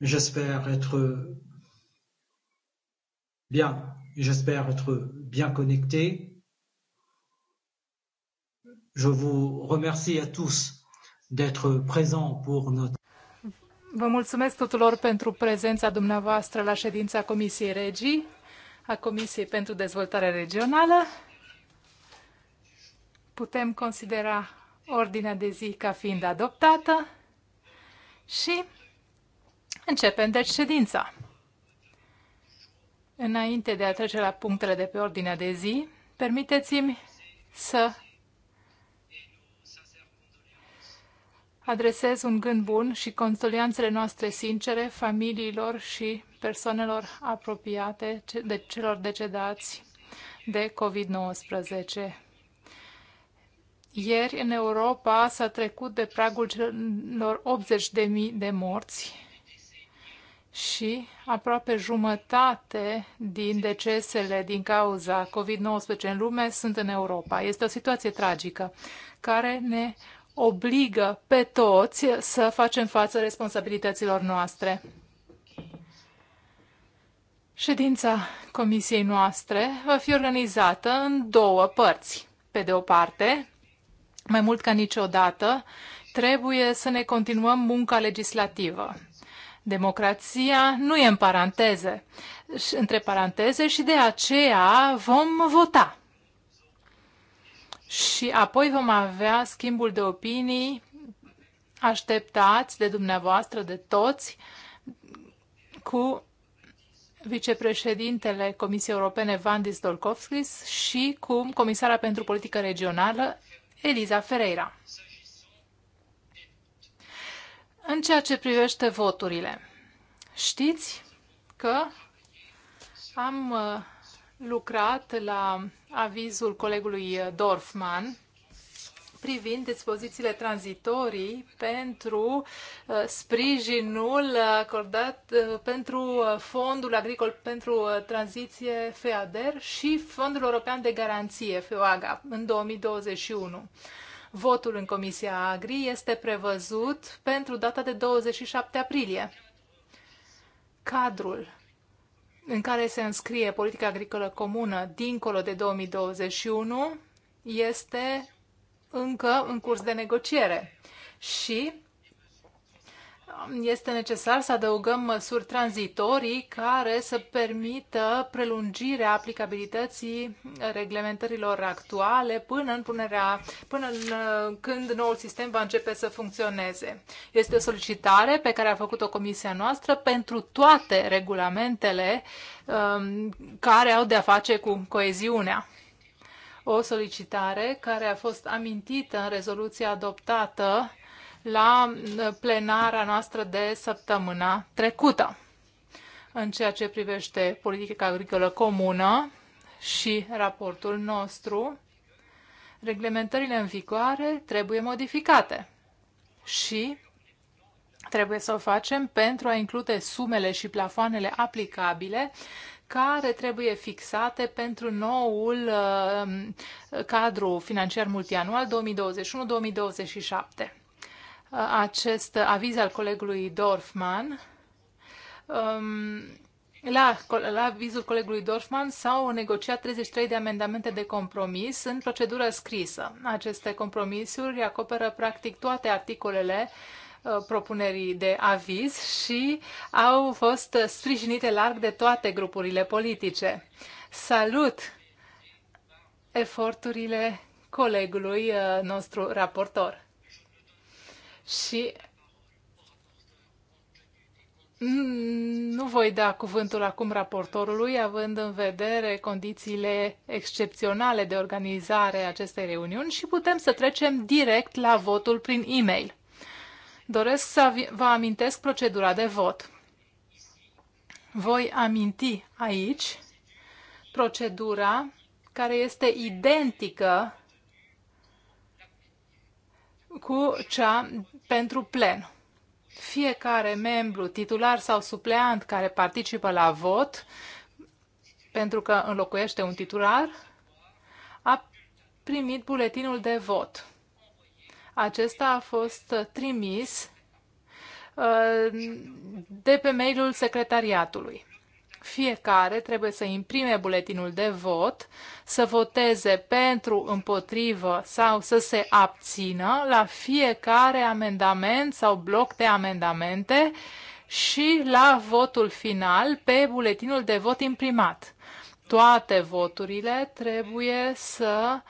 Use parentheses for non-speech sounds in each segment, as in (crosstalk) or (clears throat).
J'espère être bien, j'espère être bien connecté. Je vous remercie à tous d'être présents pour notre Vă mulțumesc tuturor pentru prezența dumneavoastră la ședința Comisiei Regii, a Comisiei pentru Dezvoltare Regională. Putem considera ordinea de zi ca fiind adoptată și Începem deci ședința. Înainte de a trece la punctele de pe ordinea de zi, permiteți-mi să adresez un gând bun și consolianțele noastre sincere familiilor și persoanelor apropiate de celor decedați de COVID-19. Ieri, în Europa, s-a trecut de pragul celor 80.000 de morți și aproape jumătate din decesele din cauza COVID-19 în lume sunt în Europa. Este o situație tragică care ne obligă pe toți să facem față responsabilităților noastre. Ședința comisiei noastre va fi organizată în două părți. Pe de o parte, mai mult ca niciodată, trebuie să ne continuăm munca legislativă Democrația nu e în paranteze, între paranteze și de aceea vom vota. Și apoi vom avea schimbul de opinii așteptați de dumneavoastră, de toți, cu vicepreședintele Comisiei Europene, Vandis Dolkovskis, și cu comisara pentru politică regională, Eliza Ferreira. În ceea ce privește voturile, știți că am uh, lucrat la avizul colegului Dorfman privind dispozițiile tranzitorii pentru uh, sprijinul acordat uh, pentru Fondul Agricol pentru Tranziție FEADER și Fondul European de Garanție FEOAGA în 2021. Votul în Comisia Agri este prevăzut pentru data de 27 aprilie. Cadrul în care se înscrie politica agricolă comună dincolo de 2021 este încă în curs de negociere și este necesar să adăugăm măsuri tranzitorii care să permită prelungirea aplicabilității reglementărilor actuale până în punerea, până în, când noul sistem va începe să funcționeze. Este o solicitare pe care a făcut-o comisia noastră pentru toate regulamentele um, care au de-a face cu coeziunea o solicitare care a fost amintită în rezoluția adoptată la uh, plenara noastră de săptămâna trecută în ceea ce privește politica agricolă comună și raportul nostru, reglementările în vigoare trebuie modificate și trebuie să o facem pentru a include sumele și plafoanele aplicabile care trebuie fixate pentru noul uh, cadru financiar multianual 2021-2027 acest aviz al colegului Dorfman. Um, la, la vizul colegului Dorfman s-au negociat 33 de amendamente de compromis în procedură scrisă. Aceste compromisuri acoperă practic toate articolele uh, propunerii de aviz și au fost sprijinite larg de toate grupurile politice. Salut eforturile colegului uh, nostru raportor și nu voi da cuvântul acum raportorului, având în vedere condițiile excepționale de organizare a acestei reuniuni și putem să trecem direct la votul prin e-mail. Doresc să vă amintesc procedura de vot. Voi aminti aici procedura care este identică cu cea pentru plen. Fiecare membru, titular sau supleant care participă la vot, pentru că înlocuiește un titular, a primit buletinul de vot. Acesta a fost trimis uh, de pe mailul secretariatului. Fiecare trebuie să imprime buletinul de vot, să voteze pentru, împotrivă sau să se abțină la fiecare amendament sau bloc de amendamente și la votul final pe buletinul de vot imprimat. Toate voturile trebuie să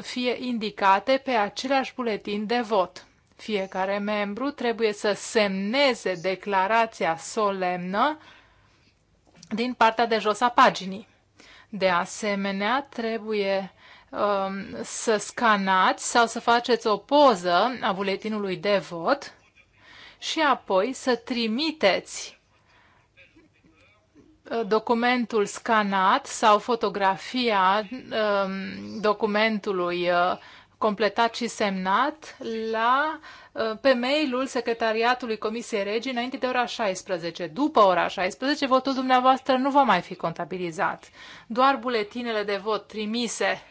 fie indicate pe același buletin de vot. Fiecare membru trebuie să semneze declarația solemnă din partea de jos a paginii. De asemenea, trebuie um, să scanați sau să faceți o poză a buletinului de vot și apoi să trimiteți uh, documentul scanat sau fotografia um, documentului uh, completat și semnat la, uh, pe mailul Secretariatului Comisiei Regii înainte de ora 16. După ora 16, votul dumneavoastră nu va mai fi contabilizat. Doar buletinele de vot trimise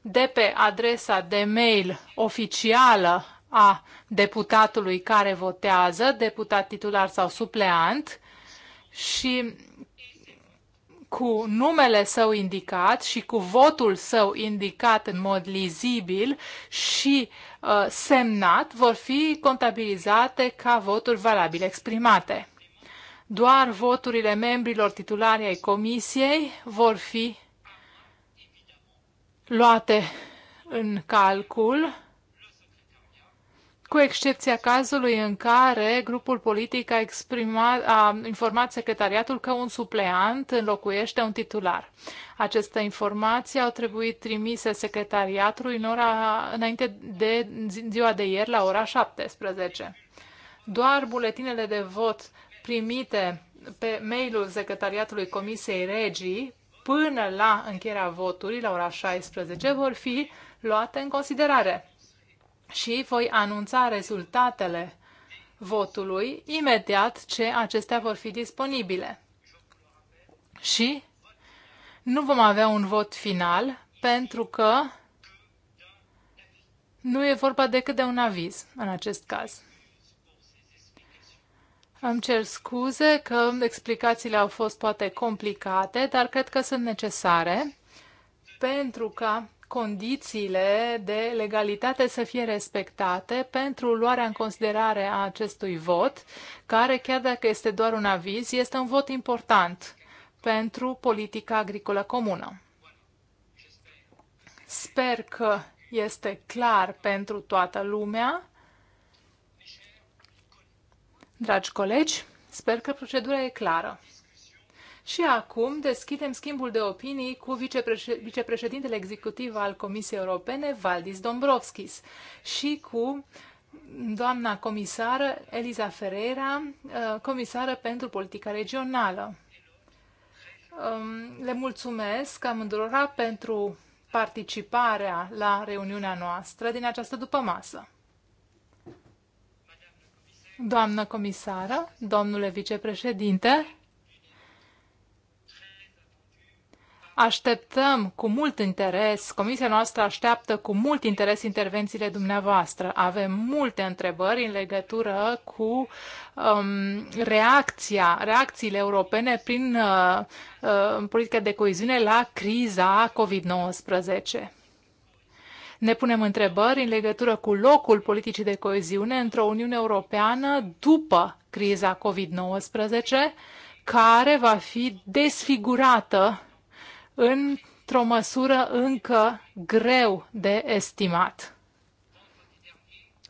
de pe adresa de mail oficială a deputatului care votează, deputat titular sau supleant, și cu numele său indicat și cu votul său indicat în mod lizibil și uh, semnat vor fi contabilizate ca voturi valabile exprimate. Doar voturile membrilor titulari ai comisiei vor fi luate în calcul cu excepția cazului în care grupul politic a, exprimat, a informat secretariatul că un supleant înlocuiește un titular. Aceste informații au trebuit trimise secretariatului în ora, înainte de ziua de ieri la ora 17. Doar buletinele de vot primite pe mailul secretariatului Comisiei Regii până la încheierea votului la ora 16 vor fi luate în considerare și voi anunța rezultatele votului imediat ce acestea vor fi disponibile. Și nu vom avea un vot final pentru că nu e vorba decât de un aviz în acest caz. Îmi cer scuze că explicațiile au fost poate complicate, dar cred că sunt necesare pentru ca condițiile de legalitate să fie respectate pentru luarea în considerare a acestui vot, care, chiar dacă este doar un aviz, este un vot important pentru politica agricolă comună. Sper că este clar pentru toată lumea. Dragi colegi, sper că procedura e clară. Și acum deschidem schimbul de opinii cu vicepreședintele executiv al Comisiei Europene, Valdis Dombrovskis, și cu doamna comisară Eliza Ferreira, uh, comisară pentru politica regională. Um, le mulțumesc amândurora pentru participarea la reuniunea noastră din această dupămasă. Doamnă comisară, domnule vicepreședinte, Așteptăm cu mult interes, comisia noastră așteaptă cu mult interes intervențiile dumneavoastră. Avem multe întrebări în legătură cu um, reacția, reacțiile europene prin uh, uh, politica de coeziune la criza COVID-19. Ne punem întrebări în legătură cu locul politicii de coeziune într-o Uniune Europeană după criza COVID-19, care va fi desfigurată într-o măsură încă greu de estimat.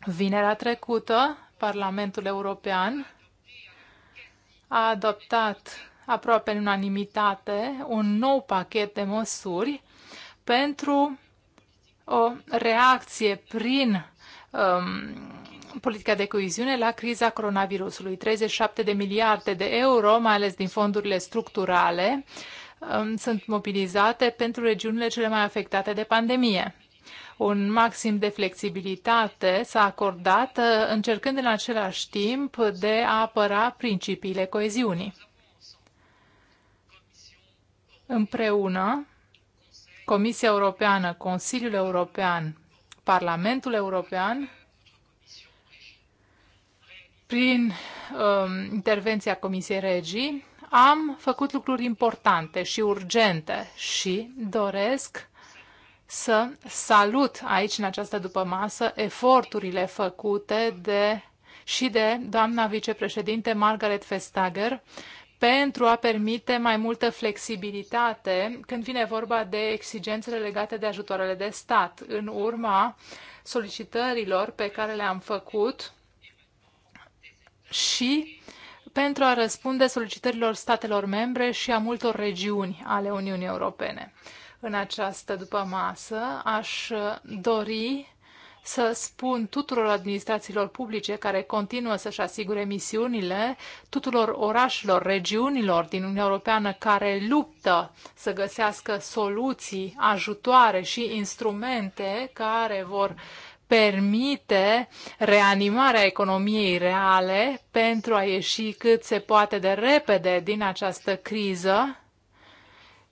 Vinerea trecută, Parlamentul European a adoptat aproape în unanimitate un nou pachet de măsuri pentru o reacție prin um, politica de coeziune la criza coronavirusului. 37 de miliarde de euro, mai ales din fondurile structurale, uh, Um, sunt mobilizate pentru regiunile cele mai afectate de pandemie. Un maxim de flexibilitate s-a acordat, uh, încercând în același timp de a apăra principiile coeziunii. Împreună, Comisia Europeană, Consiliul European, Parlamentul European, prin um, intervenția Comisiei Regii, am făcut lucruri importante și urgente și doresc să salut aici, în această dupămasă, eforturile făcute de și de doamna vicepreședinte Margaret Vestager pentru a permite mai multă flexibilitate când vine vorba de exigențele legate de ajutoarele de stat, în urma solicitărilor pe care le-am făcut și uh, pentru a răspunde solicitărilor statelor membre și a multor regiuni ale Uniunii Europene. În această după masă aș dori să spun tuturor administrațiilor publice care continuă să-și asigure misiunile, tuturor orașelor, regiunilor din Uniunea Europeană care luptă să găsească soluții, ajutoare și instrumente care vor uh, permite reanimarea economiei reale pentru a ieși cât se poate de repede din această criză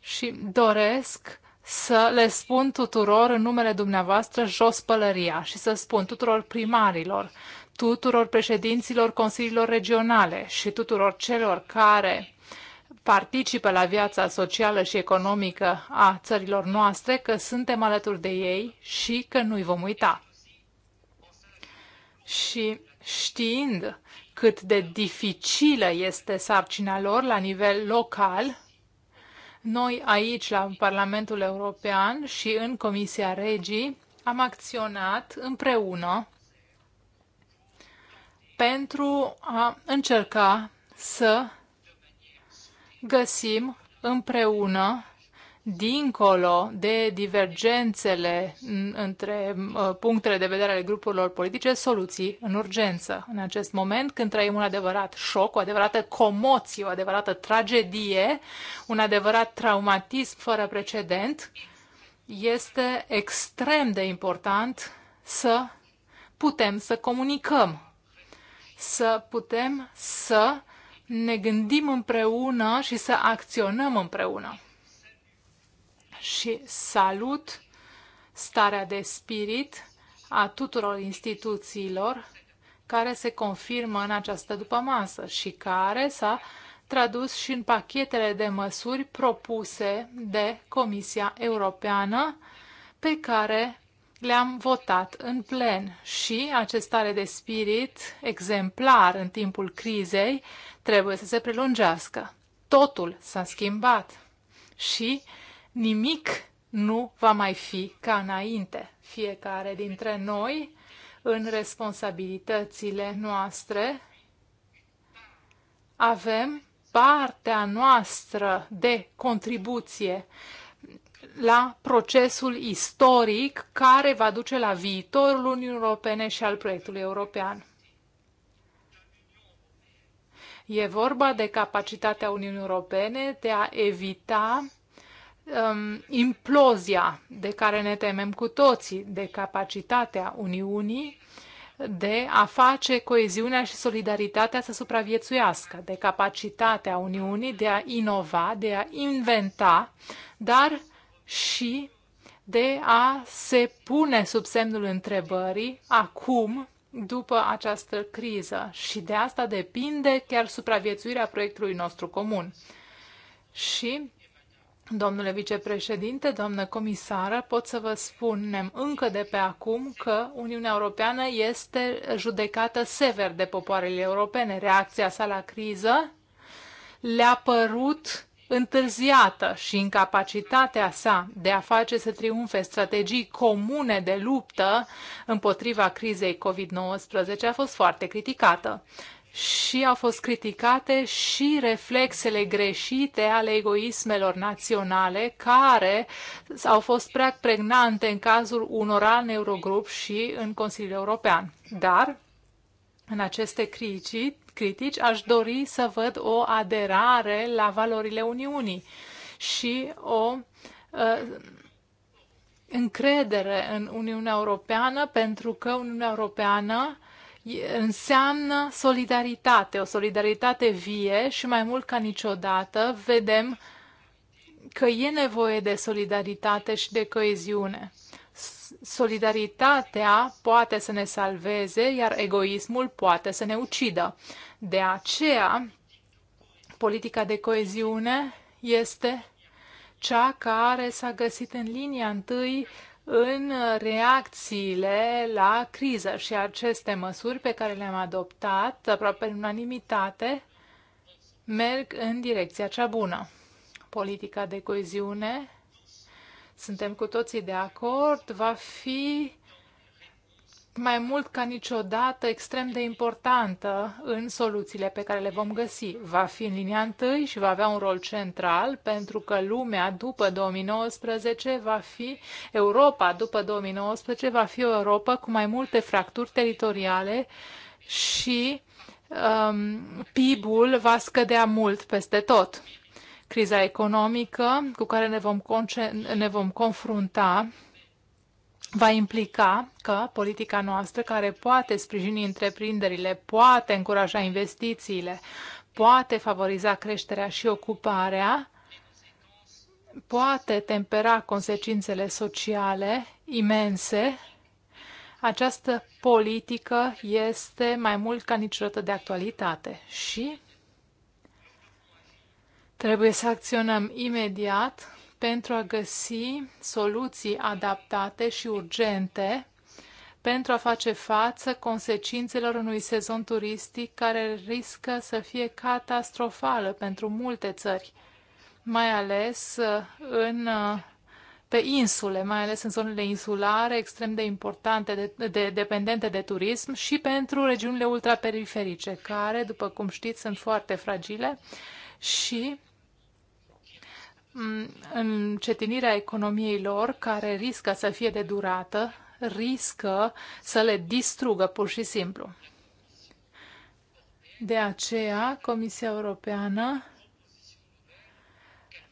și doresc să le spun tuturor în numele dumneavoastră jos pălăria și să spun tuturor primarilor, tuturor președinților consiliilor regionale și tuturor celor care participă la viața socială și economică a țărilor noastre, că suntem alături de ei și că nu-i vom uita și știind cât de dificilă este sarcina lor la nivel local, noi aici, la Parlamentul European și în Comisia Regii, am acționat împreună pentru a încerca să găsim împreună dincolo de divergențele între uh, punctele de vedere ale grupurilor politice, soluții în urgență. În acest moment, când trăim un adevărat șoc, o adevărată comoție, o adevărată tragedie, un adevărat traumatism fără precedent, este extrem de important să putem să comunicăm, să putem să ne gândim împreună și să acționăm împreună și salut starea de spirit a tuturor instituțiilor care se confirmă în această dupămasă și care s-a tradus și în pachetele de măsuri propuse de Comisia Europeană pe care le-am votat în plen și acest stare de spirit exemplar în timpul crizei trebuie să se prelungească. Totul s-a schimbat și nimic nu va mai fi ca înainte. Fiecare dintre noi, în responsabilitățile noastre, avem partea noastră de contribuție la procesul istoric care va duce la viitorul Uniunii Europene și al proiectului european. E vorba de capacitatea Uniunii Europene de a evita um, implozia de care ne temem cu toții, de capacitatea Uniunii de a face coeziunea și solidaritatea să supraviețuiască, de capacitatea Uniunii de a inova, de a inventa, dar și de a se pune sub semnul întrebării acum, după această criză. Și de asta depinde chiar supraviețuirea proiectului nostru comun. Și Domnule vicepreședinte, doamnă comisară, pot să vă spunem încă de pe acum că Uniunea Europeană este judecată sever de popoarele europene. Reacția sa la criză le-a părut întârziată și incapacitatea sa de a face să triumfe strategii comune de luptă împotriva crizei COVID-19 a fost foarte criticată și au fost criticate și reflexele greșite ale egoismelor naționale care au fost prea pregnante în cazul unor al Eurogrup și în Consiliul European. Dar în aceste critici, critici aș dori să văd o aderare la valorile Uniunii și o uh, încredere în Uniunea Europeană pentru că Uniunea Europeană înseamnă solidaritate, o solidaritate vie și mai mult ca niciodată vedem că e nevoie de solidaritate și de coeziune. Solidaritatea poate să ne salveze, iar egoismul poate să ne ucidă. De aceea, politica de coeziune este cea care s-a găsit în linia întâi în reacțiile la criză și aceste măsuri pe care le-am adoptat aproape în unanimitate merg în direcția cea bună. Politica de coeziune, suntem cu toții de acord, va fi mai mult ca niciodată extrem de importantă în soluțiile pe care le vom găsi. Va fi în linia întâi și va avea un rol central pentru că lumea după 2019 va fi, Europa după 2019 va fi o Europa cu mai multe fracturi teritoriale și um, PIB-ul va scădea mult peste tot. Criza economică cu care ne vom, ne vom confrunta va implica că politica noastră, care poate sprijini întreprinderile, poate încuraja investițiile, poate favoriza creșterea și ocuparea, poate tempera consecințele sociale imense, această politică este mai mult ca niciodată de actualitate și trebuie să acționăm imediat pentru a găsi soluții adaptate și urgente pentru a face față consecințelor unui sezon turistic care riscă să fie catastrofală pentru multe țări, mai ales uh, în, uh, pe insule, mai ales în zonele insulare extrem de importante, de, de, dependente de turism și pentru regiunile ultraperiferice, care, după cum știți, sunt foarte fragile și Mm, încetinirea economiei lor, care riscă să fie de durată, riscă să le distrugă pur și simplu. De aceea, Comisia Europeană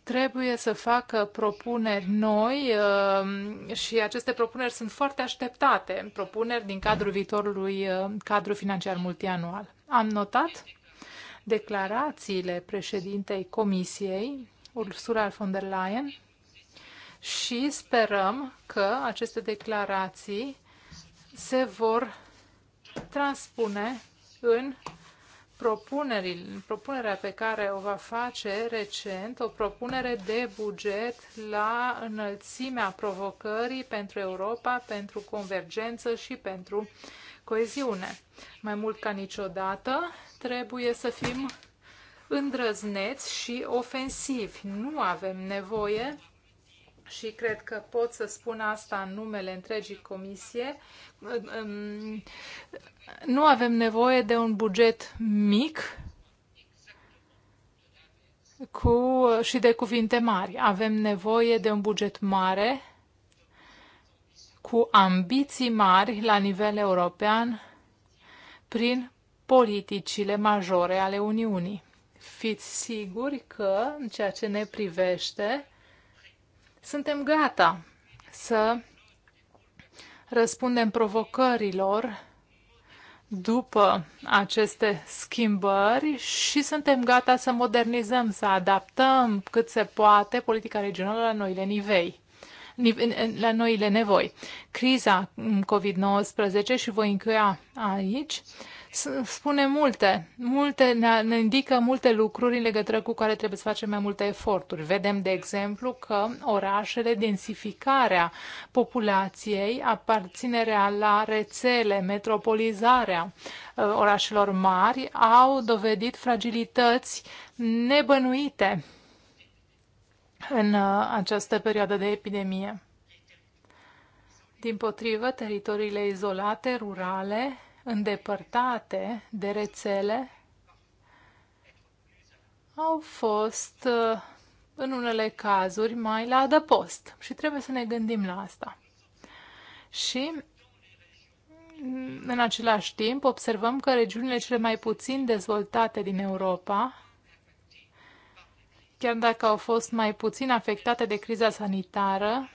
trebuie să facă propuneri noi uh, și aceste propuneri sunt foarte așteptate, propuneri din cadrul viitorului uh, cadru financiar multianual. Am notat declarațiile președintei Comisiei Ursula von der Leyen și sperăm că aceste declarații se vor transpune în propunerea pe care o va face recent, o propunere de buget la înălțimea provocării pentru Europa, pentru convergență și pentru coeziune. Mai mult ca niciodată, trebuie să fim îndrăzneți și ofensivi. Nu avem nevoie și cred că pot să spun asta în numele întregii comisie, nu avem nevoie de un buget mic cu, și de cuvinte mari. Avem nevoie de un buget mare cu ambiții mari la nivel european prin politicile majore ale Uniunii. Fiți siguri că, în ceea ce ne privește, suntem gata să răspundem provocărilor după aceste schimbări și suntem gata să modernizăm, să adaptăm cât se poate politica regională la noile nivei la noile nevoi. Criza COVID-19 și voi încheia aici spune multe, multe ne, ne indică multe lucruri în legătură cu care trebuie să facem mai multe eforturi. Vedem, de exemplu, că orașele, densificarea populației, aparținerea la rețele, metropolizarea uh, orașelor mari au dovedit fragilități nebănuite în uh, această perioadă de epidemie. Din potrivă, teritoriile izolate, rurale, îndepărtate de rețele au fost, uh, în unele cazuri, mai la adăpost. Și trebuie să ne gândim la asta. Și, în același timp, observăm că regiunile cele mai puțin dezvoltate din Europa, chiar dacă au fost mai puțin afectate de criza sanitară,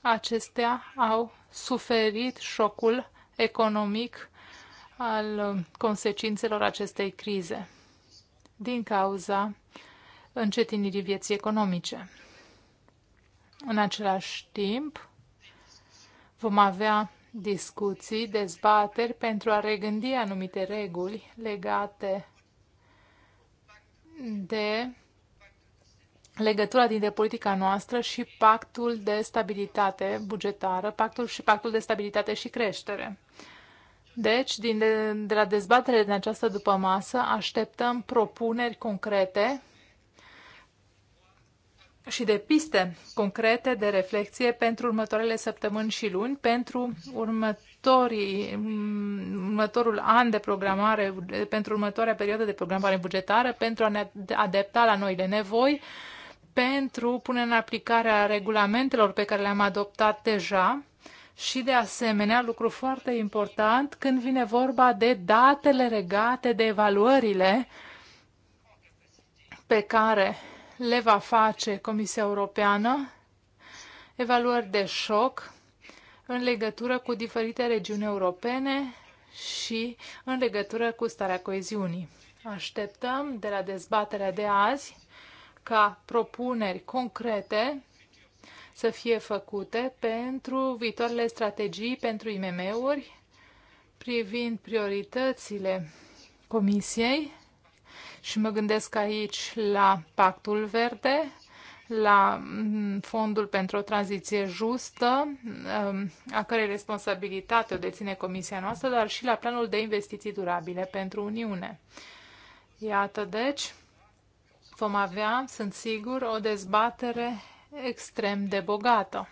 acestea au suferit șocul economic al uh, consecințelor acestei crize din cauza încetinirii vieții economice. În același timp, vom avea discuții, dezbateri pentru a regândi anumite reguli legate de legătura dintre politica noastră și pactul de stabilitate bugetară, pactul și pactul de stabilitate și creștere. Deci, din de, de la dezbatere din această după masă, așteptăm propuneri concrete și de piste concrete de reflexie pentru următoarele săptămâni și luni, pentru următorii, următorul an de programare, pentru următoarea perioadă de programare bugetară, pentru a ne adapta la noile nevoi, pentru punerea în aplicare a regulamentelor pe care le-am adoptat deja, și, de asemenea, lucru foarte important când vine vorba de datele regate de evaluările pe care le va face Comisia Europeană, evaluări de șoc în legătură cu diferite regiuni europene și în legătură cu starea coeziunii. Așteptăm de la dezbaterea de azi ca propuneri concrete să fie făcute pentru viitoarele strategii pentru IMM-uri privind prioritățile Comisiei și mă gândesc aici la Pactul Verde, la mm, Fondul pentru o tranziție justă, mm, a cărei responsabilitate o deține Comisia noastră, dar și la Planul de investiții durabile pentru Uniune. Iată, deci, vom avea, sunt sigur, o dezbatere extrem de bogată.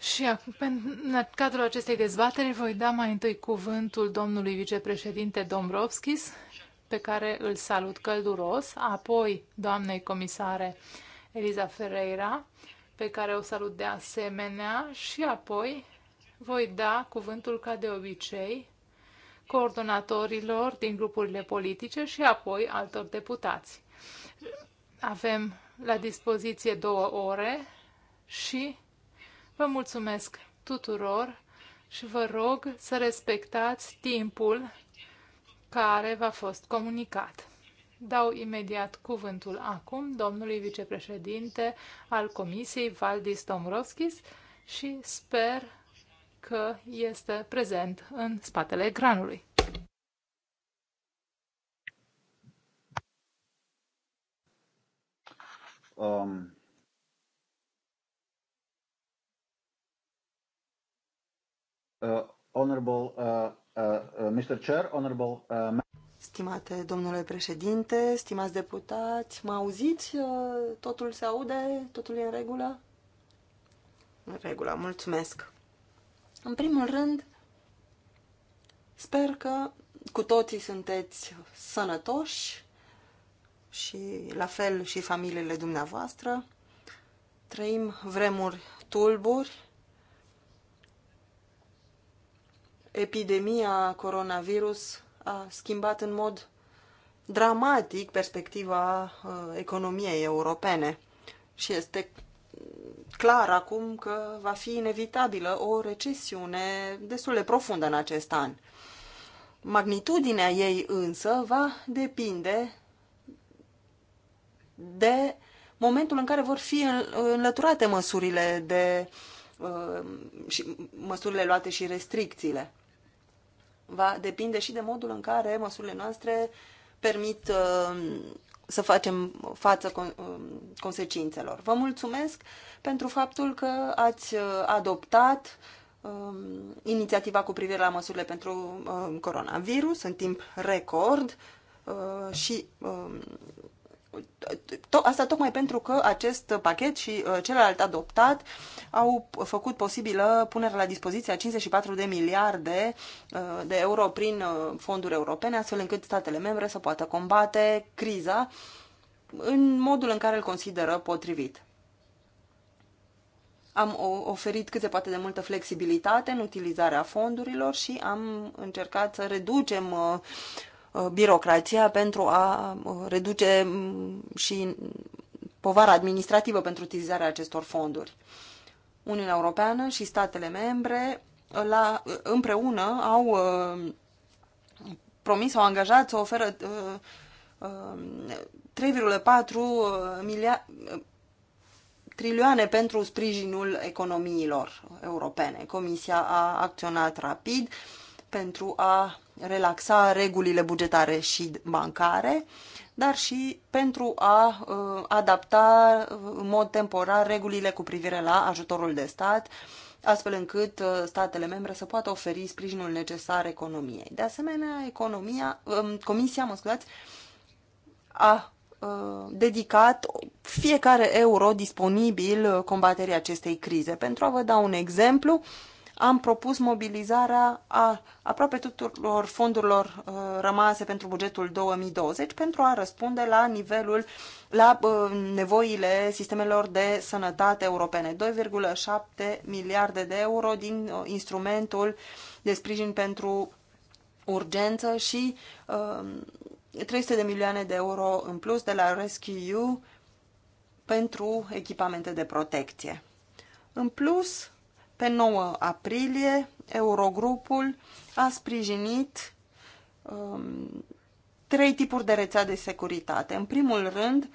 Și în cadrul acestei dezbateri voi da mai întâi cuvântul domnului vicepreședinte Dombrovskis, pe care îl salut călduros, apoi doamnei comisare Eliza Ferreira, pe care o salut de asemenea și apoi voi da cuvântul ca de obicei coordonatorilor din grupurile politice și apoi altor deputați. Avem la dispoziție două ore și vă mulțumesc tuturor și vă rog să respectați timpul care v-a fost comunicat. Dau imediat cuvântul acum domnului vicepreședinte al Comisiei, Valdis Tomrovskis, și sper că este prezent în spatele ecranului. um, uh, honorable uh, uh, uh Mr. Chair, honorable uh, Stimate domnule președinte, stimați deputați, mă auziți? Uh, totul se aude? Totul e în regulă? În regulă, mulțumesc. În primul rând, sper că cu toții sunteți sănătoși și la fel și familiile dumneavoastră. Trăim vremuri tulburi. Epidemia coronavirus a schimbat în mod dramatic perspectiva uh, economiei europene și este clar acum că va fi inevitabilă o recesiune destul de profundă în acest an. Magnitudinea ei însă va depinde de momentul în care vor fi înlăturate măsurile de uh, și măsurile luate și restricțiile. Va depinde și de modul în care măsurile noastre permit uh, să facem față uh, consecințelor. Vă mulțumesc pentru faptul că ați adoptat um, inițiativa cu privire la măsurile pentru coronavirus în timp record și um, to, asta tocmai pentru că acest pachet și uh, celălalt adoptat au făcut posibilă punerea la dispoziție a 54 de miliarde uh, de euro prin uh, fonduri europene, astfel încât statele membre să poată combate criza în modul în care îl consideră potrivit. Am oferit cât se poate de multă flexibilitate în utilizarea fondurilor și am încercat să reducem uh, Uh, birocrația pentru a uh, reduce mm, și povara administrativă pentru utilizarea acestor fonduri. Uniunea Europeană și statele membre uh, la, împreună au promis, au angajat să oferă 3,4 miliarde trilioane pentru sprijinul economiilor europene. Comisia a acționat rapid pentru a relaxa regulile bugetare și bancare, dar și pentru a uh, adapta uh, în mod temporar regulile cu privire la ajutorul de stat, astfel încât uh, statele membre să poată oferi sprijinul necesar economiei. De asemenea, economia, um, Comisia, mă scuzați, a dedicat fiecare euro disponibil combaterii acestei crize. Pentru a vă da un exemplu, am propus mobilizarea a aproape tuturor fondurilor uh, rămase pentru bugetul 2020 pentru a răspunde la nivelul, la uh, nevoile sistemelor de sănătate europene. 2,7 miliarde de euro din uh, instrumentul de sprijin pentru urgență și uh, 300 de milioane de euro în plus de la Rescue pentru echipamente de protecție. În plus, pe 9 aprilie, Eurogrupul a sprijinit um, trei tipuri de rețea de securitate. În primul rând,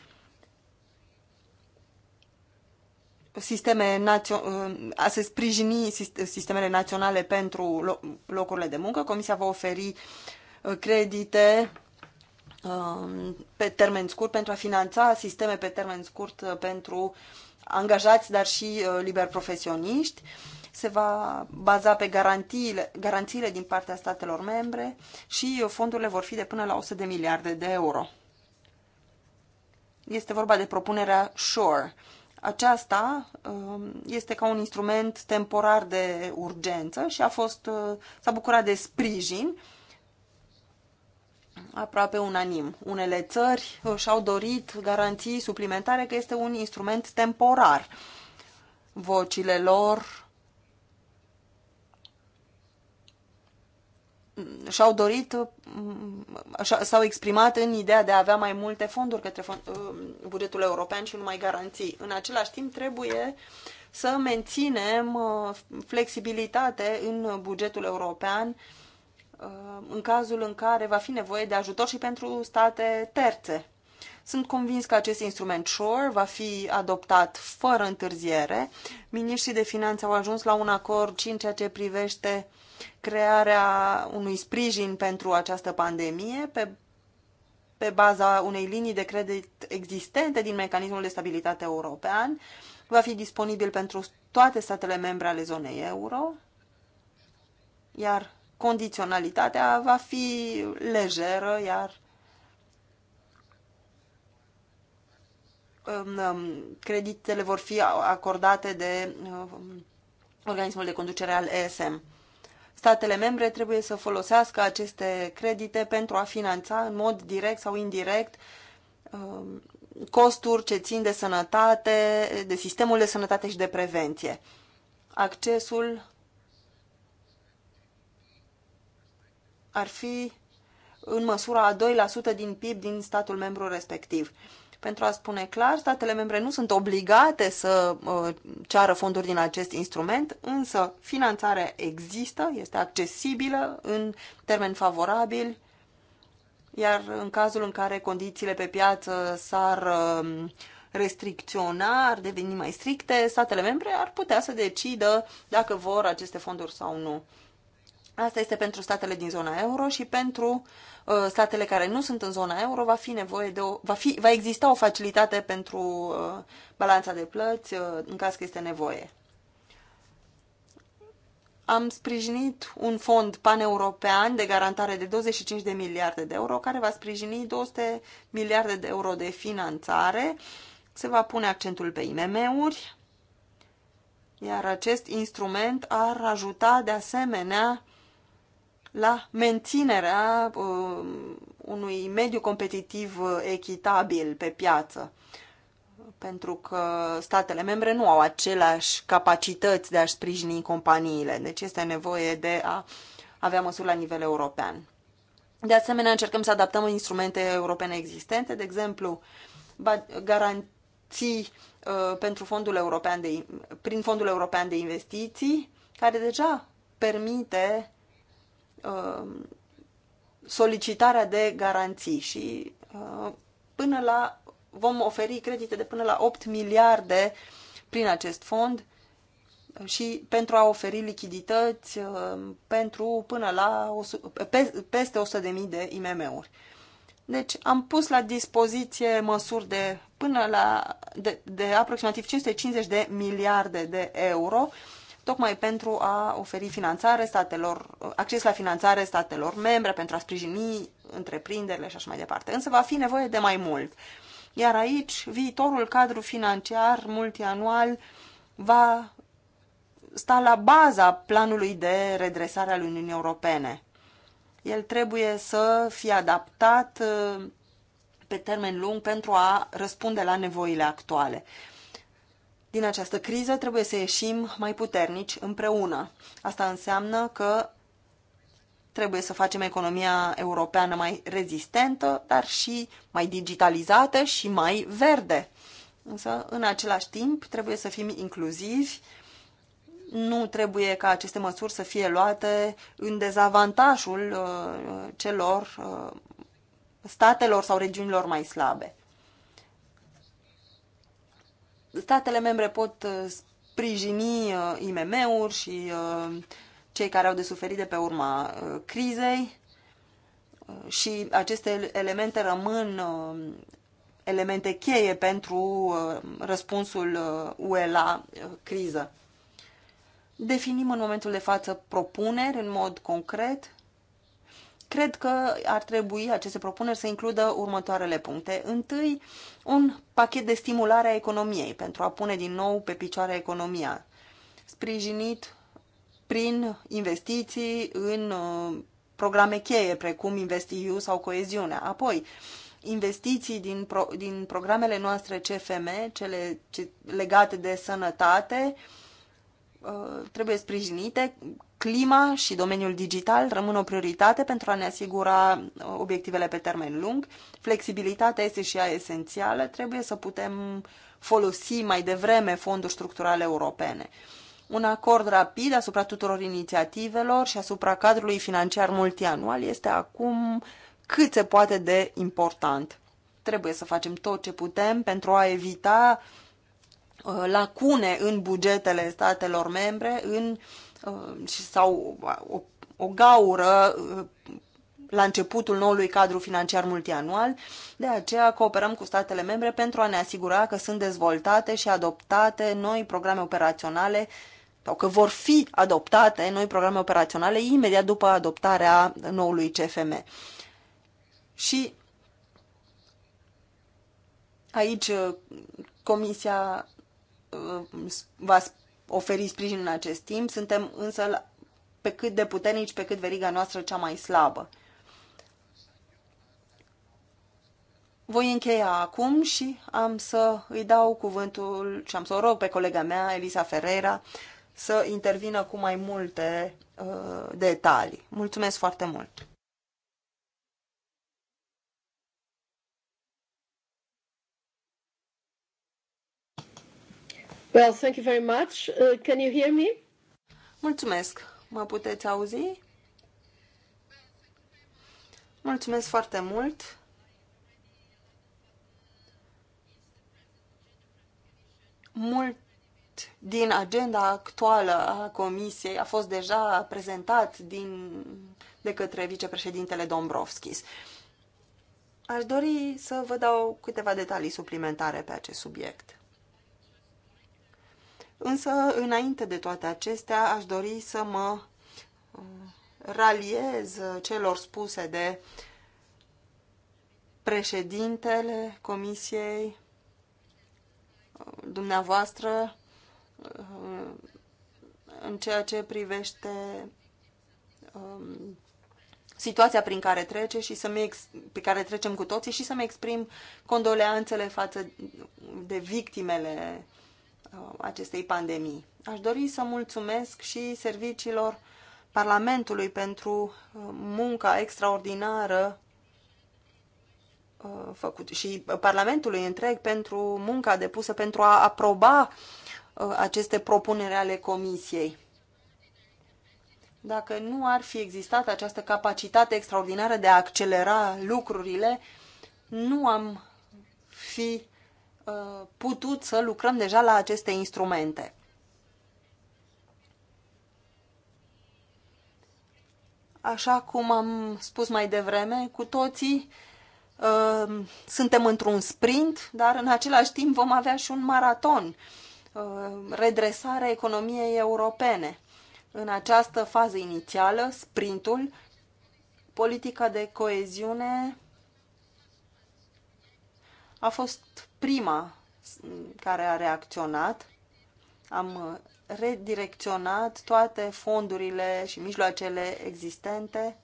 sisteme uh, a se sprijini sistemele naționale pentru locurile de muncă. Comisia va oferi uh, credite um, pe termen scurt pentru a finanța sisteme pe termen scurt uh, pentru angajați, dar și uh, liber profesioniști. Se va baza pe garantiile, garanțiile din partea statelor membre și uh, fondurile vor fi de până la 100 de miliarde de euro. Este vorba de propunerea SURE. Aceasta um, este ca un instrument temporar de urgență și a fost, uh, s-a bucurat de sprijin aproape unanim. Unele țări și-au dorit garanții suplimentare că este un instrument temporar. Vocile lor și-au dorit, s-au exprimat în ideea de a avea mai multe fonduri către fond, uh, bugetul european și numai garanții. În același timp, trebuie să menținem uh, flexibilitate în bugetul european Uh, în cazul în care va fi nevoie de ajutor și pentru state terțe. Sunt convins că acest instrument SURE va fi adoptat fără întârziere. Miniștrii de finanțe au ajuns la un acord și în ceea ce privește crearea unui sprijin pentru această pandemie pe, pe baza unei linii de credit existente din mecanismul de stabilitate european. Va fi disponibil pentru toate statele membre ale zonei euro, iar condiționalitatea va fi lejeră, iar um, um, creditele vor fi acordate de um, organismul de conducere al ESM. Statele membre trebuie să folosească aceste credite pentru a finanța în mod direct sau indirect costuri ce țin de sănătate, de sistemul de sănătate și de prevenție. Accesul ar fi în măsura a 2% din PIB din statul membru respectiv. Pentru a spune clar, statele membre nu sunt obligate să uh, ceară fonduri din acest instrument, însă finanțarea există, este accesibilă în termeni favorabili, iar în cazul în care condițiile pe piață s-ar um, restricționa, ar deveni mai stricte, statele membre ar putea să decidă dacă vor aceste fonduri sau nu. Asta este pentru statele din zona euro și pentru uh, statele care nu sunt în zona euro va fi nevoie de o, va, fi, va exista o facilitate pentru uh, balanța de plăți uh, în caz că este nevoie. Am sprijinit un fond paneuropean de garantare de 25 de miliarde de euro care va sprijini 200 miliarde de euro de finanțare. Se va pune accentul pe IMM-uri, iar acest instrument ar ajuta de asemenea la menținerea uh, unui mediu competitiv uh, echitabil pe piață. Pentru că statele membre nu au aceleași capacități de a-și sprijini companiile, deci este nevoie de a avea măsuri la nivel european. De asemenea, încercăm să adaptăm instrumente europene existente, de exemplu, garanții uh, pentru fondul european de, prin Fondul European de Investiții, care deja permite Um, solicitarea de garanții și uh, până la vom oferi credite de până la 8 miliarde prin acest fond și pentru a oferi lichidități uh, pentru până la peste 100.000 de IMM-uri. Deci am pus la dispoziție măsuri de până la de, de aproximativ 550 de miliarde de euro tocmai pentru a oferi finanțare statelor, acces la finanțare statelor membre, pentru a sprijini întreprinderile și așa mai departe. Însă va fi nevoie de mai mult. Iar aici, viitorul cadru financiar multianual va sta la baza planului de redresare al Uniunii Europene. El trebuie să fie adaptat uh, pe termen lung pentru a răspunde la nevoile actuale. Din această criză trebuie să ieșim mai puternici împreună. Asta înseamnă că trebuie să facem economia europeană mai rezistentă, dar și mai digitalizată și mai verde. Însă, în același timp, trebuie să fim inclusivi. Nu trebuie ca aceste măsuri să fie luate în dezavantajul uh, celor uh, statelor sau regiunilor mai slabe statele membre pot uh, sprijini uh, IMM-uri și uh, cei care au de suferit de pe urma crizei și aceste elemente rămân elemente cheie pentru răspunsul UE la criză. Definim în momentul de față propuneri în mod concret Cred că ar trebui aceste propuneri să includă următoarele puncte. Întâi, un pachet de stimulare a economiei pentru a pune din nou pe picioare economia, sprijinit prin investiții în uh, programe cheie, precum InvestEU sau Coeziunea. Apoi, investiții din, pro, din programele noastre CFM, cele ce, legate de sănătate, uh, trebuie sprijinite Clima și domeniul digital rămân o prioritate pentru a ne asigura uh, obiectivele pe termen lung. Flexibilitatea este și ea esențială. Trebuie să putem folosi mai devreme fonduri structurale europene. Un acord rapid asupra tuturor inițiativelor și asupra cadrului financiar multianual este acum cât se poate de important. Trebuie să facem tot ce putem pentru a evita uh, lacune în bugetele statelor membre, în uh, Uh, sau o, o gaură uh, la începutul noului cadru financiar multianual, de aceea cooperăm cu statele membre pentru a ne asigura că sunt dezvoltate și adoptate noi programe operaționale sau că vor fi adoptate noi programe operaționale imediat după adoptarea noului CFM. Și aici uh, Comisia va oferi sprijin în acest timp, suntem însă pe cât de puternici, pe cât veriga noastră cea mai slabă. Voi încheia acum și am să îi dau cuvântul și am să o rog pe colega mea, Elisa Ferreira, să intervină cu mai multe uh, detalii. Mulțumesc foarte mult! Well, thank you very much. Uh, can you hear me? Mulțumesc. Mă puteți auzi? Mulțumesc foarte mult. Mult din agenda actuală a Comisiei a fost deja prezentat din, de către vicepreședintele Dombrovskis. Aș dori să vă dau câteva detalii suplimentare pe acest subiect. Însă, înainte de toate acestea, aș dori să mă uh, raliez celor spuse de președintele Comisiei uh, dumneavoastră uh, în ceea ce privește um, situația prin care trece și să ex, pe care trecem cu toții și să-mi exprim condoleanțele față de victimele acestei pandemii. Aș dori să mulțumesc și serviciilor Parlamentului pentru uh, munca extraordinară uh, făcut și Parlamentului întreg pentru munca depusă pentru a aproba uh, aceste propuneri ale Comisiei. Dacă nu ar fi existat această capacitate extraordinară de a accelera lucrurile, nu am fi Uh, putut să lucrăm deja la aceste instrumente. Așa cum am spus mai devreme, cu toții uh, suntem într-un sprint, dar în același timp vom avea și un maraton, uh, redresarea economiei europene. În această fază inițială, sprintul, politica de coeziune a fost prima care a reacționat. Am redirecționat toate fondurile și mijloacele existente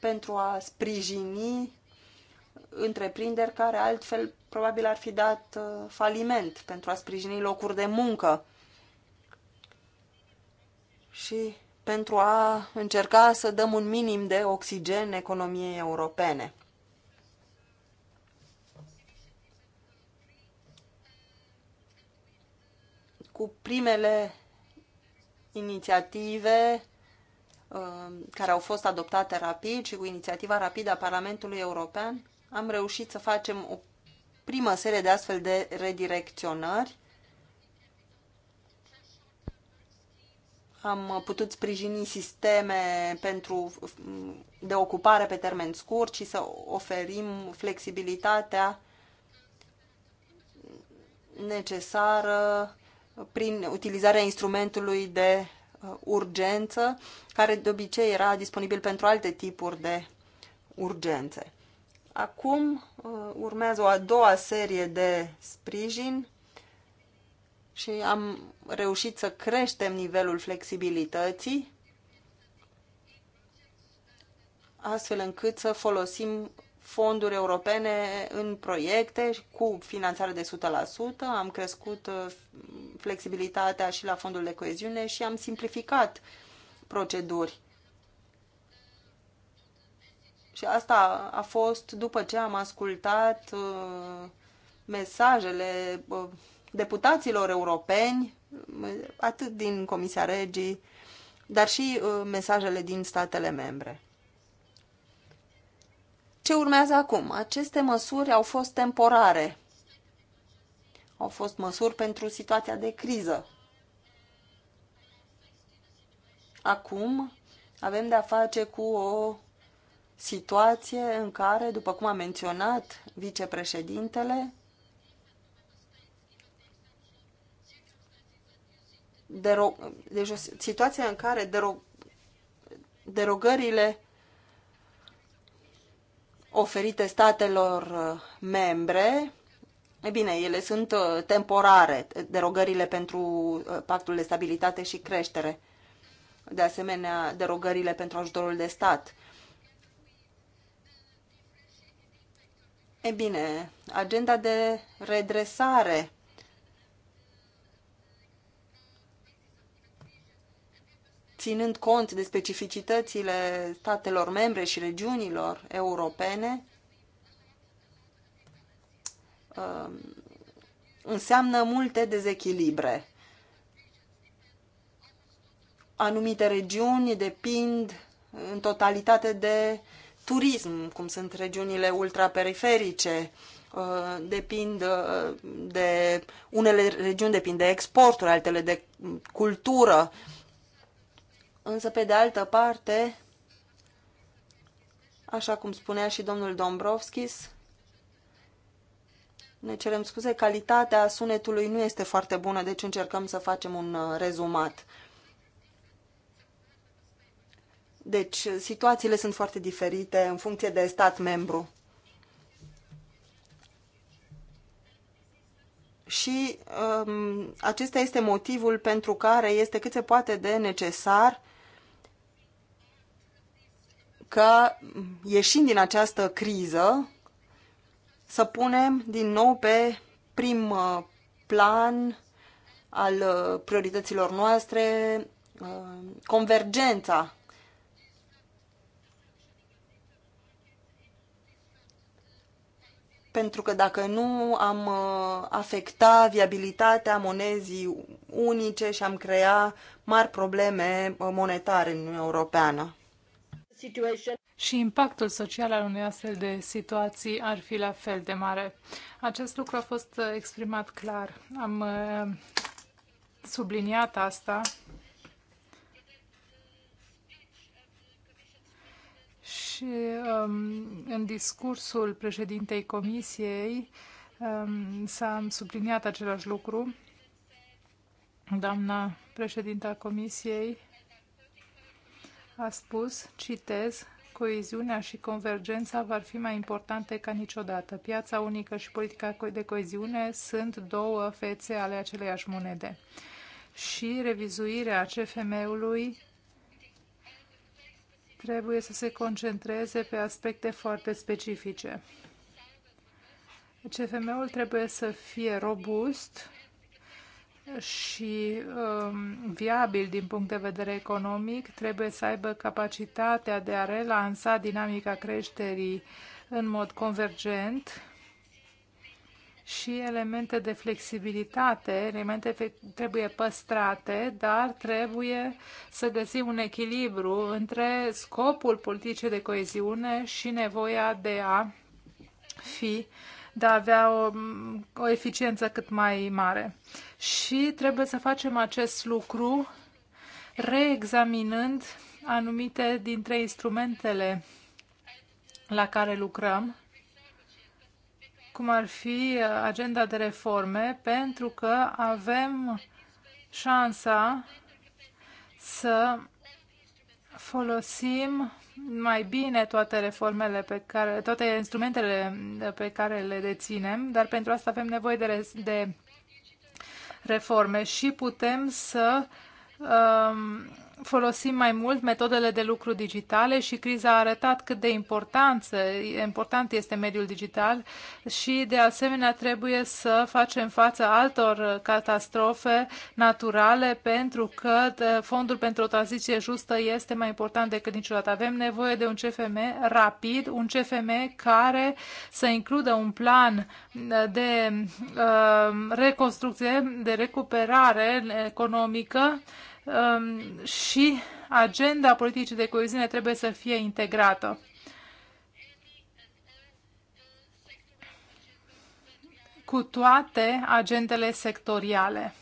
pentru a sprijini întreprinderi care altfel probabil ar fi dat uh, faliment, pentru a sprijini locuri de muncă și pentru a încerca să dăm un minim de oxigen economiei europene. cu primele inițiative um, care au fost adoptate rapid și cu inițiativa rapidă a Parlamentului European, am reușit să facem o primă serie de astfel de redirecționări. Am putut sprijini sisteme pentru um, de ocupare pe termen scurt și să oferim flexibilitatea necesară prin utilizarea instrumentului de uh, urgență, care de obicei era disponibil pentru alte tipuri de urgențe. Acum uh, urmează o a doua serie de sprijin și am reușit să creștem nivelul flexibilității astfel încât să folosim fonduri europene în proiecte cu finanțare de 100%, am crescut uh, flexibilitatea și la fondul de coeziune și am simplificat proceduri. Și asta a fost după ce am ascultat uh, mesajele uh, deputaților europeni, atât din Comisia Regii, dar și mesajele din statele membre. Ce urmează acum? Aceste măsuri au fost temporare. Au fost măsuri pentru situația de criză. Acum avem de-a face cu o situație în care, după cum a menționat vicepreședintele, dero- deci o situație în care derog- derogările oferite statelor uh, membre, e bine, ele sunt uh, temporare, derogările pentru uh, pactul de stabilitate și creștere, de asemenea derogările pentru ajutorul de stat. E bine, agenda de redresare ținând cont de specificitățile statelor membre și regiunilor europene, um, înseamnă multe dezechilibre. Anumite regiuni depind în totalitate de turism, cum sunt regiunile ultraperiferice, uh, depind uh, de unele regiuni depind de exporturi, altele de cultură, Însă, pe de altă parte, așa cum spunea și domnul Dombrovskis, ne cerem scuze, calitatea sunetului nu este foarte bună, deci încercăm să facem un uh, rezumat. Deci, situațiile sunt foarte diferite în funcție de stat membru. Și um, acesta este motivul pentru care este cât se poate de necesar că ieșind din această criză, să punem din nou pe prim uh, plan al uh, priorităților noastre uh, convergența. Pentru că dacă nu am afecta viabilitatea monezii unice și am crea mari probleme monetare în Uniunea Europeană. Și impactul social al unei astfel de situații ar fi la fel de mare. Acest lucru a fost uh, exprimat clar. Am uh, subliniat asta. Și um, în discursul președintei comisiei um, s-a subliniat același lucru. Doamna președinta comisiei a spus, citez, coeziunea și convergența vor fi mai importante ca niciodată. Piața unică și politica de coeziune sunt două fețe ale aceleiași monede. Și revizuirea CFM-ului trebuie să se concentreze pe aspecte foarte specifice. CFM-ul trebuie să fie robust și um, viabil din punct de vedere economic, trebuie să aibă capacitatea de a relansa dinamica creșterii în mod convergent și elemente de flexibilitate, elemente trebuie păstrate, dar trebuie să găsim un echilibru între scopul politicii de coeziune și nevoia de a fi uh, de a avea o, o eficiență cât mai mare. Și trebuie să facem acest lucru reexaminând anumite dintre instrumentele la care lucrăm, cum ar fi uh, agenda de reforme, pentru că avem șansa să folosim mai bine toate reformele pe care, toate instrumentele pe care le deținem, dar pentru asta avem nevoie de, de reforme și putem să um, folosim mai mult metodele de lucru digitale și criza a arătat cât de importanță, important este mediul digital și de asemenea trebuie să facem față altor catastrofe naturale pentru că ă, fondul pentru o tranziție justă este mai important decât niciodată. Avem nevoie de un CFM rapid, un CFM care să includă un plan de ă, reconstrucție, de recuperare economică um, și agenda politicii de coeziune trebuie să fie integrată. cu toate agendele sectoriale.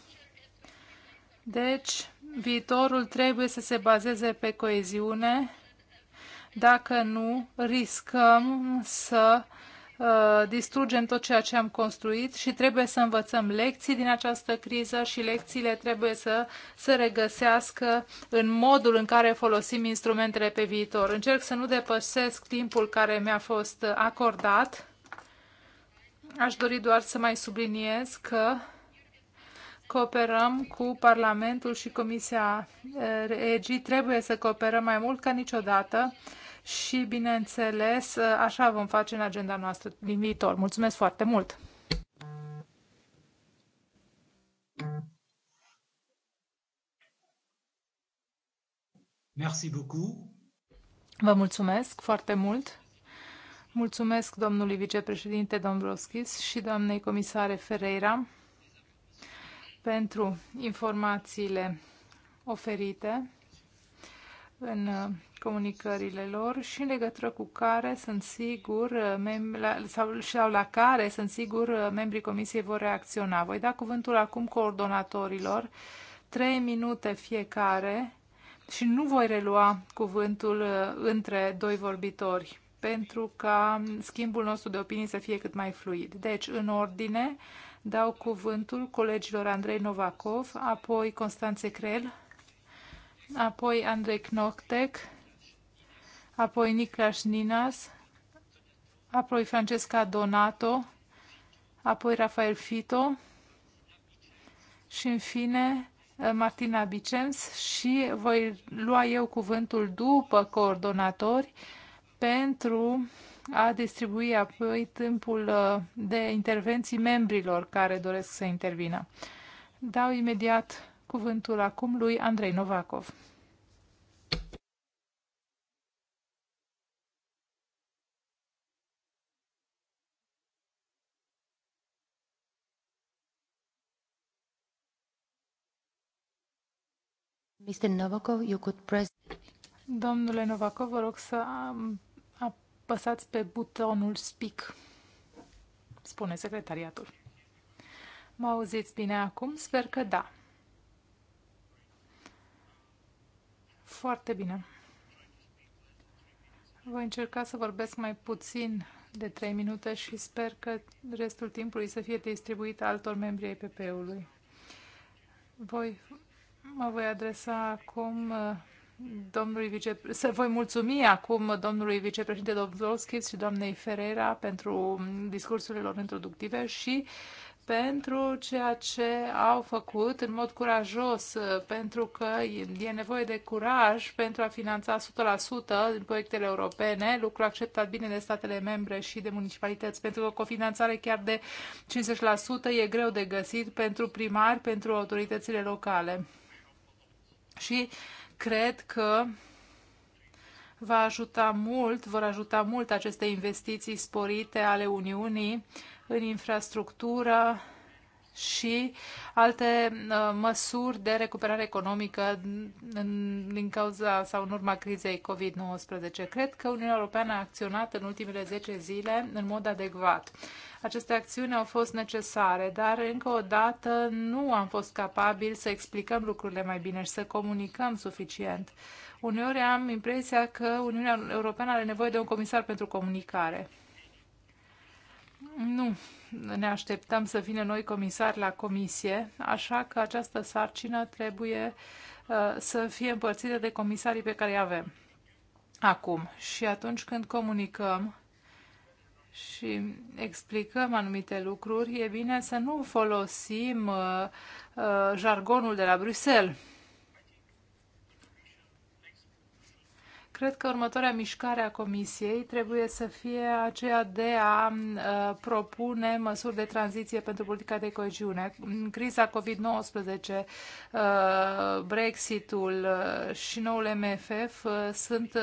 Deci, viitorul trebuie să se bazeze pe coeziune. Dacă nu, riscăm să Uh, distrugem tot ceea ce am construit și trebuie să învățăm lecții din această criză și lecțiile trebuie să se regăsească în modul în care folosim instrumentele pe viitor. Încerc să nu depășesc timpul care mi-a fost acordat. Aș dori doar să mai subliniez că cooperăm cu Parlamentul și Comisia uh, Regii. Trebuie să cooperăm mai mult ca niciodată și, bineînțeles, așa vom face în agenda noastră din viitor. Mulțumesc foarte mult! Merci beaucoup. Vă mulțumesc foarte mult. Mulțumesc domnului vicepreședinte Dombrovskis și doamnei comisare Ferreira pentru informațiile oferite în uh, comunicările lor și în legătură cu care sunt sigur uh, la, sau, sau la care sunt sigur uh, membrii comisiei vor reacționa. Voi da cuvântul acum coordonatorilor, trei minute fiecare și nu voi relua cuvântul între doi vorbitori pentru ca schimbul nostru de opinii să fie cât mai fluid. Deci, în ordine, dau cuvântul colegilor Andrei Novakov, apoi Constanțe Crel, apoi Andrei Knoctec, apoi Niclas Ninas, apoi Francesca Donato, apoi Rafael Fito și în fine Martina Bicens și voi lua eu cuvântul după coordonatori pentru a distribui apoi timpul uh, de intervenții membrilor care doresc să intervină. Dau imediat cuvântul acum lui Andrei Novakov. Mr. Novakov, you could press... Domnule Novakov, vă rog să apăsați pe butonul speak, spune secretariatul. Mă auziți bine acum? Sper că da. foarte bine. Voi încerca să vorbesc mai puțin de 3 minute și sper că restul timpului să fie distribuit altor membri ai PP-ului. Voi, mă voi adresa acum uh, domnului vice, să voi mulțumi acum domnului vicepreședinte Dobrovskis și doamnei Ferreira pentru discursurile lor introductive și pentru ceea ce au făcut în mod curajos, pentru că e nevoie de curaj pentru a finanța 100% din proiectele europene, lucru acceptat bine de statele membre și de municipalități, pentru că cofinanțare chiar de 50% e greu de găsit pentru primari, pentru autoritățile locale. Și cred că va ajuta mult, vor ajuta mult aceste investiții sporite ale Uniunii în infrastructură și alte uh, măsuri de recuperare economică în, din cauza sau în urma crizei COVID-19. Cred că Uniunea Europeană a acționat în ultimele 10 zile în mod adecvat. Aceste acțiuni au fost necesare, dar încă o dată nu am fost capabili să explicăm lucrurile mai bine și să comunicăm suficient. Uneori am impresia că Uniunea Europeană are nevoie de un comisar pentru comunicare nu ne așteptăm să vină noi comisari la comisie, așa că această sarcină trebuie uh, să fie împărțită de comisarii pe care îi avem acum. Și atunci când comunicăm și explicăm anumite lucruri, e bine să nu folosim uh, uh, jargonul de la Bruxelles Cred că următoarea mișcare a Comisiei trebuie să fie aceea de a uh, propune măsuri de tranziție pentru politica de coeziune. Criza COVID-19, uh, Brexitul uh, și noul MFF sunt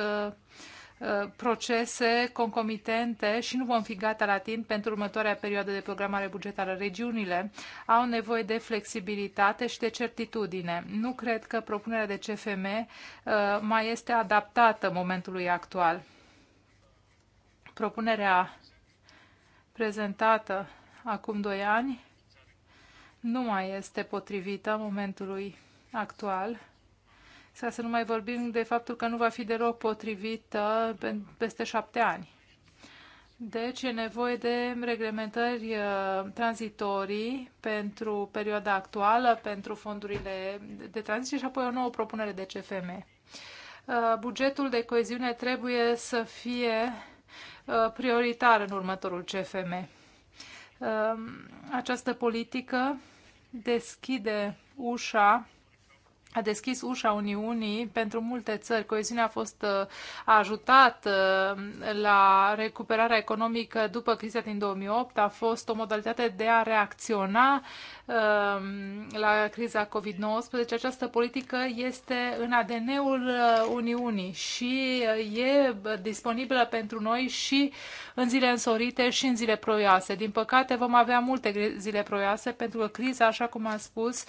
Uh, procese concomitente și nu vom fi gata la timp pentru următoarea perioadă de programare bugetară. Regiunile au nevoie de flexibilitate și de certitudine. Nu cred că propunerea de CFM uh, mai este adaptată momentului actual. Propunerea prezentată acum doi ani nu mai este potrivită momentului actual să să nu mai vorbim de faptul că nu va fi deloc potrivită peste șapte ani. Deci e nevoie de reglementări uh, tranzitorii pentru perioada actuală, pentru fondurile de tranziție și apoi o nouă propunere de CFM. Uh, bugetul de coeziune trebuie să fie uh, prioritar în următorul CFM. Această politică deschide ușa a deschis ușa Uniunii pentru multe țări. Coeziunea a fost uh, a ajutat uh, la recuperarea economică după criza din 2008, a fost o modalitate de a reacționa um, la criza COVID-19. Această politică este în ADN-ul uh, Uniunii și e disponibilă pentru noi și în zile însorite și în zile proioase. Din păcate vom avea multe zile proioase pentru că criza, așa cum a spus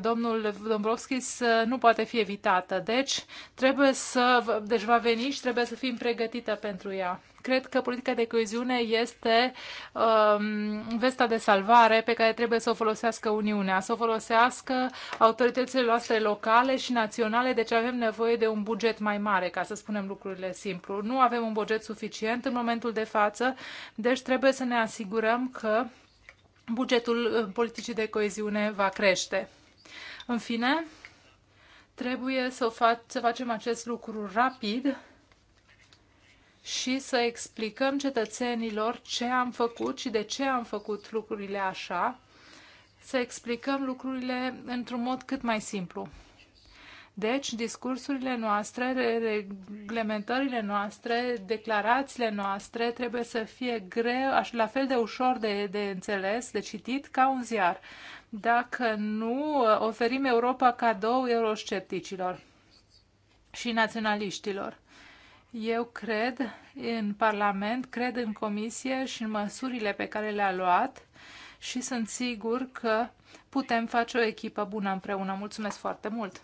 domnul Dombrovski, decis nu poate fi evitată. Deci, trebuie să, deci va veni și trebuie să fim pregătită pentru ea. Cred că politica de coeziune este um, vesta de salvare pe care trebuie să o folosească Uniunea, să o folosească autoritățile noastre locale și naționale, deci avem nevoie de un buget mai mare, ca să spunem lucrurile simplu. Nu avem un buget suficient în momentul de față, deci trebuie să ne asigurăm că bugetul uh, politicii de coeziune va crește. În fine, Trebuie să, fac, să facem acest lucru rapid și să explicăm cetățenilor ce am făcut și de ce am făcut lucrurile așa, să explicăm lucrurile într-un mod cât mai simplu. Deci, discursurile noastre, reglementările noastre, declarațiile noastre trebuie să fie greu, la fel de ușor de, de înțeles, de citit, ca un ziar dacă nu oferim Europa cadou euroscepticilor și naționaliștilor. Eu cred în Parlament, cred în Comisie și în măsurile pe care le-a luat și sunt sigur că putem face o echipă bună împreună. Mulțumesc foarte mult!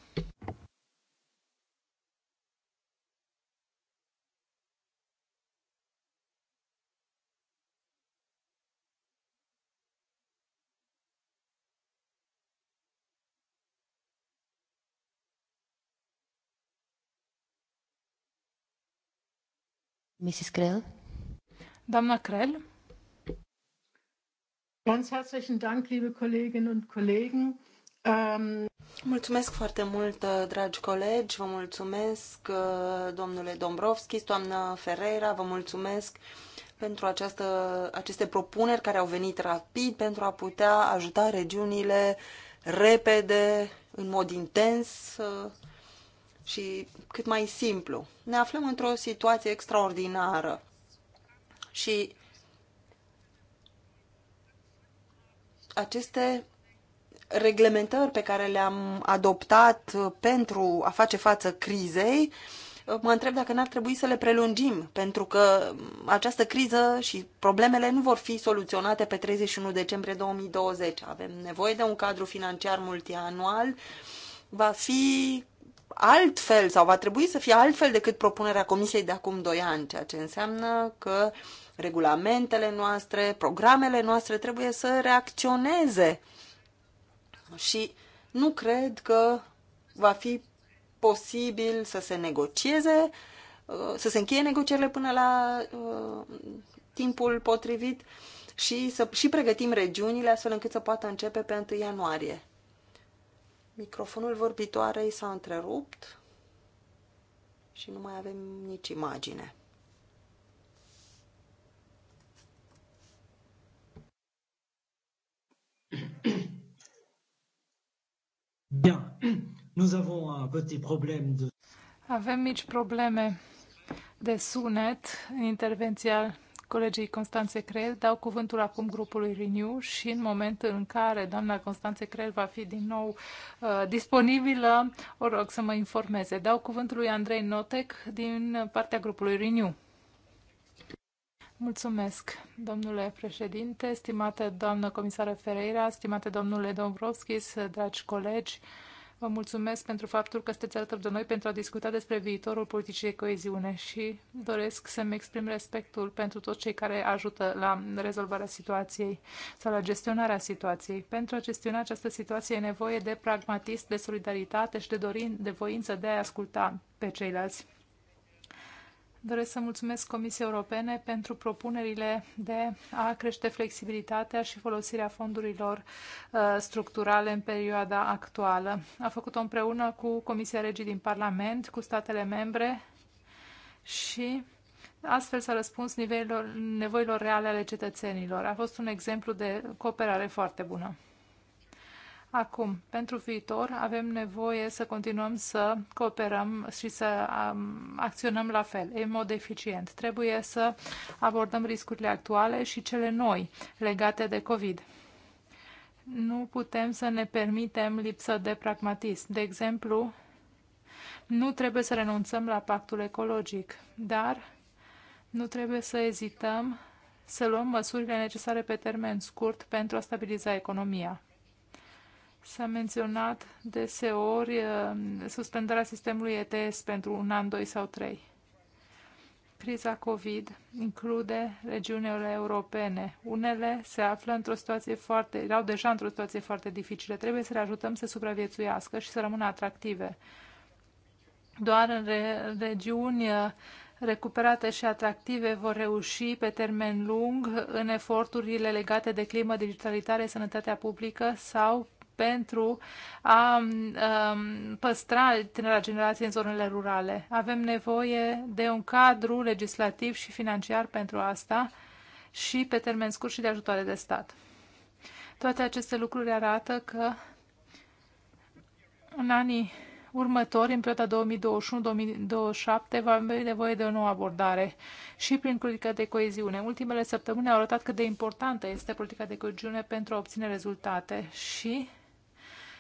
Mrs. Krell? Doamna Krell? Ganz herzlichen Dank, liebe Kolleginnen und Kollegen. Um... Mulțumesc foarte mult, uh, dragi colegi, vă mulțumesc, uh, domnule Dombrovski, doamnă Ferreira, vă mulțumesc pentru această, aceste propuneri care au venit rapid pentru a putea ajuta regiunile repede, în mod intens, și cât mai simplu. Ne aflăm într-o situație extraordinară și aceste reglementări pe care le-am adoptat pentru a face față crizei, mă întreb dacă n-ar trebui să le prelungim, pentru că această criză și problemele nu vor fi soluționate pe 31 decembrie 2020. Avem nevoie de un cadru financiar multianual, va fi altfel sau va trebui să fie altfel decât propunerea Comisiei de acum 2 ani, ceea ce înseamnă că regulamentele noastre, programele noastre trebuie să reacționeze. Și nu cred că va fi posibil să se negocieze, uh, să se încheie negocierile până la uh, timpul potrivit și să și pregătim regiunile astfel încât să poată începe pe 1 ianuarie. Microfonul vorbitoarei s-a întrerupt și nu mai avem nici imagine. Bien, nous avons un petit problème de... Avem mici probleme de sunet în intervenția colegii Constanțe Creel, dau cuvântul acum grupului Renew și în momentul în care doamna Constanțe Creel va fi din nou uh, disponibilă, o rog să mă informeze. Dau cuvântul lui Andrei Notec din partea grupului Renew. Mulțumesc, domnule președinte, stimată doamnă comisară Ferreira, stimate domnule Dombrovskis, dragi colegi. Uh, Vă mulțumesc pentru faptul că sunteți alături de noi pentru a discuta despre viitorul politicii de coeziune și doresc să-mi exprim respectul pentru toți cei care ajută la rezolvarea situației sau la gestionarea situației. Pentru a gestiona această situație e nevoie de pragmatism, de solidaritate și de, dorin, de voință de a asculta pe ceilalți. Doresc să mulțumesc Comisiei Europene pentru propunerile de a crește flexibilitatea și folosirea fondurilor uh, structurale în perioada actuală. A făcut-o împreună cu Comisia Regii din Parlament, cu statele membre și astfel s-a răspuns nivelilor, nevoilor reale ale cetățenilor. A fost un exemplu de cooperare foarte bună. Acum, pentru viitor, avem nevoie să continuăm să cooperăm și să acționăm la fel, în mod eficient. Trebuie să abordăm riscurile actuale și cele noi legate de COVID. Nu putem să ne permitem lipsă de pragmatism. De exemplu, nu trebuie să renunțăm la pactul ecologic, dar nu trebuie să ezităm să luăm măsurile necesare pe termen scurt pentru a stabiliza economia. S-a menționat deseori uh, suspendarea sistemului ETS pentru un an, doi sau trei. Criza COVID include regiunile europene. Unele se află într-o situație foarte, erau deja într-o situație foarte dificilă. Trebuie să le ajutăm să supraviețuiască și să rămână atractive. Doar în re, regiuni uh, recuperate și atractive vor reuși pe termen lung în eforturile legate de climă, digitalitate, sănătatea publică sau pentru a um, um păstra tânăra generație în zonele rurale. Avem nevoie de un cadru legislativ și financiar pentru asta și pe termen scurt și de ajutoare de stat. Toate aceste lucruri arată că în anii următori, în perioada 2021-2027, va avea nevoie de o nouă abordare și prin politica de coeziune. Ultimele săptămâni au arătat cât de importantă este politica de coeziune pentru a obține rezultate și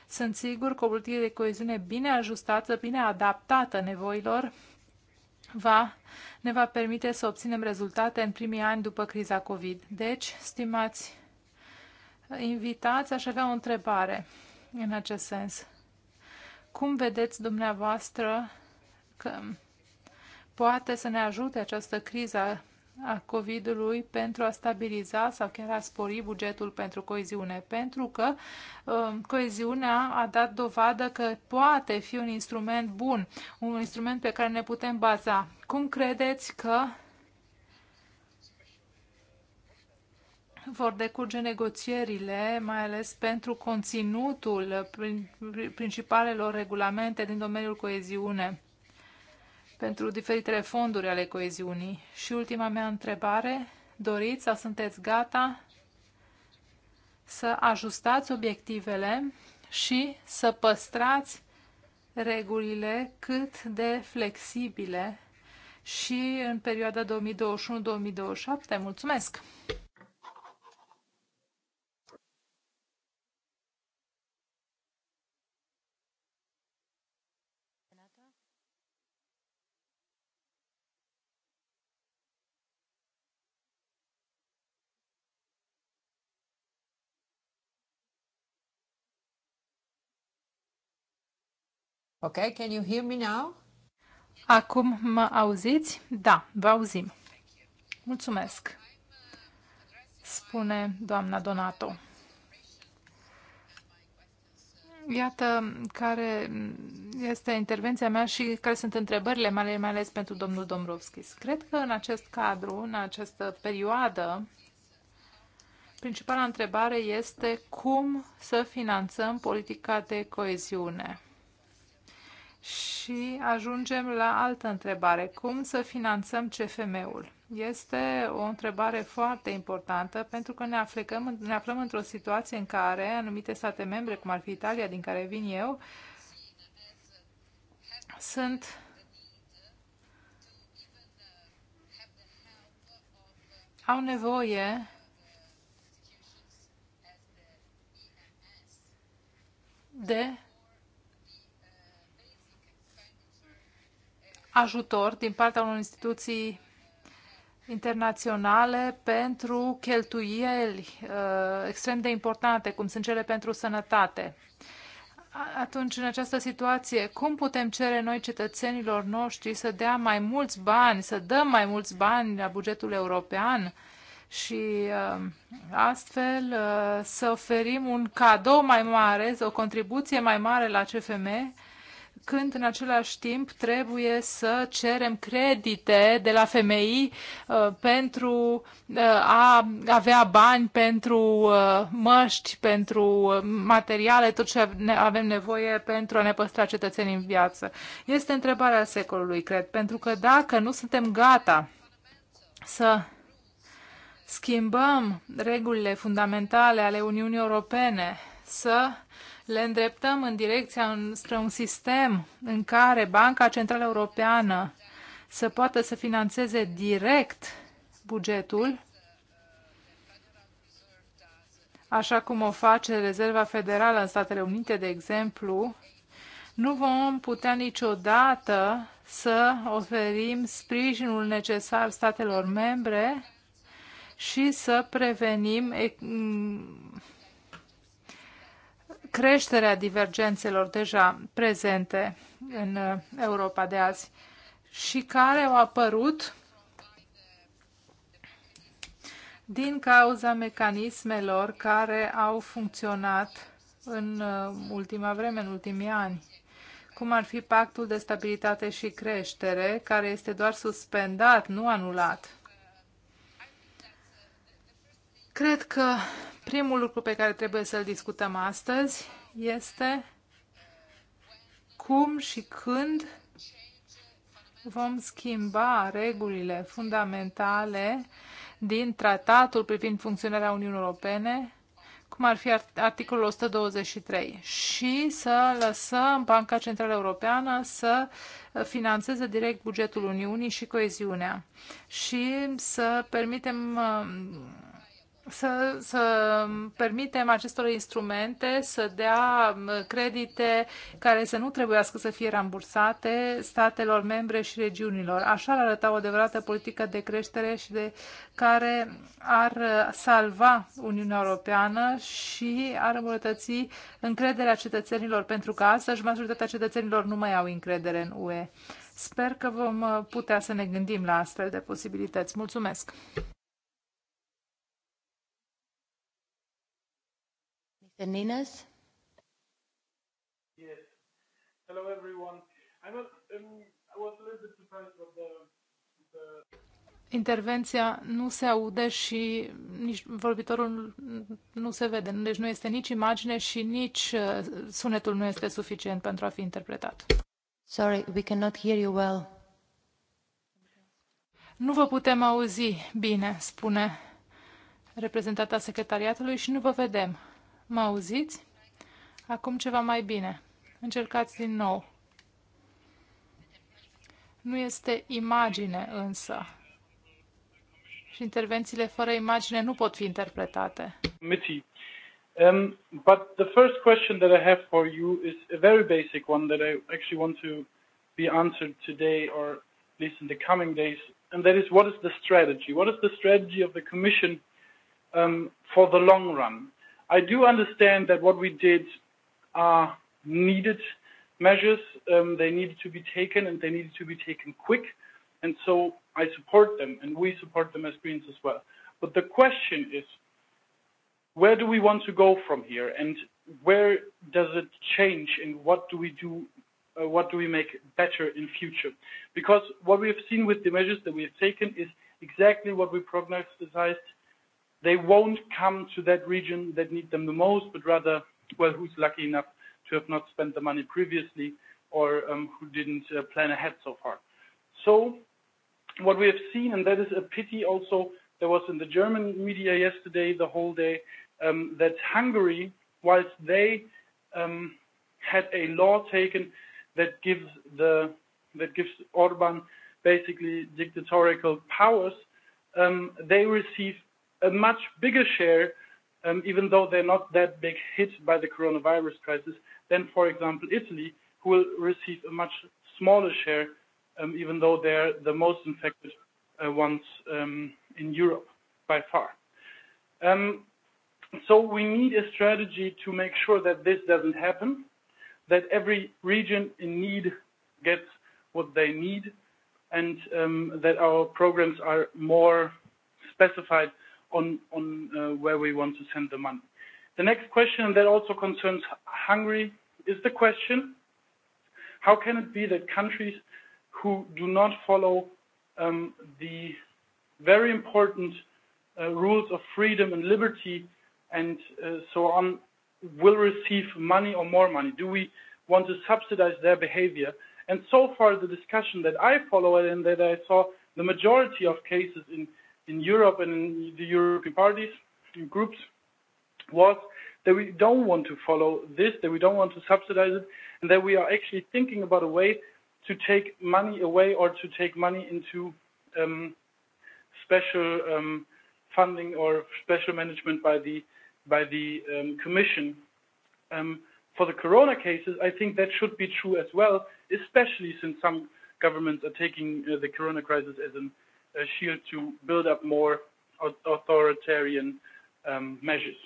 sunt sigur că o politică de coeziune bine ajustată, bine adaptată nevoilor, va, ne va permite să obținem rezultate în primii ani după criza COVID. Deci, stimați invitați, aș avea o întrebare în acest sens. Cum vedeți dumneavoastră că poate să ne ajute această criză a COVID-ului pentru a stabiliza sau chiar a spori bugetul pentru coeziune, pentru că um, coeziunea a dat dovadă că poate fi un instrument bun, un instrument pe care ne putem baza. Cum credeți că vor decurge negocierile, mai ales pentru conținutul principalelor regulamente din domeniul coeziune? pentru diferitele fonduri ale coeziunii. Și ultima mea întrebare, doriți sau sunteți gata să ajustați obiectivele și să păstrați regulile cât de flexibile și în perioada 2021-2027. Mulțumesc! Okay, can you hear me now? Acum mă auziți? Da, vă auzim. Mulțumesc, spune doamna Donato. Iată care este intervenția mea și care sunt întrebările mele, mai ales pentru domnul Domrovskis. Cred că în acest cadru, în această perioadă, principala întrebare este cum să finanțăm politica de coeziune și ajungem la altă întrebare. Cum să finanțăm CFM-ul? Este o întrebare foarte importantă pentru că ne, aflecăm, ne aflăm într-o situație în care anumite state membre, cum ar fi Italia, din care vin eu, sunt au nevoie de ajutor din partea unor instituții internaționale pentru cheltuieli uh, extrem de importante, cum sunt cele pentru sănătate. Atunci, în această situație, cum putem cere noi cetățenilor noștri să dea mai mulți bani, să dăm mai mulți bani la bugetul european și uh, astfel uh, să oferim un cadou mai mare, o contribuție mai mare la CFM când în același timp trebuie să cerem credite de la femei uh, pentru uh, a avea bani pentru uh, măști, pentru materiale, tot ce avem nevoie pentru a ne păstra cetățenii în viață. Este întrebarea secolului, cred, pentru că dacă nu suntem gata să schimbăm regulile fundamentale ale Uniunii Europene, să uh, le îndreptăm în direcția spre un sistem în care Banca Centrală Europeană să poată să financeze direct bugetul, așa cum o face Rezerva Federală în Statele Unite, de exemplu, nu vom putea niciodată să oferim sprijinul necesar statelor membre și să prevenim creșterea divergențelor deja prezente în uh, Europa de azi și care au apărut din cauza mecanismelor care au funcționat în uh, ultima vreme, în ultimii ani, cum ar fi pactul de stabilitate și creștere, care este doar suspendat, nu anulat. Cred că Primul lucru pe care trebuie să-l discutăm astăzi este cum și când vom schimba regulile fundamentale din tratatul privind funcționarea Uniunii Europene, cum ar fi articolul 123, și să lăsăm Banca Centrală Europeană să financeze direct bugetul Uniunii și coeziunea și să permitem uh, să, să permitem acestor instrumente să dea credite care să nu trebuiască să fie rambursate statelor membre și regiunilor. Așa ar arăta o adevărată politică de creștere și de care ar salva Uniunea Europeană și ar îmbunătăți încrederea cetățenilor, pentru că astăzi majoritatea cetățenilor nu mai au încredere în UE. Sper că vom putea să ne gândim la astfel de posibilități. Mulțumesc! Mr. Ninas? Yes. Hello, everyone. I was, um, I was a little bit surprised about the, the intervenția nu se aude și nici vorbitorul nu se vede. Deci nu este nici imagine și nici uh, sunetul nu este suficient pentru a fi interpretat. Sorry, we cannot hear you well. Nu vă putem auzi bine, spune reprezentanta secretariatului și nu vă vedem. Mă auziți? Acum ceva mai bine. Încercați din nou. Nu este imagine însă. Și intervențiile fără imagine nu pot fi interpretate. Mitty. Um, but the first question that I have for you is a very basic one that I actually want to be answered today or at least in the coming days. And that is what is the strategy? What is the strategy of the Commission um, for the long run? I do understand that what we did are needed measures. Um, they needed to be taken and they needed to be taken quick. And so I support them and we support them as Greens as well. But the question is, where do we want to go from here and where does it change and what do we do uh, what do we make better in future because what we have seen with the measures that we have taken is exactly what we prognosticized. They won't come to that region that need them the most, but rather, well, who's lucky enough to have not spent the money previously or um, who didn't uh, plan ahead so far. So what we have seen, and that is a pity also, there was in the German media yesterday, the whole day, um, that Hungary, whilst they um, had a law taken that gives the that gives Orban basically dictatorial powers, um, they receive a much bigger share, um, even though they're not that big hit by the coronavirus crisis, than, for example, Italy, who will receive a much smaller share, um, even though they're the most infected uh, ones um, in Europe by far. Um, so we need a strategy to make sure that this doesn't happen, that every region in need gets what they need, and um, that our programs are more specified on uh, where we want to send the money. The next question that also concerns Hungary is the question, how can it be that countries who do not follow um, the very important uh, rules of freedom and liberty and uh, so on will receive money or more money? Do we want to subsidize their behavior? And so far, the discussion that I follow and that I saw, the majority of cases in in Europe and in the European parties and groups was that we don't want to follow this, that we don't want to subsidize it, and that we are actually thinking about a way to take money away or to take money into um, special um, funding or special management by the by the um, commission. Um, for the corona cases, I think that should be true as well, especially since some governments are taking uh, the corona crisis as an a shield to build up more authoritarian um, measures.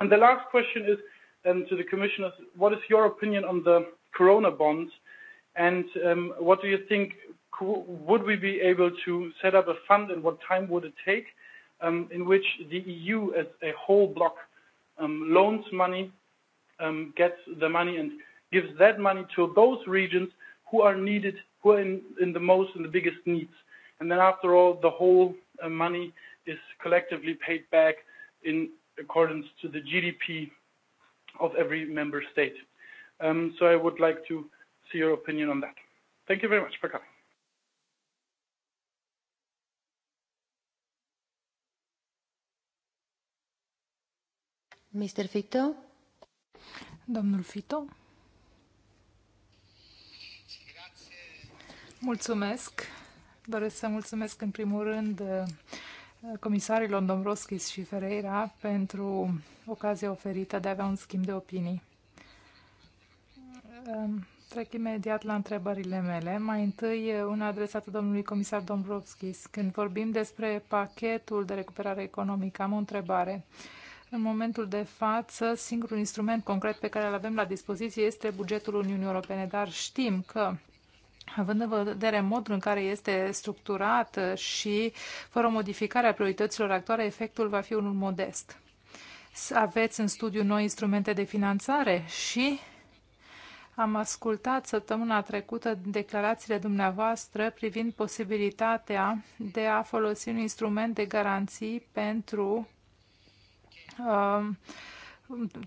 And the last question is um, to the commissioners: What is your opinion on the Corona bonds? and um, what do you think? Would we be able to set up a fund, and what time would it take, um, in which the EU as a whole block um, loans money, um, gets the money, and gives that money to those regions who are needed, who are in, in the most and the biggest needs? And then after all, the whole uh, money is collectively paid back in accordance to the GDP of every member state. Um, so I would like to see your opinion on that. Thank you very much for coming. Mr. Fito? Domnul Fito? Mulțumesc. Doresc să mulțumesc în primul rând uh, comisarilor Dombrovskis și Ferreira pentru ocazia oferită de a avea un schimb de opinii. Um, trec imediat la întrebările mele. Mai întâi, uh, una adresată domnului comisar Dombrovskis. Când vorbim despre pachetul de recuperare economică, am o întrebare. În momentul de față, singurul instrument concret pe care îl avem la dispoziție este bugetul Uniunii Europene, dar știm că având în vedere modul în care este structurat și fără modificarea priorităților actuale, efectul va fi unul modest. Aveți în studiu noi instrumente de finanțare și am ascultat săptămâna trecută declarațiile dumneavoastră privind posibilitatea de a folosi un instrument de garanții pentru uh,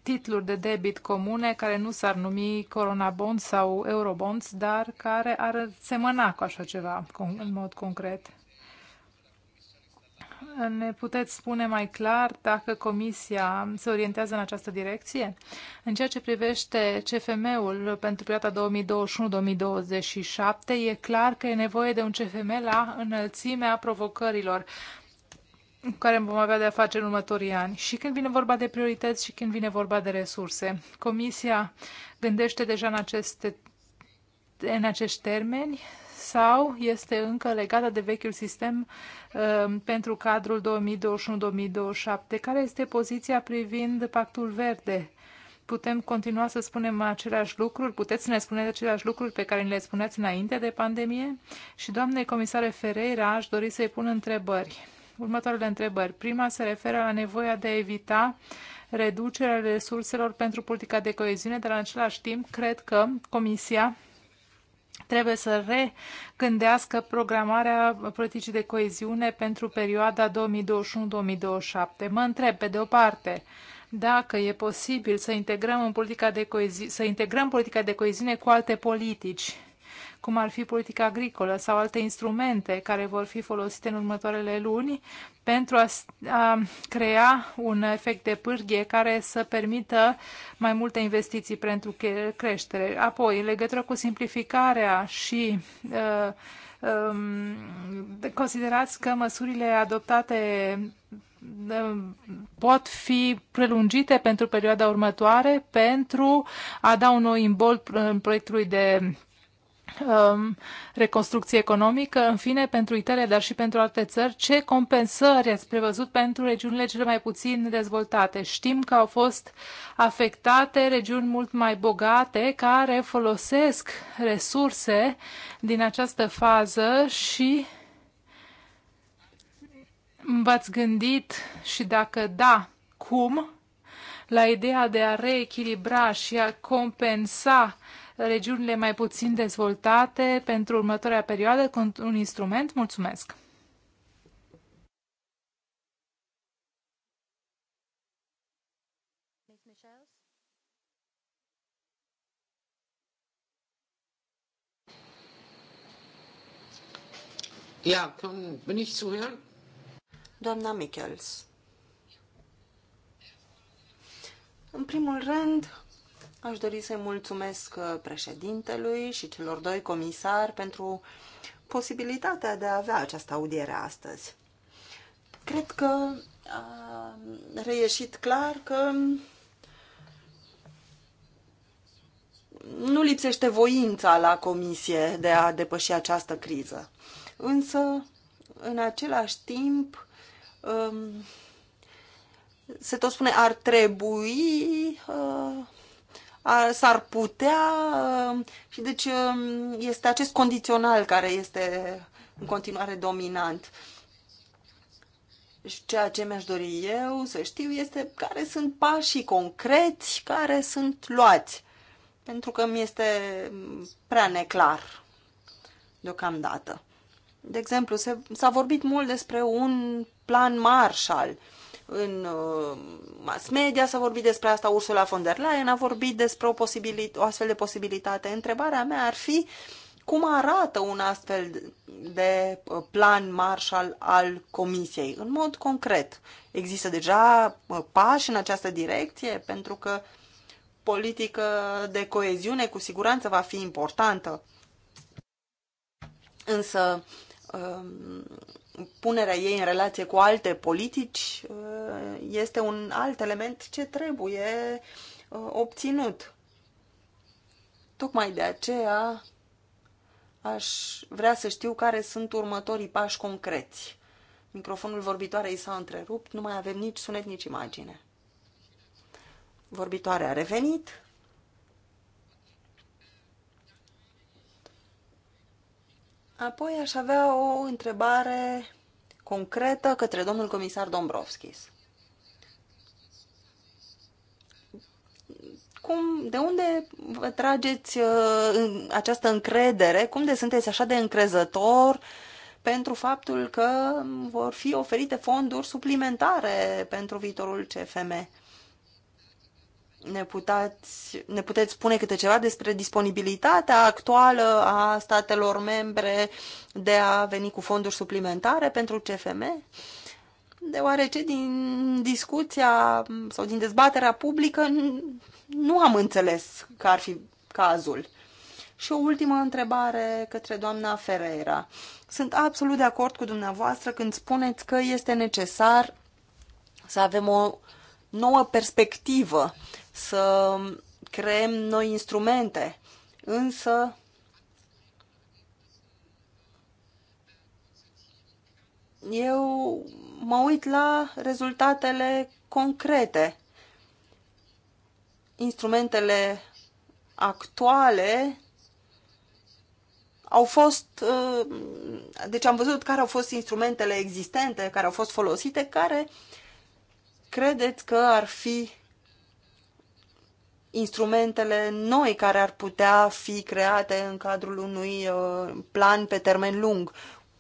titluri de debit comune care nu s-ar numi Corona Bonds sau Eurobonds, dar care ar semăna cu așa ceva în mod concret. Ne puteți spune mai clar dacă Comisia se orientează în această direcție? În ceea ce privește CFM-ul pentru perioada 2021-2027, e clar că e nevoie de un CFM la înălțimea provocărilor cu care vom avea de-a face în următorii ani. Și când vine vorba de priorități și când vine vorba de resurse. Comisia gândește deja în, aceste, în acești termeni sau este încă legată de vechiul sistem uh, pentru cadrul 2021-2027? Care este poziția privind pactul verde? Putem continua să spunem aceleași lucruri? Puteți să ne spuneți aceleași lucruri pe care le spuneați înainte de pandemie? Și, doamne comisare Ferreira, aș dori să-i pun întrebări următoarele întrebări. Prima se referă la nevoia de a evita reducerea resurselor pentru politica de coeziune, dar în același timp cred că Comisia trebuie să regândească programarea politicii de coeziune pentru perioada 2021-2027. Mă întreb, pe de o parte, dacă e posibil să integrăm, în politica de coezi- să integrăm politica de coeziune cu alte politici cum ar fi politica agricolă sau alte instrumente care vor fi folosite în următoarele luni pentru a, a crea un efect de pârghie care să permită mai multe investiții pentru creștere. Apoi, în legătură cu simplificarea și uh, um, considerați că măsurile adoptate uh, pot fi prelungite pentru perioada următoare pentru a da un nou imbol proiectului de Um, reconstrucție economică. În fine, pentru Italia, dar și pentru alte țări, ce compensări ați prevăzut pentru regiunile cele mai puțin dezvoltate? Știm că au fost afectate regiuni mult mai bogate care folosesc resurse din această fază și v-ați gândit și dacă da, cum? la ideea de a reechilibra și a compensa uh, regiunile mai puțin dezvoltate pentru următoarea perioadă cu un instrument? Mulțumesc! Ja, bin ich Doamna Michels. În primul rând, Aș dori să-i mulțumesc uh, președintelui și celor doi comisari pentru posibilitatea de a avea această audiere astăzi. Cred că a reieșit clar că nu lipsește voința la comisie de a depăși această criză. Însă, în același timp, um, se tot spune ar trebui uh, s-ar putea uh, și deci um, este acest condițional care este în continuare dominant. Și ceea ce mi-aș dori eu să știu este care sunt pașii concreți care sunt luați, pentru că mi este um, prea neclar deocamdată. De exemplu, s-a vorbit mult despre un plan Marshall în uh, mass media s-a vorbit despre asta, Ursula von der Leyen a vorbit despre o, posibilit- o astfel de posibilitate. Întrebarea mea ar fi cum arată un astfel de uh, plan Marshall al Comisiei, în mod concret. Există deja uh, pași în această direcție, pentru că politică de coeziune cu siguranță va fi importantă. Însă, um, punerea ei în relație cu alte politici uh, este un alt element ce trebuie uh, obținut. Tocmai de aceea aș vrea să știu care sunt următorii pași concreți. Microfonul vorbitoarei s-a întrerupt, nu mai avem nici sunet, nici imagine. Vorbitoarea a revenit. Apoi aș avea o întrebare concretă către domnul comisar Dombrovskis. Cum, de unde vă trageți uh, această încredere? Cum de sunteți așa de încrezător pentru faptul că vor fi oferite fonduri suplimentare pentru viitorul CFM? ne, puteți, ne puteți spune câte ceva despre disponibilitatea actuală a statelor membre de a veni cu fonduri suplimentare pentru CFM? Deoarece din discuția sau din dezbaterea publică nu am înțeles că ar fi cazul. Și o ultimă întrebare către doamna Ferreira. Sunt absolut de acord cu dumneavoastră când spuneți că este necesar să avem o nouă perspectivă să creăm noi instrumente, însă eu mă uit la rezultatele concrete. Instrumentele actuale au fost, uh, deci am văzut care au fost instrumentele existente, care au fost folosite, care credeți că ar fi instrumentele noi care ar putea fi create în cadrul unui uh, plan pe termen lung,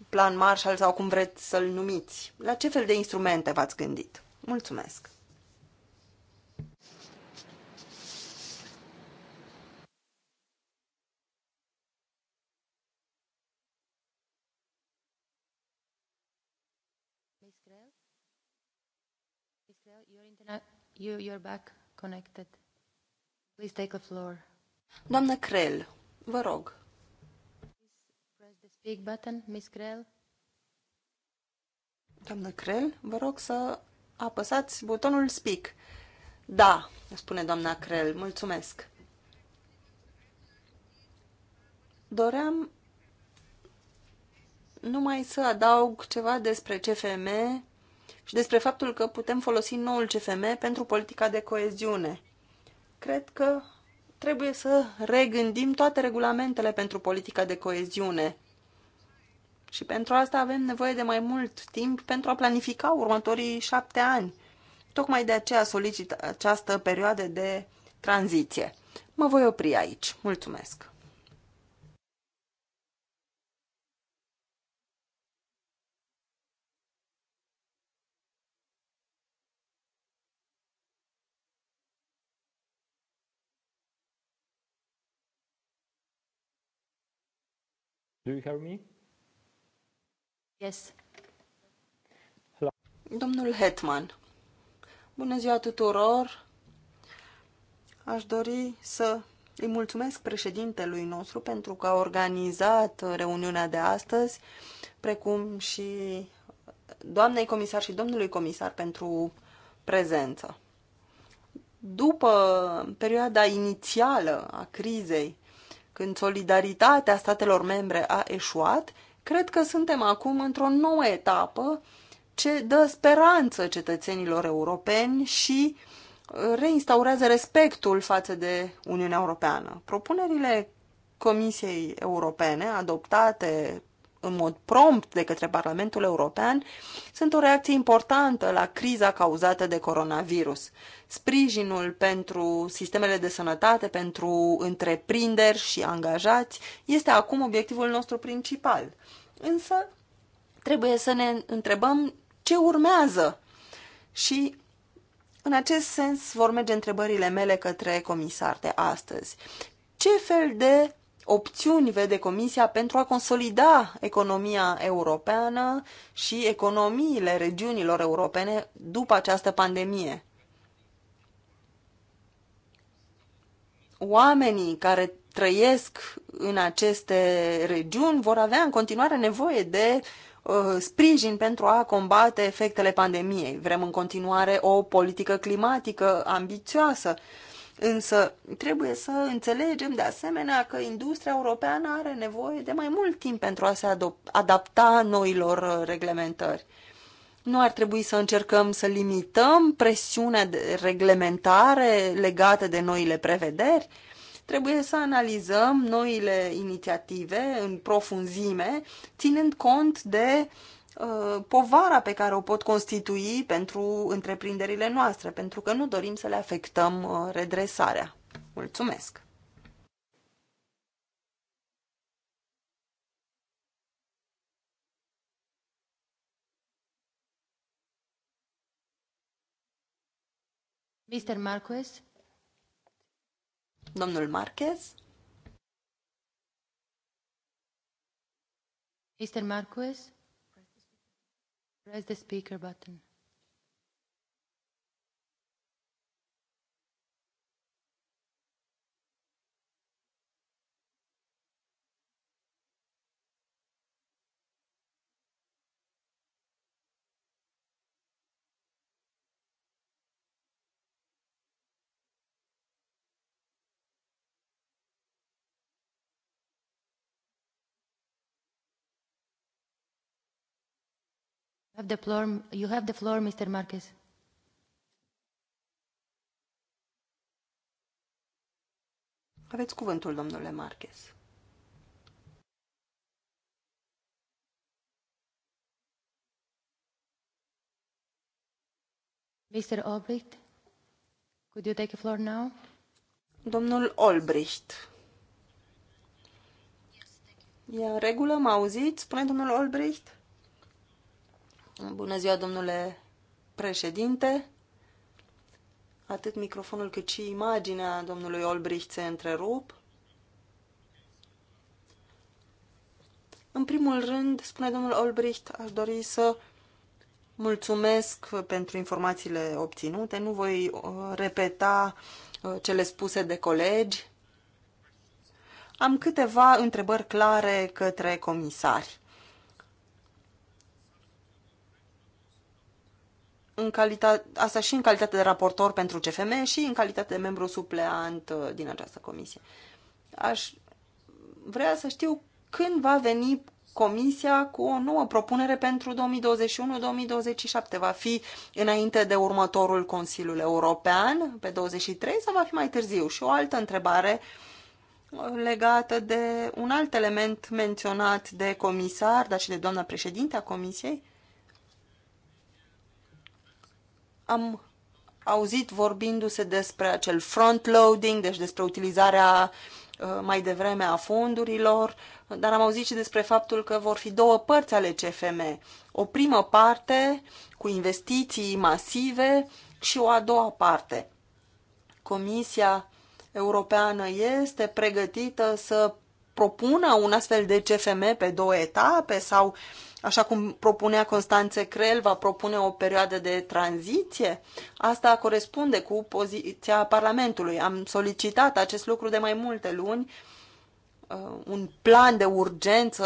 plan Marshall sau cum vreți să-l numiți. La ce fel de instrumente v-ați gândit? Mulțumesc! You, you're back connected. Please take the floor. Doamnă Krell, vă rog. Press the speak button, Miss Krell. Doamnă Krell, vă rog să apăsați butonul speak. Da, spune doamna Krell, mulțumesc. Doream numai să adaug ceva despre CFM și despre faptul că putem folosi noul CFM pentru politica de coeziune cred că trebuie să regândim toate regulamentele pentru politica de coeziune. Și pentru asta avem nevoie de mai mult timp pentru a planifica următorii șapte ani. Tocmai de aceea solicit această perioadă de tranziție. Mă voi opri aici. Mulțumesc! Do you hear me? Yes. Hello. Domnul Hetman. Bună ziua tuturor! Aș dori să îi mulțumesc președintelui nostru pentru că a organizat reuniunea de astăzi, precum și doamnei comisar și domnului comisar pentru prezență. După perioada inițială a crizei când solidaritatea statelor membre a eșuat, cred că suntem acum într-o nouă etapă ce dă speranță cetățenilor europeni și uh, reinstaurează respectul față de Uniunea Europeană. Propunerile Comisiei Europene adoptate în mod prompt de către Parlamentul European sunt o reacție importantă la criza cauzată de coronavirus. Sprijinul pentru sistemele de sănătate, pentru întreprinderi și angajați este acum obiectivul nostru principal. Însă trebuie să ne întrebăm ce urmează și în acest sens vor merge întrebările mele către comisar de astăzi. Ce fel de opțiuni vede Comisia pentru a consolida economia europeană și economiile regiunilor europene după această pandemie? Oamenii care trăiesc în aceste regiuni vor avea în continuare nevoie de uh, sprijin pentru a combate efectele pandemiei. Vrem în continuare o politică climatică ambițioasă. Uh, Însă trebuie să înțelegem de asemenea că industria europeană are nevoie de mai mult timp pentru a se adapta noilor uh, reglementări. Nu ar trebui să încercăm să limităm presiunea de reglementare legată de noile prevederi. Trebuie să analizăm noile inițiative în profunzime, ținând cont de uh, Uh, povara pe care o pot constitui pentru întreprinderile noastre, pentru că nu dorim să le afectăm uh, redresarea. Mulțumesc! Mr. Marquez? Domnul Marquez? Mr. Marquez? Press the speaker button. Have the floor, you have the floor, Mr. Marquez. Aveți cuvântul, domnule Marquez. Mr. Albrecht, could you take the floor now? Domnul Olbricht. E în regulă? Mă auziți? Spune domnul Olbricht. Bună ziua, domnule președinte. Atât microfonul cât și imaginea domnului Olbricht se întrerup. În primul rând, spune domnul Olbricht, aș dori să mulțumesc pentru informațiile obținute. Nu voi uh, repeta uh, cele spuse de colegi. Am câteva întrebări clare către comisari. în calitate, asta și în calitate de raportor pentru CFM și în calitate de membru supleant uh, din această comisie. Aș vrea să știu când va veni comisia cu o nouă propunere pentru 2021-2027. Va fi înainte de următorul Consiliul European, pe 23, sau va fi mai târziu? Și o altă întrebare uh, legată de un alt element menționat de comisar, dar și de doamna președinte a comisiei, am auzit vorbindu-se despre acel front-loading, deci despre utilizarea uh, mai devreme a fondurilor, dar am auzit și despre faptul că vor fi două părți ale CFM. O primă parte cu investiții masive și o a doua parte. Comisia Europeană este pregătită să propună un astfel de CFM pe două etape sau uh, așa cum propunea Constanțe Crel, va propune o perioadă de tranziție? Asta corespunde cu poziția Parlamentului. Am solicitat acest lucru de mai multe luni, uh, un plan de urgență,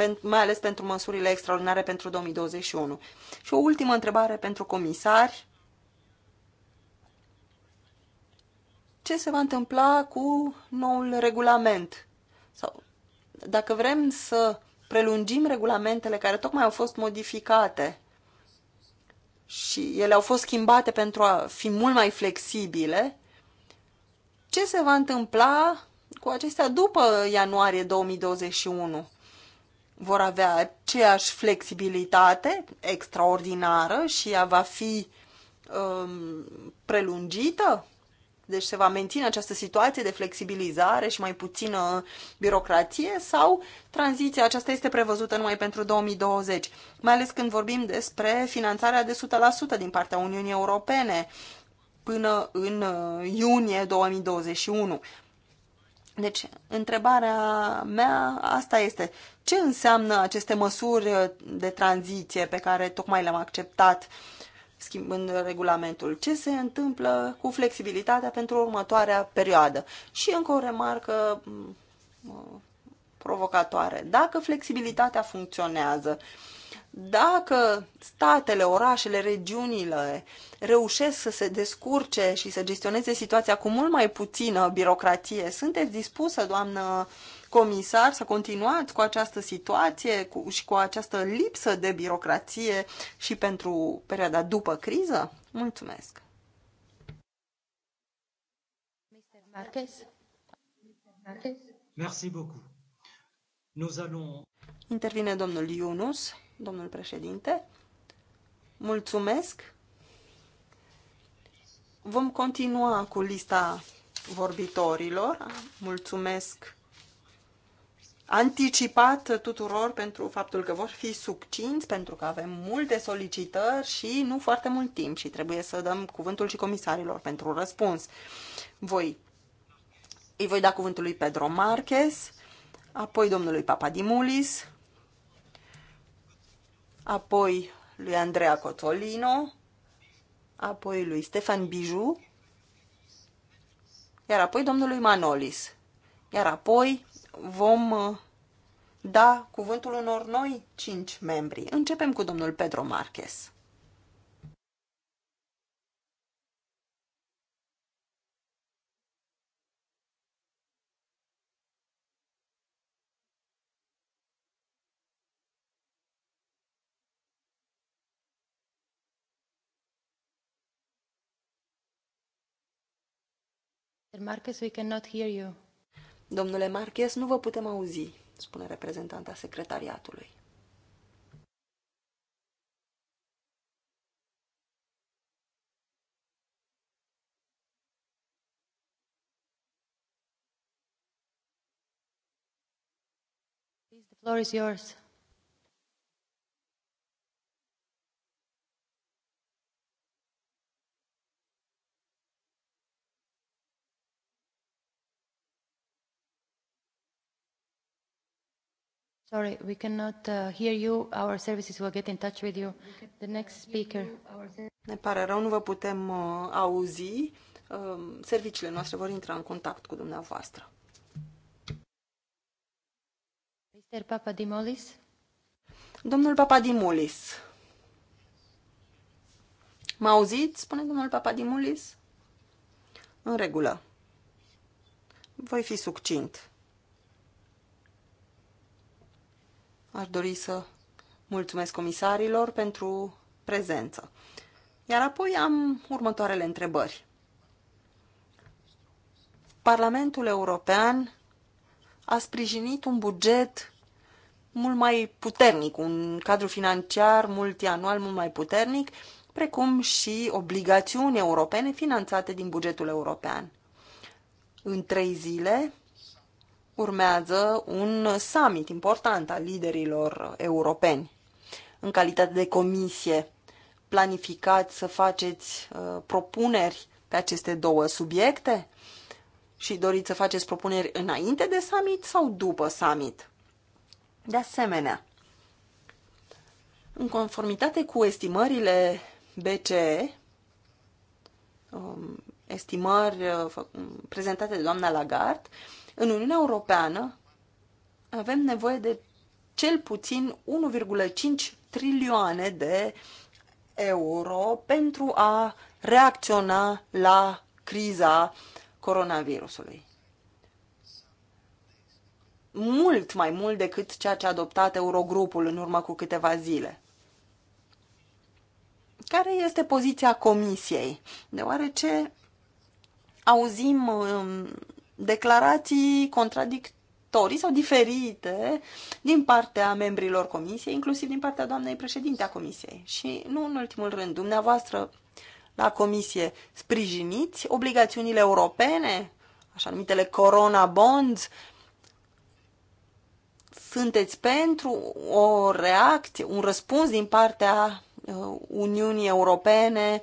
uh, mai ales pentru măsurile extraordinare pentru 2021. Și o ultimă întrebare pentru comisari. Ce se va întâmpla cu noul regulament? Sau dacă vrem să prelungim regulamentele care tocmai au fost modificate și ele au fost schimbate pentru a fi mult mai flexibile, ce se va întâmpla cu acestea după ianuarie 2021? Vor avea aceeași flexibilitate extraordinară și ea va fi um, prelungită? deci se va menține această situație de flexibilizare și mai puțină birocrație sau tranziția aceasta este prevăzută numai pentru 2020, mai ales când vorbim despre finanțarea de 100% din partea Uniunii Europene până în uh, iunie 2021. Deci, întrebarea mea asta este, ce înseamnă aceste măsuri de tranziție pe care tocmai le-am acceptat uh, schimbând regulamentul. Ce se întâmplă cu flexibilitatea pentru următoarea perioadă? Și încă o remarcă mm, provocatoare. Dacă flexibilitatea funcționează, dacă statele, orașele, regiunile reușesc să se descurce și să gestioneze situația cu mult mai puțină birocratie, sunteți dispusă, doamnă comisar să continuați cu această situație cu, și cu această lipsă de birocrație și pentru perioada după criză? Mulțumesc! Merci beaucoup. Nous allons... Intervine domnul Iunus, domnul președinte. Mulțumesc. Vom continua cu lista vorbitorilor. Mulțumesc anticipat tuturor pentru faptul că vor fi succinți, pentru că avem multe solicitări și nu foarte mult timp și trebuie să dăm cuvântul și comisarilor pentru răspuns. Voi îi voi da cuvântul lui Pedro Marquez, apoi domnului Papadimulis, apoi lui Andrea Cotolino, apoi lui Stefan Biju, iar apoi domnului Manolis, iar apoi vom uh, da cuvântul unor noi cinci membri. Începem cu domnul Pedro Marquez. Marcus, we cannot hear you. Domnule Marches, nu vă putem auzi, spune reprezentanta secretariatului. The floor is yours. Sorry, we cannot uh, hear you. Our services will get in touch with you. The next speaker. Ne pare rău, nu vă putem uh, auzi. Uh, serviciile noastre vor intra în contact cu dumneavoastră. Mr. Papadimolis. Domnul Papadimolis. Mă auziți? Spune domnul Papadimolis. În regulă. Voi fi succint. Aș dori să mulțumesc comisarilor pentru prezență. Iar apoi am următoarele întrebări. Parlamentul European a sprijinit un buget mult mai puternic, un cadru financiar multianual mult mai puternic, precum și obligațiuni europene finanțate din bugetul european. În trei zile, urmează un summit important al liderilor europeni. În calitate de comisie, planificați să faceți uh, propuneri pe aceste două subiecte? Și doriți să faceți propuneri înainte de summit sau după summit? De asemenea, în conformitate cu estimările BCE, um, estimări uh, prezentate de doamna Lagarde, în Uniunea Europeană avem nevoie de cel puțin 1,5 trilioane de euro pentru a reacționa la criza coronavirusului. Mult mai mult decât ceea ce a adoptat Eurogrupul în urmă cu câteva zile. Care este poziția Comisiei? Deoarece auzim um, declarații contradictorii sau diferite din partea membrilor comisiei, inclusiv din partea doamnei președinte a comisiei. Și nu în ultimul rând, dumneavoastră la comisie sprijiniți obligațiunile europene, așa numitele corona bonds, sunteți pentru o reacție, un răspuns din partea uh, Uniunii Europene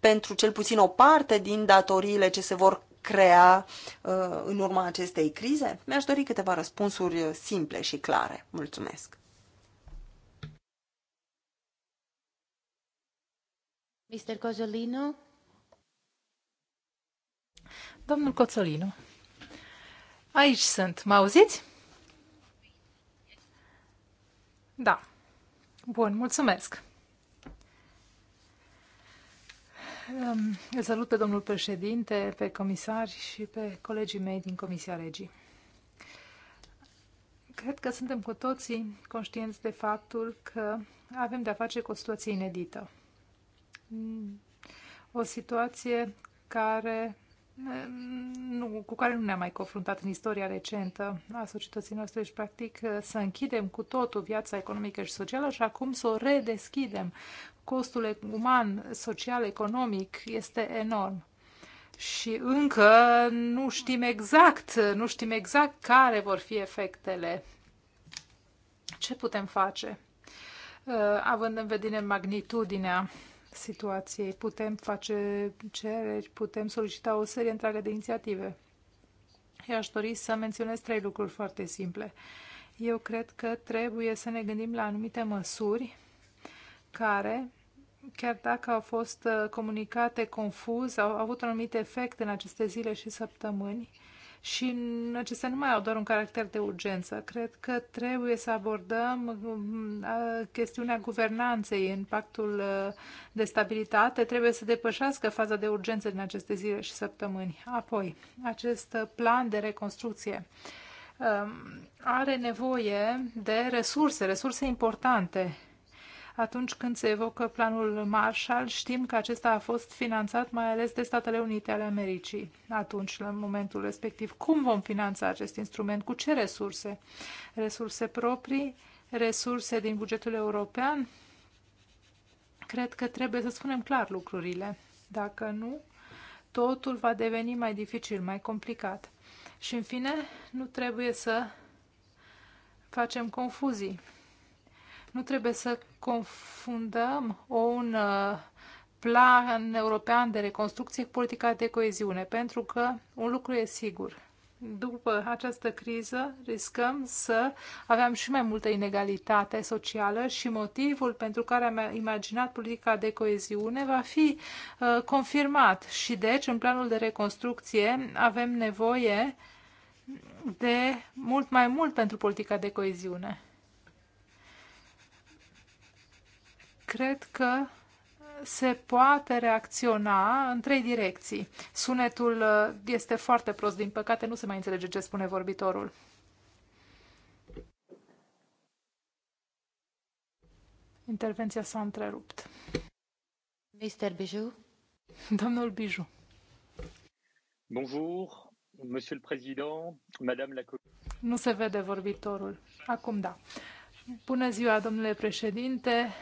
pentru cel puțin o parte din datoriile ce se vor crea uh, în urma acestei crize? Mi-aș dori câteva răspunsuri uh, simple și clare. Mulțumesc! Mr. Cozzolino? Domnul Cozzolino, aici sunt. Mă auziți? Da. Bun, mulțumesc. Îl salut pe domnul președinte, pe comisari și pe colegii mei din Comisia Regii. Cred că suntem cu toții conștienți de faptul că avem de-a face cu o situație inedită. Mm, o situație care mm, nu, cu care nu ne-am mai confruntat în istoria recentă a societății noastre și, practic, să închidem cu totul viața economică și socială și acum să o redeschidem Costul uman, social, economic este enorm. Și încă nu știm exact, nu știm exact care vor fi efectele. Ce putem face? Uh, având în vedere magnitudinea situației, putem face cereri, putem solicita o serie întreagă de inițiative. Eu aș dori să menționez trei lucruri foarte simple. Eu cred că trebuie să ne gândim la anumite măsuri care, chiar dacă au fost uh, comunicate confuz, au avut un anumit efect în aceste zile și săptămâni și acestea nu mai au doar un caracter de urgență. Cred că trebuie să abordăm mm, chestiunea guvernanței în pactul uh, de stabilitate. Trebuie să depășească faza de urgență din aceste zile și săptămâni. Apoi, acest uh, plan de reconstrucție um, are nevoie de resurse, resurse importante atunci când se evocă planul Marshall, știm că acesta a fost finanțat mai ales de Statele Unite ale Americii atunci, în momentul respectiv. Cum vom finanța acest instrument? Cu ce resurse? Resurse proprii? Resurse din bugetul european? Cred că trebuie să spunem clar lucrurile. Dacă nu, totul va deveni mai dificil, mai complicat. Și, în fine, nu trebuie să facem confuzii nu trebuie să confundăm un uh, plan european de reconstrucție cu politica de coeziune, pentru că un lucru e sigur. După această criză riscăm să avem și mai multă inegalitate socială și motivul pentru care am imaginat politica de coeziune va fi uh, confirmat și deci în planul de reconstrucție avem nevoie de mult mai mult pentru politica de coeziune. cred că se poate reacționa în trei direcții. Sunetul uh, este foarte prost, din păcate nu se mai înțelege ce spune vorbitorul. Intervenția s-a întrerupt. Mr. Bijou. Domnul Bijou. Bonjour, Monsieur le Président, Madame la Nu se vede vorbitorul. Acum da. Bună ziua, domnule președinte,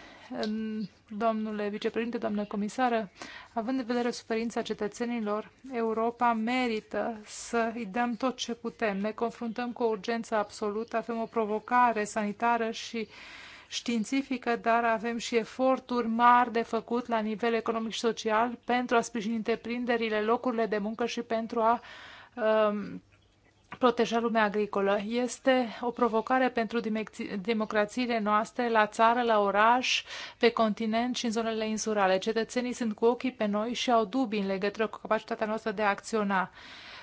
domnule vicepreședinte, doamnă comisară. Având în vedere suferința cetățenilor, Europa merită să îi dăm tot ce putem. Ne confruntăm cu o urgență absolută, avem o provocare sanitară și științifică, dar avem și eforturi mari de făcut la nivel economic și social pentru a sprijini întreprinderile, locurile de muncă și pentru a um, proteja lumea agricolă. Este o provocare pentru democrațiile noastre la țară, la oraș, pe continent și în zonele insulare. Cetățenii sunt cu ochii pe noi și au dubii în legătură cu capacitatea noastră de a acționa.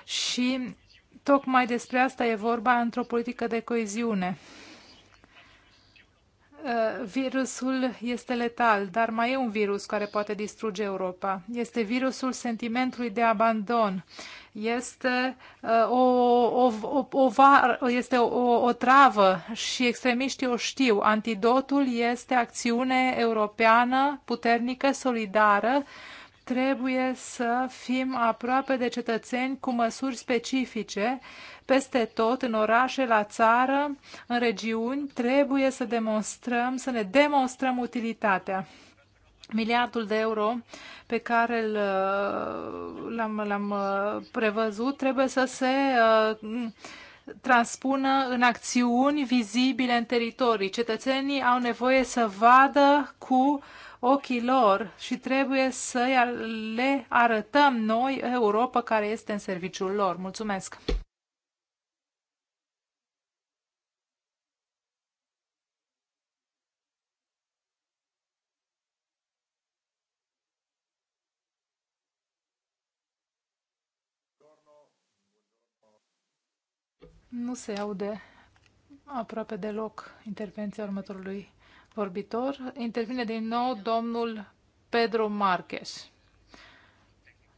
Și tocmai despre asta e vorba într-o politică de coeziune. Uh, virusul este letal, dar mai e un virus care poate distruge Europa. Este virusul sentimentului de abandon este uh, o, o, o, o, var, este o, o travă și extremiștii o știu. Antidotul este acțiune europeană puternică, solidară. Trebuie să fim aproape de cetățeni cu măsuri specifice peste tot, în orașe, la țară, în regiuni. Trebuie să demonstrăm, să ne demonstrăm utilitatea miliardul de euro pe care uh, l-am, l-am uh, prevăzut trebuie să se uh, transpună în acțiuni vizibile în teritorii. Cetățenii au nevoie să vadă cu ochii lor și trebuie să le arătăm noi Europa care este în serviciul lor. Mulțumesc! Nu se aude aproape deloc intervenția următorului vorbitor. Intervine din nou domnul Pedro Marques.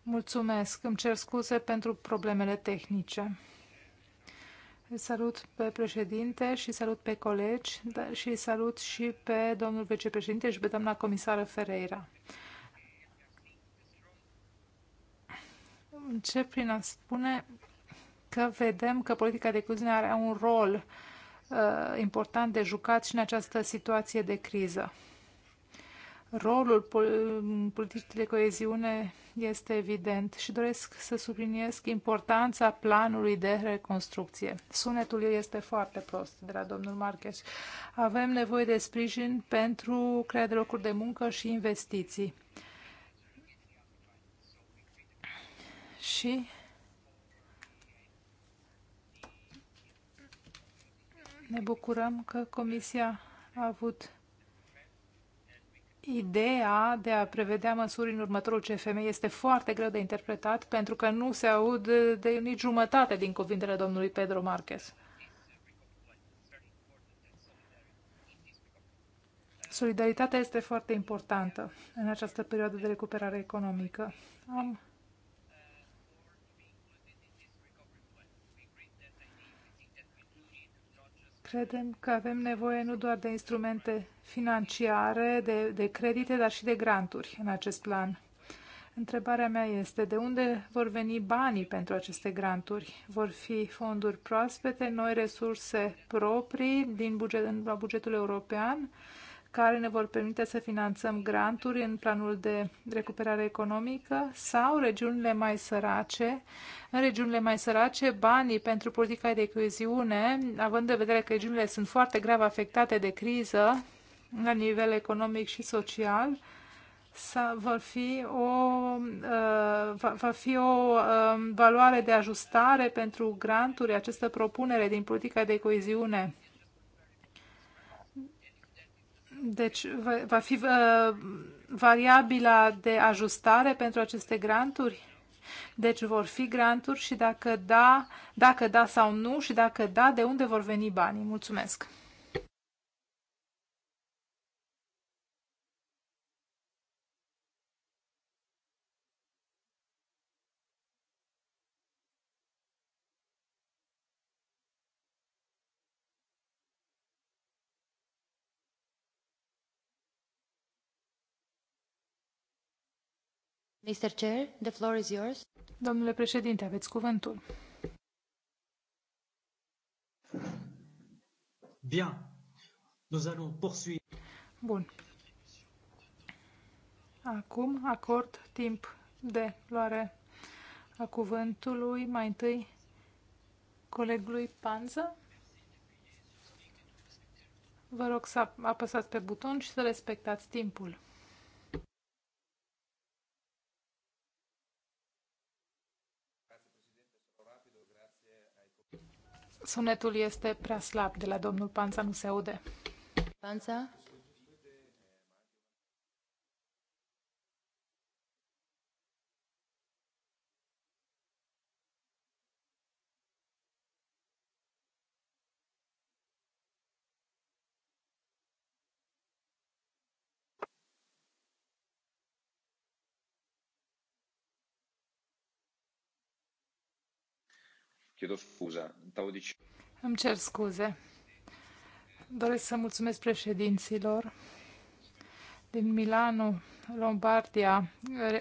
Mulțumesc, îmi cer scuze pentru problemele tehnice. Salut pe președinte și salut pe colegi și salut și pe domnul vicepreședinte și pe doamna comisară Ferreira. Încep prin a spune că vedem că politica de coeziune are un rol uh, important de jucat și în această situație de criză. Rolul politicii de coeziune este evident și doresc să subliniez importanța planului de reconstrucție. Sunetul este foarte prost de la domnul Marcheș. Avem nevoie de sprijin pentru crearea de locuri de muncă și investiții. Și Ne bucurăm că Comisia a avut ideea de a prevedea măsuri în următorul CFM este foarte greu de interpretat pentru că nu se aud de nici jumătate din cuvintele domnului Pedro Marquez. Solidaritatea este foarte importantă în această perioadă de recuperare economică. Am Credem că avem nevoie nu doar de instrumente financiare, de, de credite, dar și de granturi în acest plan. Întrebarea mea este de unde vor veni banii pentru aceste granturi? Vor fi fonduri proaspete, noi resurse proprii din buget, din bugetul european care ne vor permite să finanțăm granturi în planul de recuperare economică sau regiunile mai sărace. În regiunile mai sărace, banii pentru politica de coeziune, având în vedere că regiunile sunt foarte grav afectate de criză la nivel economic și social, să vor fi o, uh, va, va fi o uh, valoare de ajustare pentru granturi, această propunere din politica de coeziune deci va fi uh, variabila de ajustare pentru aceste granturi? Deci vor fi granturi și dacă da, dacă da sau nu și dacă da, de unde vor veni banii? Mulțumesc! Mr. Chair, the floor is yours. Domnule președinte, aveți cuvântul. Bien. Nous allons poursuivre. Bun. Acum acord timp de luare a cuvântului mai întâi colegului Panza. Vă rog să apăsați pe buton și să respectați timpul. Sunetul este prea slab de la domnul Panza nu se aude. Chiedo scuza, stavo dicendo. Îmi cer scuze. Doresc să mulțumesc președinților din Milano, Lombardia,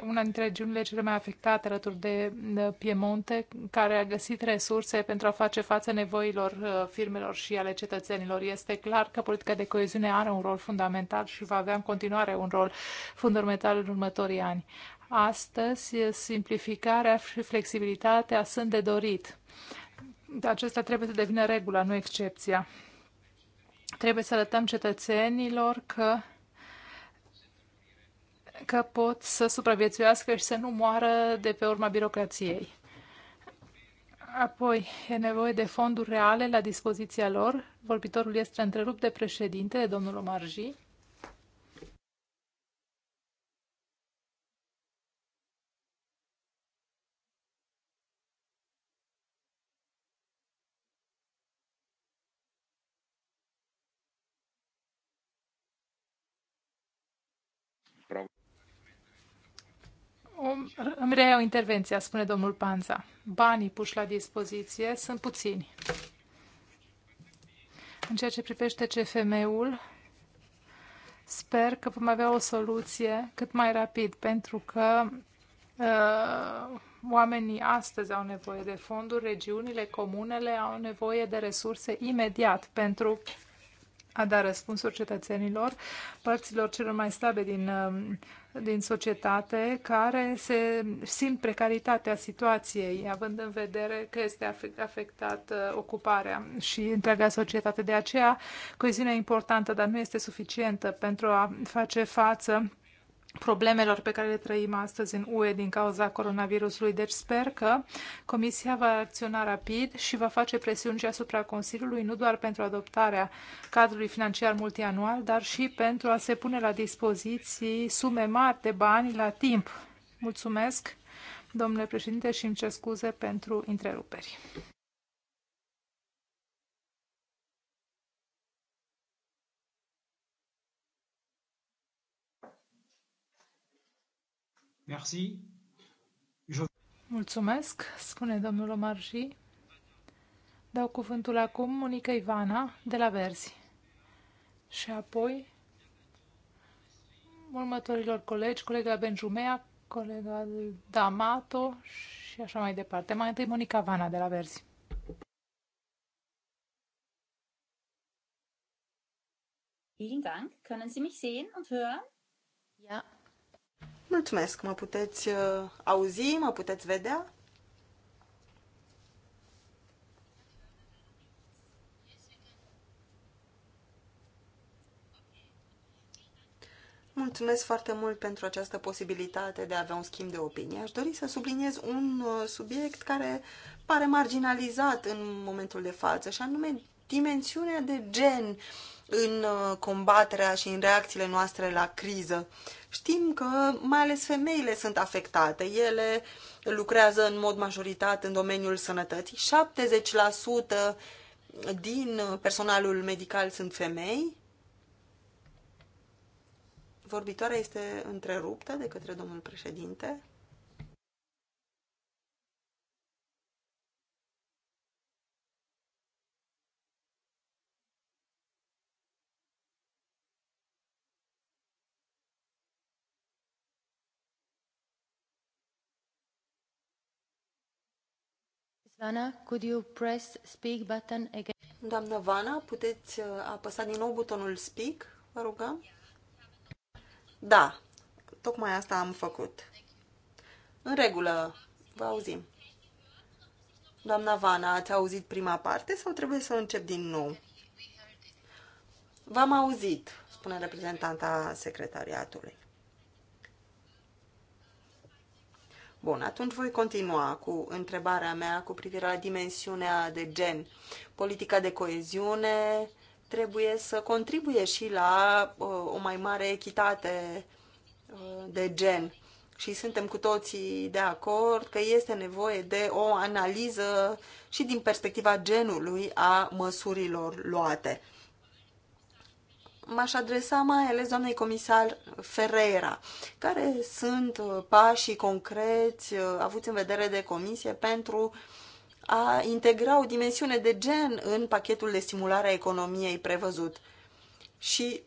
una dintre regiunile cele mai afectate alături de Piemonte, care a găsit resurse pentru a face față nevoilor uh, firmelor și ale cetățenilor. Este clar că politica de coeziune are un rol fundamental și va avea în continuare un rol fundamental în următorii ani. Astăzi, simplificarea și flexibilitatea sunt de dorit. Acesta trebuie să devină regula, nu excepția. Trebuie să arătăm cetățenilor că că pot să supraviețuiască și să nu moară de pe urma birocrației. Apoi, e nevoie de fonduri reale la dispoziția lor. Vorbitorul este întrerupt de președinte, domnul Omarji. Îmi o intervenția, spune domnul Panza. Banii puși la dispoziție sunt puțini. În ceea ce privește CFM-ul, sper că vom avea o soluție cât mai rapid, pentru că uh, oamenii astăzi au nevoie de fonduri, regiunile, comunele au nevoie de resurse imediat pentru a da răspunsuri cetățenilor, părților celor mai stabe din uh, din societate care se simt precaritatea situației, având în vedere că este afectată uh, ocuparea și întreaga societate. De aceea, coeziunea e importantă, dar nu este suficientă pentru a face față problemelor pe care le trăim astăzi în UE din cauza coronavirusului. Deci sper că Comisia va acționa rapid și va face presiuni și asupra Consiliului, nu doar pentru adoptarea cadrului financiar multianual, dar și pentru a se pune la dispoziții sume mari de bani la timp. Mulțumesc, domnule președinte, și îmi cer scuze pentru întreruperi. Merci. Je... Mulțumesc, spune domnul și Dau cuvântul acum Monica Ivana de la Verzi și apoi următorilor colegi, colega Benjumea, colega D'Amato și așa mai departe. Mai întâi Monica Vana de la Verzi. Vielen Dank. Können Sie mich sehen und hören? Ja. Mulțumesc, mă puteți uh, auzi, mă puteți vedea? Mulțumesc foarte mult pentru această posibilitate de a avea un schimb de opinie. Aș dori să subliniez un uh, subiect care pare marginalizat în momentul de față, și anume dimensiunea de gen în uh, combaterea și în reacțiile noastre la criză. Știm că mai ales femeile sunt afectate. Ele lucrează în mod majoritat în domeniul sănătății. 70% din personalul medical sunt femei. Vorbitoarea este întreruptă de către domnul președinte. Vana, could you press speak button again? Doamna Vana, puteți uh, apăsa din nou butonul speak, vă rugăm? Da, tocmai asta am făcut. În regulă, vă auzim. Doamna Vana, ați auzit prima parte sau trebuie să încep din nou? V-am auzit, spune reprezentanta secretariatului. Bun, atunci voi continua cu întrebarea mea cu privire la dimensiunea de gen. Politica de coeziune trebuie să contribuie și la uh, o mai mare echitate uh, de gen. Și suntem cu toții de acord că este nevoie de o analiză și din perspectiva genului a măsurilor luate m-aș adresa mai ales doamnei comisar Ferreira. Care sunt uh, pașii concreți uh, avuți în vedere de comisie pentru a integra o dimensiune de gen în pachetul de stimulare a economiei prevăzut? Și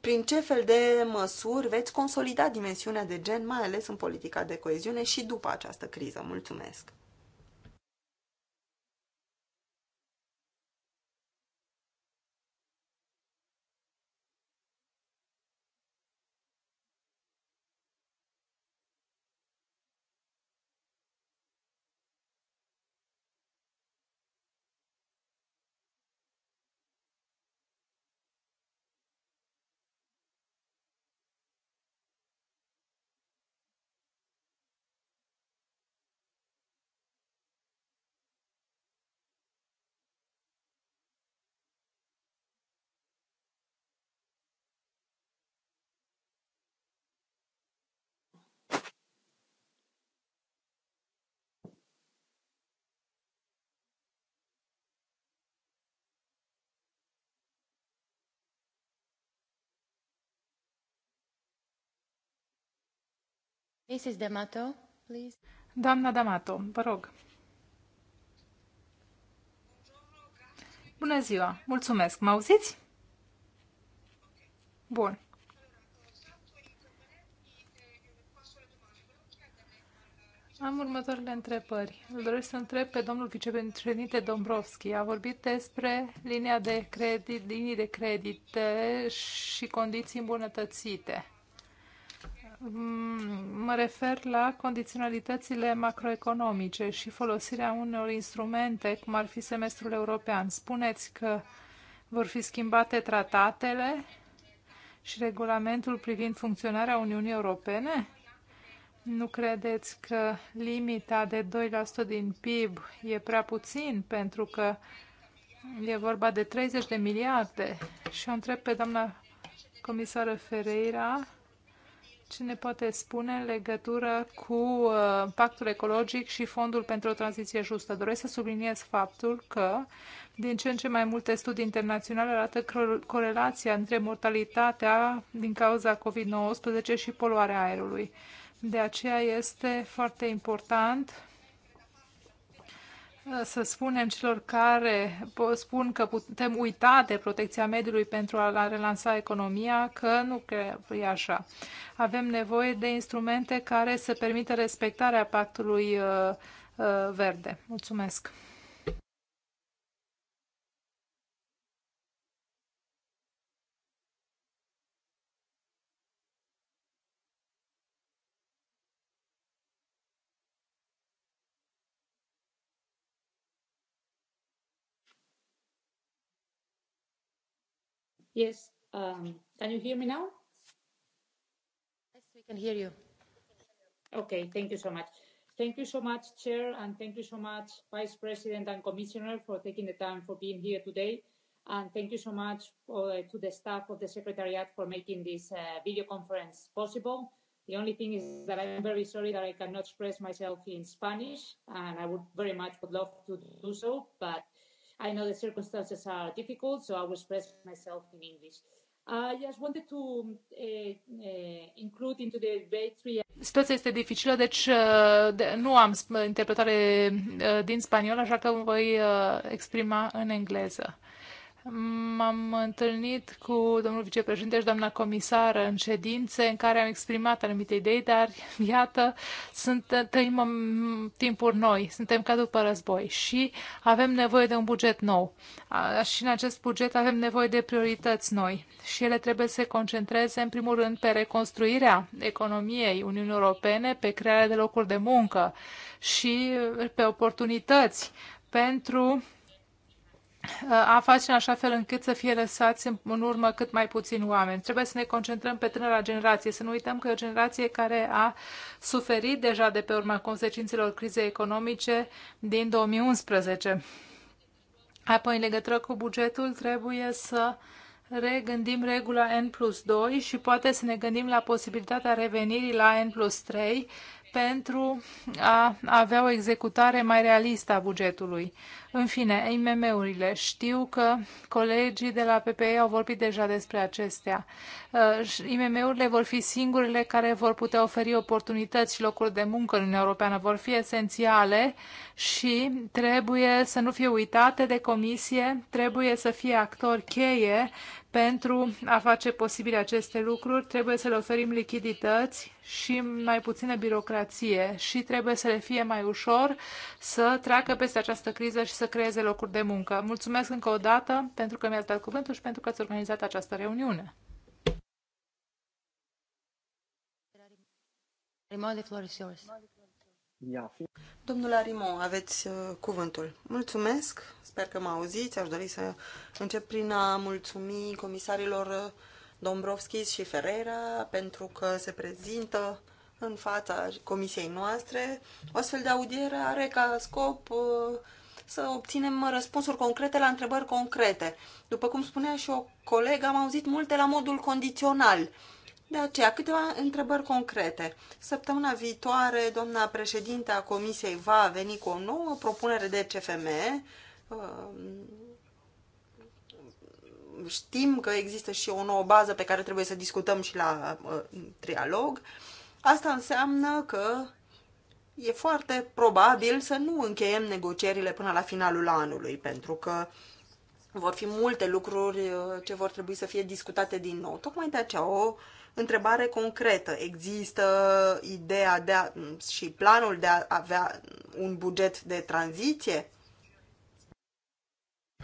prin ce fel de măsuri veți consolida dimensiunea de gen, mai ales în politica de coeziune și după această criză? Mulțumesc! Mrs. D'Amato, please. Doamna D'Amato, vă rog. Bună ziua, mulțumesc. Mă auziți? Bun. Am următoarele întrebări. Îl doresc să întreb pe domnul vicepreședinte Dombrovski. A vorbit despre linia de credit, linii de credit și condiții îmbunătățite. Mm, mă refer la condiționalitățile macroeconomice și folosirea unor instrumente, cum ar fi semestrul european. Spuneți că vor fi schimbate tratatele și regulamentul privind funcționarea Uniunii Europene? Nu credeți că limita de 2% din PIB e prea puțin pentru că e vorba de 30 de miliarde? Și o întreb pe doamna comisară Ferreira ce ne poate spune în legătură cu uh, pactul ecologic și fondul pentru o tranziție justă. Doresc să subliniez faptul că din ce în ce mai multe studii internaționale arată corelația între mortalitatea din cauza COVID-19 și poluarea aerului. De aceea este foarte important să spunem celor care spun că putem uita de protecția mediului pentru a relansa economia, că nu că e așa. Avem nevoie de instrumente care să permită respectarea pactului uh, uh, verde. Mulțumesc! Yes. Um, can you hear me now? Yes, we can hear you. Okay, thank you so much. Thank you so much, Chair, and thank you so much, Vice President and Commissioner, for taking the time for being here today. And thank you so much for, uh, to the staff of the Secretariat for making this uh, video conference possible. The only thing is that I'm very sorry that I cannot express myself in Spanish, and I would very much would love to do so, but I know the circumstances are difficult, so I will express myself in English. Uh, I just wanted to uh, uh, include into the debate three... Situația este dificilă, deci uh, de, nu am interpretare uh, din spaniolă, așa că voi uh, exprima în engleză. M-am întâlnit cu domnul vicepreședinte și doamna comisar în ședințe în care am exprimat anumite idei, dar iată, sunt, trăim timpuri noi, suntem ca după război și avem nevoie de un buget nou. și în acest buget avem nevoie de priorități noi și ele trebuie să se concentreze în primul rând pe reconstruirea economiei Uniunii Europene, pe crearea de locuri de muncă și pe oportunități pentru a face în așa fel încât să fie lăsați în urmă cât mai puțini oameni. Trebuie să ne concentrăm pe tânăra generație, să nu uităm că e o generație care a suferit deja de pe urma consecințelor crizei economice din 2011. Apoi, în legătură cu bugetul, trebuie să regândim regula N plus 2 și poate să ne gândim la posibilitatea revenirii la N plus 3 pentru a avea o executare mai realistă a bugetului. În fine, IMM-urile. Știu că colegii de la PPE au vorbit deja despre acestea. Uh, IMM-urile vor fi singurele care vor putea oferi oportunități și locuri de muncă în Uniunea Europeană. Vor fi esențiale și trebuie să nu fie uitate de comisie, trebuie să fie actori cheie pentru a face posibile aceste lucruri, trebuie să le oferim lichidități și mai puțină birocrație și trebuie să le fie mai ușor să treacă peste această criză și să creeze locuri de muncă. Mulțumesc încă o dată pentru că mi-ați dat cuvântul și pentru că ați organizat această reuniune. Rimon, floor is yours. Domnule Arimo, aveți uh, cuvântul. Mulțumesc, sper că mă auziți. Aș dori să încep prin a mulțumi comisarilor uh, Dombrovskis și Ferreira pentru că se prezintă în fața comisiei noastre. O astfel de audiere are ca scop uh, să obținem răspunsuri concrete la întrebări concrete. După cum spunea și o colegă, am auzit multe la modul condițional de aceea, câteva întrebări concrete. Săptămâna viitoare, doamna președinte a Comisiei va veni cu o nouă propunere de CFM. Uh, știm că există și o nouă bază pe care trebuie să discutăm și la uh, trialog. Asta înseamnă că e foarte probabil să nu încheiem negocierile până la finalul anului, pentru că vor fi multe lucruri uh, ce vor trebui să fie discutate din nou. Tocmai de aceea o uh, întrebare concretă. Există ideea de a, și planul de a avea un buget de tranziție?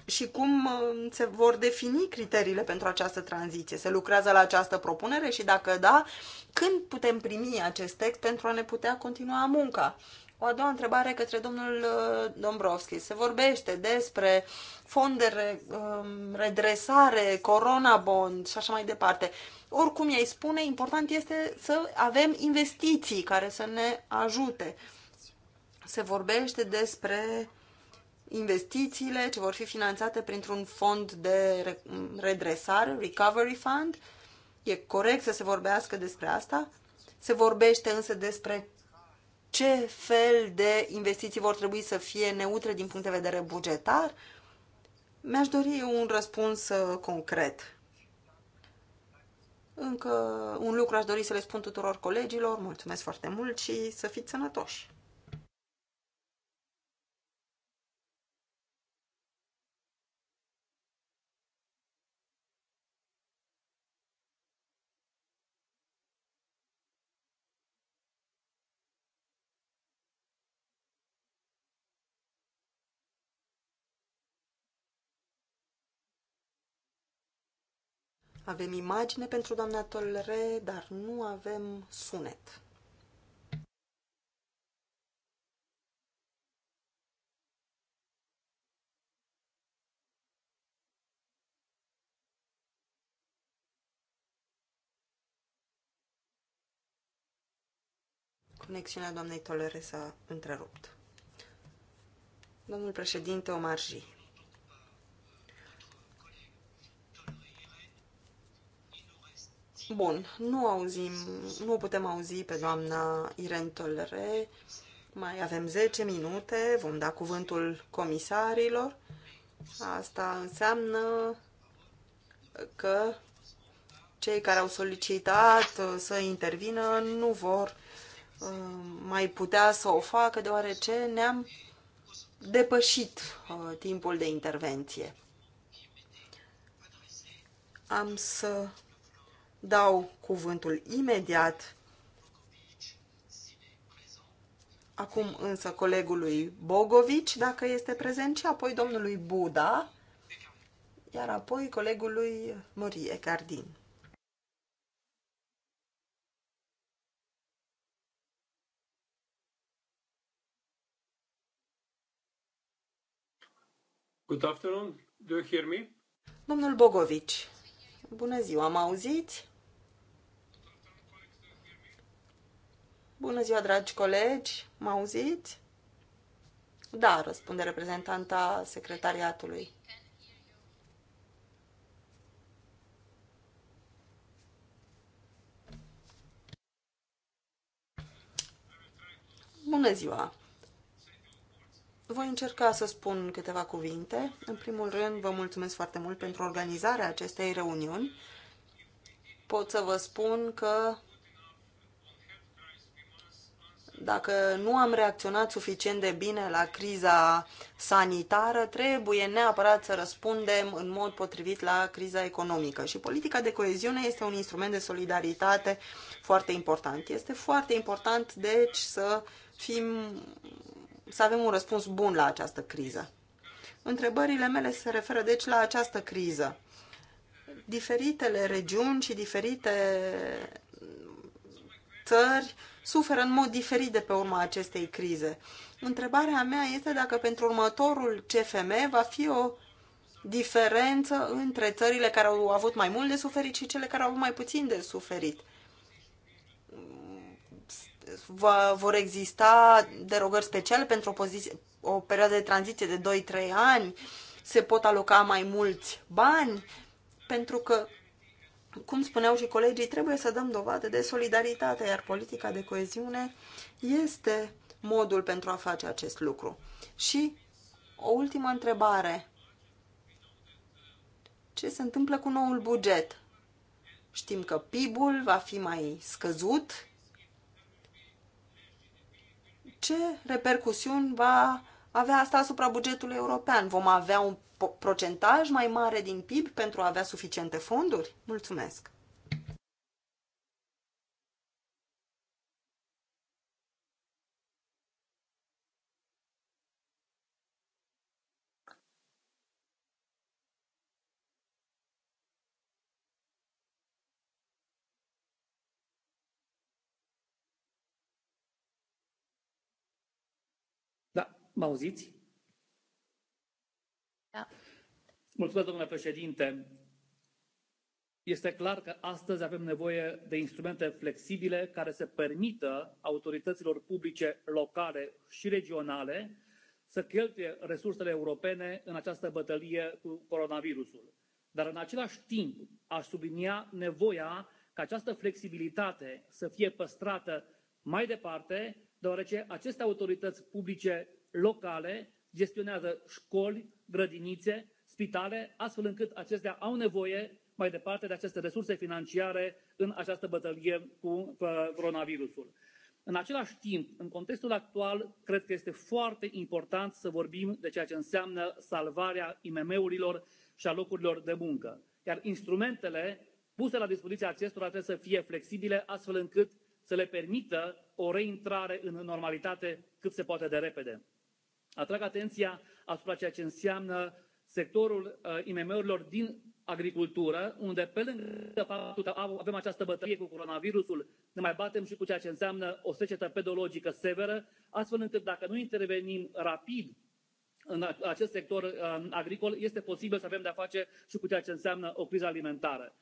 Și cum se vor defini criteriile pentru această tranziție? Se lucrează la această propunere și dacă da, când putem primi acest text pentru a ne putea continua munca? O a doua întrebare către domnul uh, Dombrovski. Se vorbește despre fond de um, redresare, corona bond și așa mai departe. Oricum ei spune, important este să avem investiții care să ne ajute. Se vorbește despre investițiile ce vor fi finanțate printr-un fond de redresare, Recovery Fund. E corect să se vorbească despre asta. Se vorbește însă despre ce fel de investiții vor trebui să fie neutre din punct de vedere bugetar. Mi-aș dori un răspuns uh, concret. Încă un lucru aș dori să le spun tuturor colegilor. Mulțumesc foarte mult și să fiți sănătoși! Avem imagine pentru doamna Tolre, dar nu avem sunet. Conexiunea doamnei Tolere s-a întrerupt. Domnul președinte Omarji. Bun, nu auzim, nu putem auzi pe doamna Irene Tolere. Mai avem 10 minute, vom da cuvântul comisarilor. Asta înseamnă că cei care au solicitat uh, să intervină nu vor uh, mai putea să o facă, deoarece ne-am depășit uh, timpul de intervenție. Am să dau cuvântul imediat acum însă colegului Bogovici, dacă este prezent, și apoi domnului Buda, iar apoi colegului Morie Cardin. Good afternoon. Do you hear me? Domnul Bogovici, Bună ziua, mă auziți? Bună ziua, dragi colegi, mă auziți? Da, răspunde reprezentanta secretariatului. Bună ziua! Voi încerca să spun câteva cuvinte. În primul rând, vă mulțumesc foarte mult pentru organizarea acestei reuniuni. Pot să vă spun că dacă nu am reacționat suficient de bine la criza sanitară, trebuie neapărat să răspundem în mod potrivit la criza economică. Și politica de coeziune este un instrument de solidaritate foarte important. Este foarte important, deci, să fim să avem un răspuns bun la această criză. Întrebările mele se referă deci la această criză. Diferitele regiuni și diferite țări suferă în mod diferit de pe urma acestei crize. Întrebarea mea este dacă pentru următorul CFM va fi o diferență între țările care au avut mai mult de suferit și cele care au avut mai puțin de suferit va, vor exista derogări speciale pentru o, poziție, o perioadă de tranziție de 2-3 ani, se pot aloca mai mulți bani, pentru că, cum spuneau și colegii, trebuie să dăm dovadă de solidaritate, iar politica de coeziune este modul pentru a face acest lucru. Și o ultimă întrebare. Ce se întâmplă cu noul buget? Știm că PIB-ul va fi mai scăzut ce repercusiuni va avea asta asupra bugetului european? Vom avea un procentaj mai mare din PIB pentru a avea suficiente fonduri? Mulțumesc! Mă auziți? Da. Mulțumesc, domnule președinte. Este clar că astăzi avem nevoie de instrumente flexibile care să permită autorităților publice locale și regionale să cheltuie resursele europene în această bătălie cu coronavirusul. Dar în același timp aș sublinia nevoia ca această flexibilitate să fie păstrată mai departe, deoarece aceste autorități publice locale gestionează școli, grădinițe, spitale, astfel încât acestea au nevoie mai departe de aceste resurse financiare în această bătălie cu coronavirusul. În același timp, în contextul actual, cred că este foarte important să vorbim de ceea ce înseamnă salvarea IMM-urilor și a locurilor de muncă. Iar instrumentele puse la dispoziția acestora trebuie să fie flexibile, astfel încât să le permită o reintrare în normalitate cât se poate de repede atrag atenția asupra ceea ce înseamnă sectorul uh, imm urilor din agricultură unde pe lângă faptul că avem această bătălie cu coronavirusul ne mai batem și cu ceea ce înseamnă o secetă pedologică severă astfel încât dacă nu intervenim rapid în acest sector uh, agricol este posibil să avem de a face și cu ceea ce înseamnă o criză alimentară.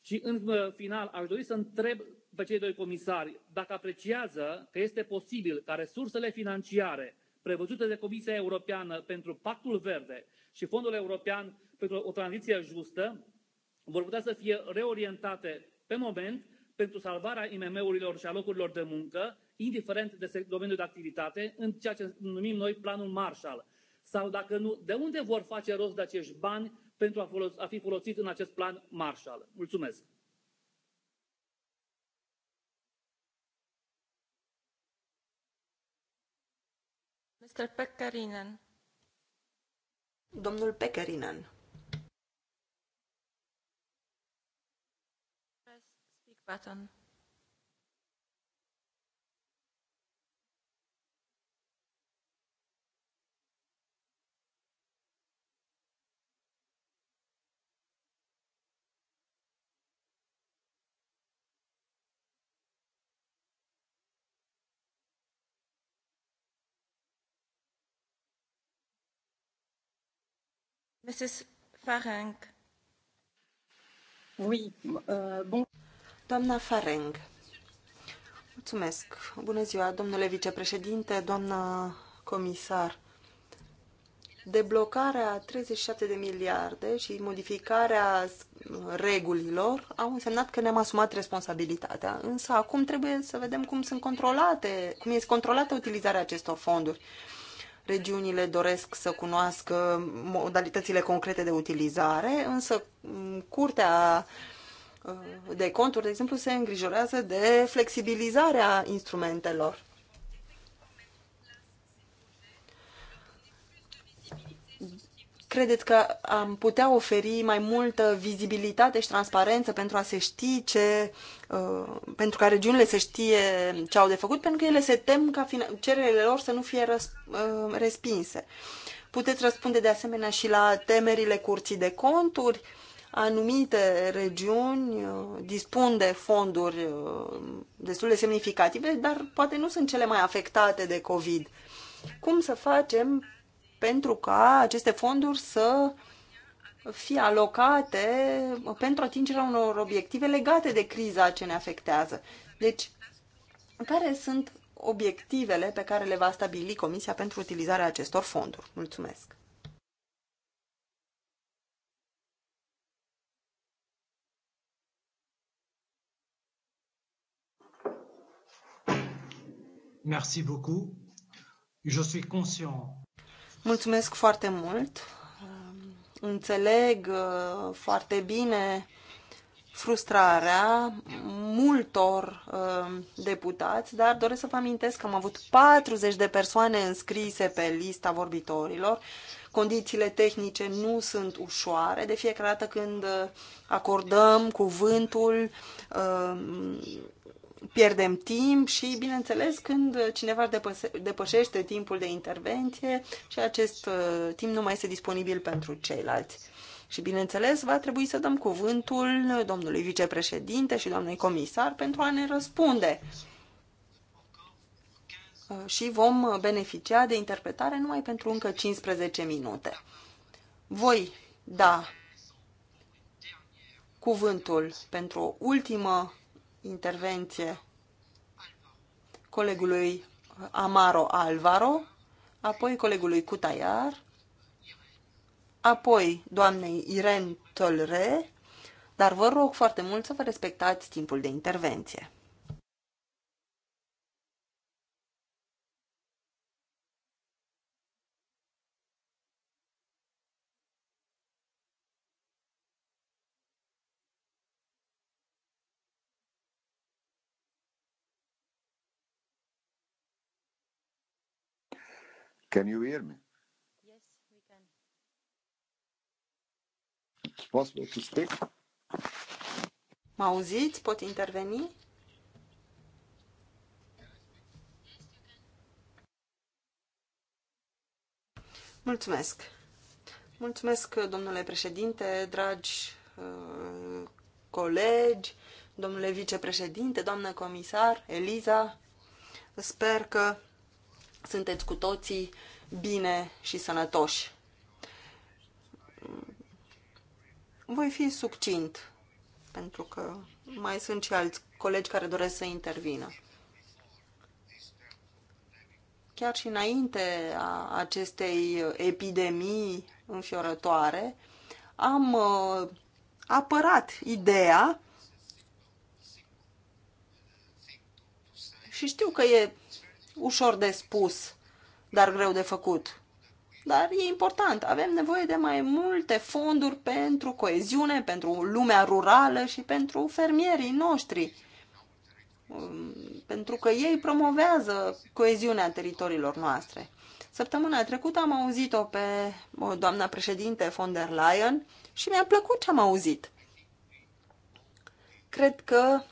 și în uh, final aș dori să întreb pe cei doi comisari dacă apreciază că este posibil ca resursele financiare prevăzute de Comisia Europeană pentru Pactul Verde și Fondul European pentru o tranziție justă vor putea să fie reorientate pe moment pentru salvarea imm urilor și a locurilor de muncă, indiferent de domeniul de activitate, în ceea ce numim noi planul Marshall. Sau dacă nu, de unde vor face rost de acești bani pentru a, a fi folosit în acest plan Marshall? Mulțumesc! Mr. Pekkarinen. Domnul Pekkarinen. Press speak button. Mrs. Farang. Oui, uh, bon. Doamna Mulțumesc. Bună ziua, domnule vicepreședinte, doamna comisar. Deblocarea 37 de miliarde și modificarea regulilor au însemnat că ne-am asumat responsabilitatea, însă acum trebuie să vedem cum sunt controlate, cum este controlată utilizarea acestor fonduri. Regiunile doresc să cunoască modalitățile concrete de utilizare, însă mm, Curtea uh, de Conturi, de exemplu, se îngrijorează de flexibilizarea instrumentelor. Credeți că am putea oferi mai multă vizibilitate și transparență pentru a se ști ce, uh, pentru ca regiunile să știe ce au de făcut, pentru că ele se tem ca cererile lor să nu fie răs, uh, respinse. Puteți răspunde de asemenea și la temerile curții de conturi. Anumite regiuni uh, dispun de fonduri uh, destul de semnificative, dar poate nu sunt cele mai afectate de COVID. Cum să facem pentru ca aceste fonduri să fie alocate pentru atingerea unor obiective legate de criza ce ne afectează. Deci, care sunt obiectivele pe care le va stabili Comisia pentru utilizarea acestor fonduri? Mulțumesc! Merci beaucoup. Je suis conscient Mulțumesc foarte mult. Înțeleg uh, foarte bine frustrarea multor uh, deputați, dar doresc să vă amintesc că am avut 40 de persoane înscrise pe lista vorbitorilor. Condițiile tehnice nu sunt ușoare. De fiecare dată când uh, acordăm cuvântul, uh, pierdem timp și, bineînțeles, când cineva depășește timpul de intervenție și acest uh, timp nu mai este disponibil pentru ceilalți. Și, bineînțeles, va trebui să dăm cuvântul domnului vicepreședinte și doamnei comisar pentru a ne răspunde. Uh, și vom beneficia de interpretare numai pentru încă 15 minute. Voi da cuvântul pentru o ultimă intervenție colegului Amaro Alvaro, apoi colegului Cutaiar, apoi doamnei Irene Tolre, dar vă rog foarte mult să vă respectați timpul de intervenție. Can you hear me? Yes, we can. It's possible to speak? Mă auziți? Pot interveni? Mulțumesc. Mulțumesc, domnule președinte, dragi uh, colegi, domnule vicepreședinte, doamnă comisar, Eliza. Sper că sunteți cu toții bine și sănătoși. Voi fi succint, pentru că mai sunt și alți colegi care doresc să intervină. Chiar și înainte a acestei epidemii înfiorătoare, am uh, apărat ideea și știu că e ușor de spus, dar greu de făcut. Dar e important, avem nevoie de mai multe fonduri pentru coeziune, pentru lumea rurală și pentru fermierii noștri. Um, pentru că ei promovează coeziunea teritoriilor noastre. Săptămâna trecută am auzit-o pe doamna președinte von der Leyen și mi-a plăcut ce am auzit. Cred că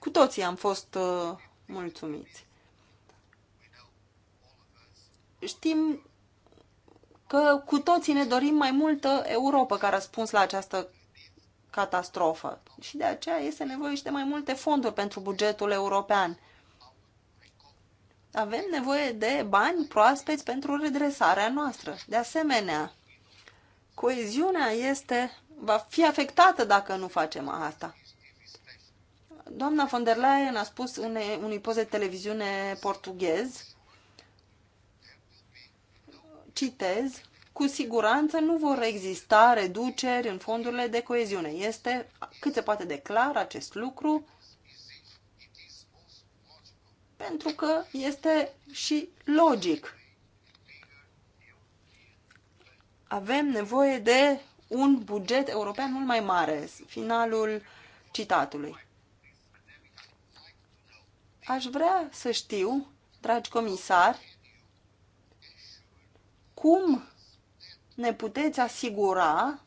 cu toții am fost uh, mulțumiți. Știm că cu toții ne dorim mai multă Europa ca răspuns la această catastrofă și de aceea este nevoie și de mai multe fonduri pentru bugetul european. Avem nevoie de bani proaspeți pentru redresarea noastră. De asemenea, coeziunea este, va fi afectată dacă nu facem asta. Doamna von der Leyen a spus în unui post de televiziune portughez, citez, cu siguranță nu vor exista reduceri în fondurile de coeziune. Este cât se poate de clar acest lucru, pentru că este și logic. Avem nevoie de un buget european mult mai mare, finalul citatului. Aș vrea să știu, dragi comisari, cum ne puteți asigura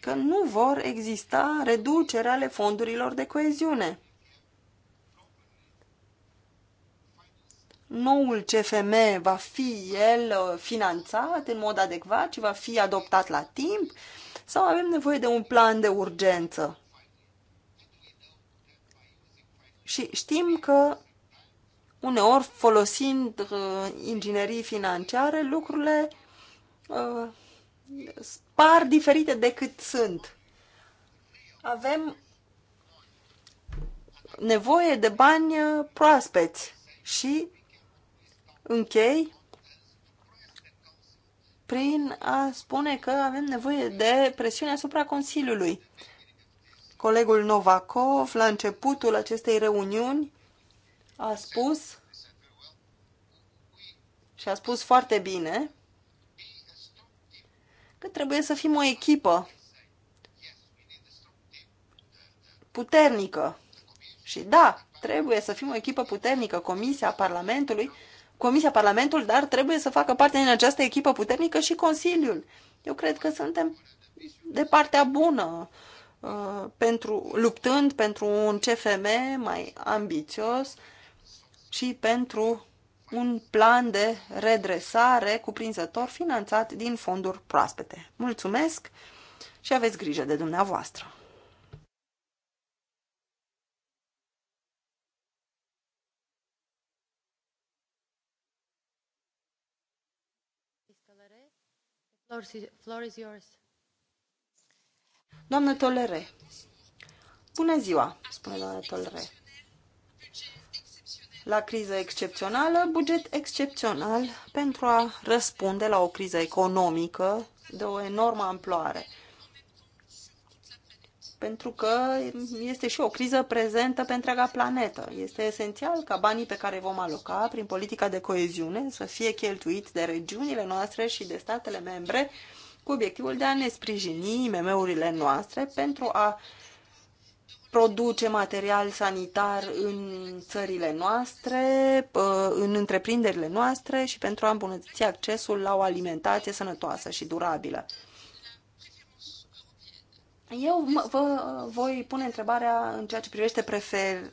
că nu vor exista reduceri ale fondurilor de coeziune. Noul CFM va fi el uh, finanțat în mod adecvat și va fi adoptat la timp sau avem nevoie de un plan de urgență? Și știm că uneori folosind uh, inginerii financiare, lucrurile uh, par diferite decât sunt. Avem nevoie de bani uh, proaspeți și închei prin a spune că avem nevoie de presiune asupra Consiliului. Colegul Novakov, la începutul acestei reuniuni, a spus și a spus foarte bine că trebuie să fim o echipă puternică. Și da, trebuie să fim o echipă puternică, Comisia Parlamentului, Comisia Parlamentul, dar trebuie să facă parte din această echipă puternică și Consiliul. Eu cred că suntem de partea bună. Uh, pentru, luptând pentru un CFM mai ambițios și pentru un plan de redresare cuprinzător finanțat din fonduri proaspete. Mulțumesc și aveți grijă de dumneavoastră! Floor is yours. Doamnă Tolere. Bună ziua, spune doamna Tolere. La criză excepțională, buget excepțional pentru a răspunde la o criză economică de o enormă amploare pentru că este și o criză prezentă pe întreaga planetă. Este esențial ca banii pe care vom aloca prin politica de coeziune să fie cheltuiți de regiunile noastre și de statele membre cu obiectivul de a ne sprijini IMM-urile noastre pentru a produce material sanitar în țările noastre, în întreprinderile noastre și pentru a îmbunătăți accesul la o alimentație sănătoasă și durabilă. Eu vă voi pune întrebarea în ceea ce privește prefer...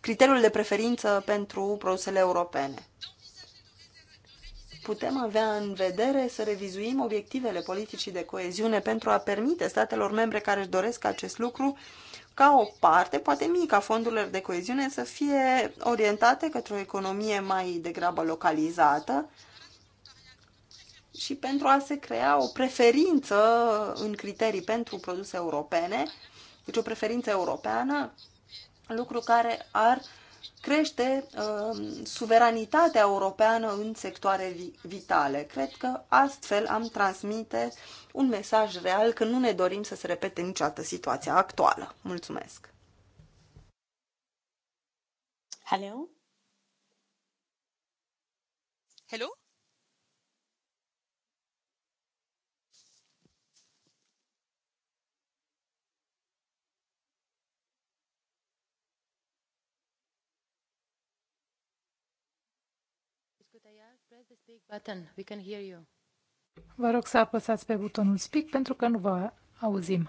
criteriul de preferință pentru produsele europene putem avea în vedere să revizuim obiectivele politicii de coeziune pentru a permite statelor membre care își doresc acest lucru ca o parte, poate mică, a fondurilor de coeziune să fie orientate către o economie mai degrabă localizată și pentru a se crea o preferință în criterii pentru produse europene, deci o preferință europeană, lucru care ar uh, crește uh, suveranitatea europeană în sectoare vitale. Cred că astfel am transmite un mesaj real că nu ne dorim să se repete niciodată situația actuală. Mulțumesc! Hello? Hello? Button. We can hear you. Vă rog să apăsați pe butonul speak pentru că nu vă auzim.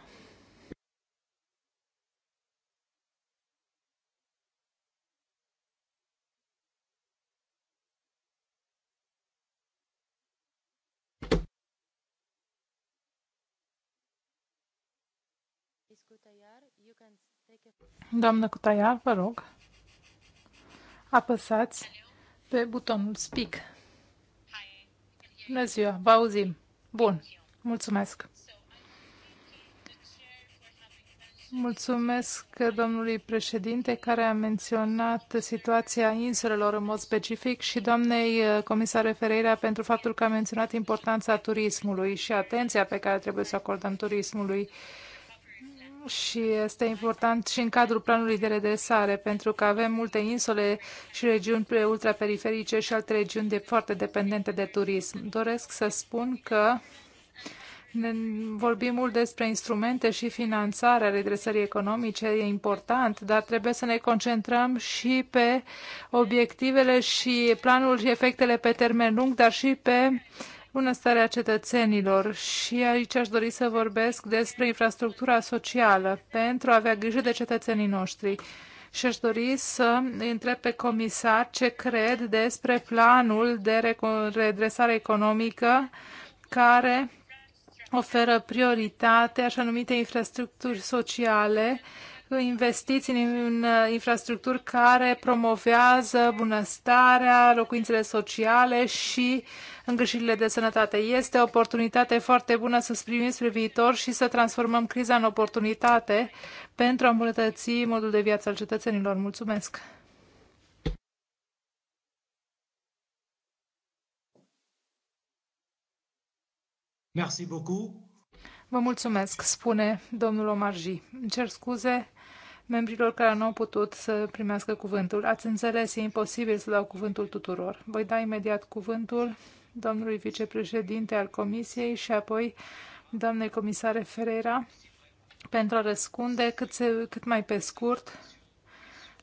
Doamnă Cutaiar, vă rog, apăsați pe butonul speak. Bună ziua, vă auzim. Bun, mulțumesc. Mulțumesc domnului președinte care a menționat situația insulelor în mod specific și doamnei uh, comisar Ferreira pentru faptul că a menționat importanța turismului și atenția pe care trebuie să o acordăm turismului. Uh, și este important și în cadrul planului de redresare, pentru că avem multe insule și regiuni ultraperiferice și alte regiuni de foarte dependente de turism. Doresc să spun că ne vorbim mult despre instrumente și finanțarea redresării economice, e important, dar trebuie să ne concentrăm și pe obiectivele și planul și efectele pe termen lung, dar și pe bunăstarea cetățenilor și aici aș dori să vorbesc despre infrastructura socială pentru a avea grijă de cetățenii noștri. Și aș dori să întreb pe comisar ce cred despre planul de redresare economică care oferă prioritate așa numite infrastructuri sociale investiți în uh, infrastructuri care promovează bunăstarea, locuințele sociale și îngrijirile de sănătate. Este o oportunitate foarte bună să sprijinim spre viitor și să transformăm criza în oportunitate pentru a îmbunătăți modul de viață al cetățenilor. Mulțumesc! Merci beaucoup. Vă mulțumesc, spune domnul Omarji. Îmi cer scuze membrilor care nu au putut să primească cuvântul. Ați înțeles, e imposibil să dau cuvântul tuturor. Voi da imediat cuvântul domnului vicepreședinte al Comisiei și apoi doamnei comisare Ferreira pentru a răspunde cât, se, cât mai pe scurt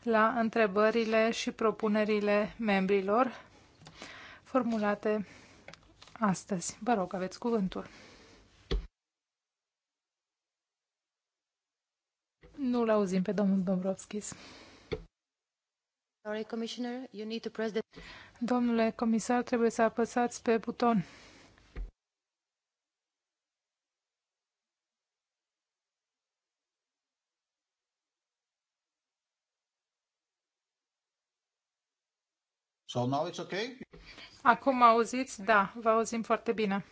la întrebările și propunerile membrilor formulate astăzi. Vă rog, aveți cuvântul. Nu-l auzim pe domnul Dombrovskis. Sorry, Commissioner, you need to press the... Domnule comisar, trebuie să apăsați pe buton. So now it's okay? Acum auziți? Da, vă auzim foarte bine.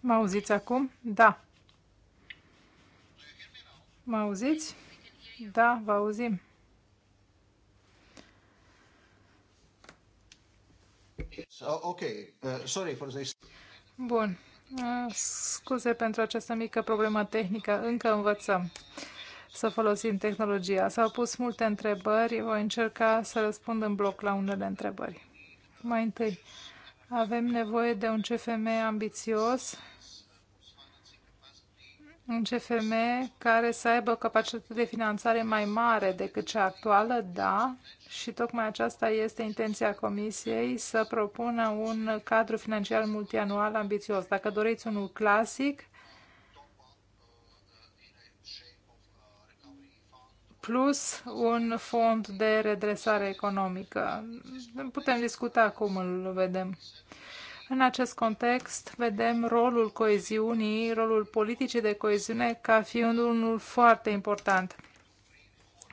Mă auziți acum? Da. Mă auziți? Da, vă auzim. Ok, uh, sorry for this. Bun. Uh, scuze pentru această mică problemă tehnică. Încă învățăm să folosim tehnologia. S-au pus multe întrebări. Voi încerca să răspund în bloc la unele întrebări. Mai întâi, avem nevoie de un CFM ambițios un CFM care să aibă o capacitate de finanțare mai mare decât cea actuală, da, și tocmai aceasta este intenția Comisiei să propună un cadru financiar multianual ambițios. Dacă doriți unul clasic, plus un fond de redresare economică. Putem discuta cum îl vedem. În acest context, vedem rolul coeziunii, rolul politicii de coeziune ca fiind unul foarte important.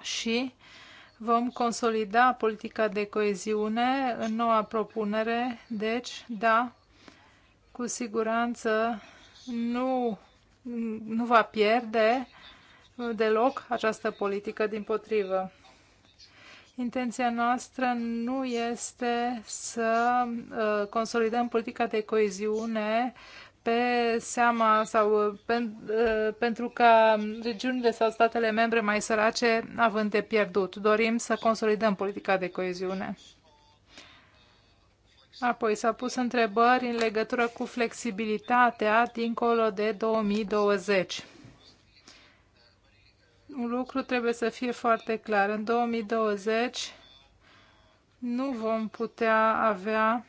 Și vom consolida politica de coeziune în noua propunere, deci, da, cu siguranță nu, nu va pierde deloc această politică din potrivă. Intenția noastră nu este să uh, consolidăm politica de coeziune pe seama sau uh, uh, pentru ca regiunile sau statele membre mai sărace având de pierdut. Dorim să consolidăm politica de coeziune. Apoi s-au pus întrebări în legătură cu flexibilitatea dincolo de 2020 un lucru trebuie să fie foarte clar. În 2020 nu vom putea avea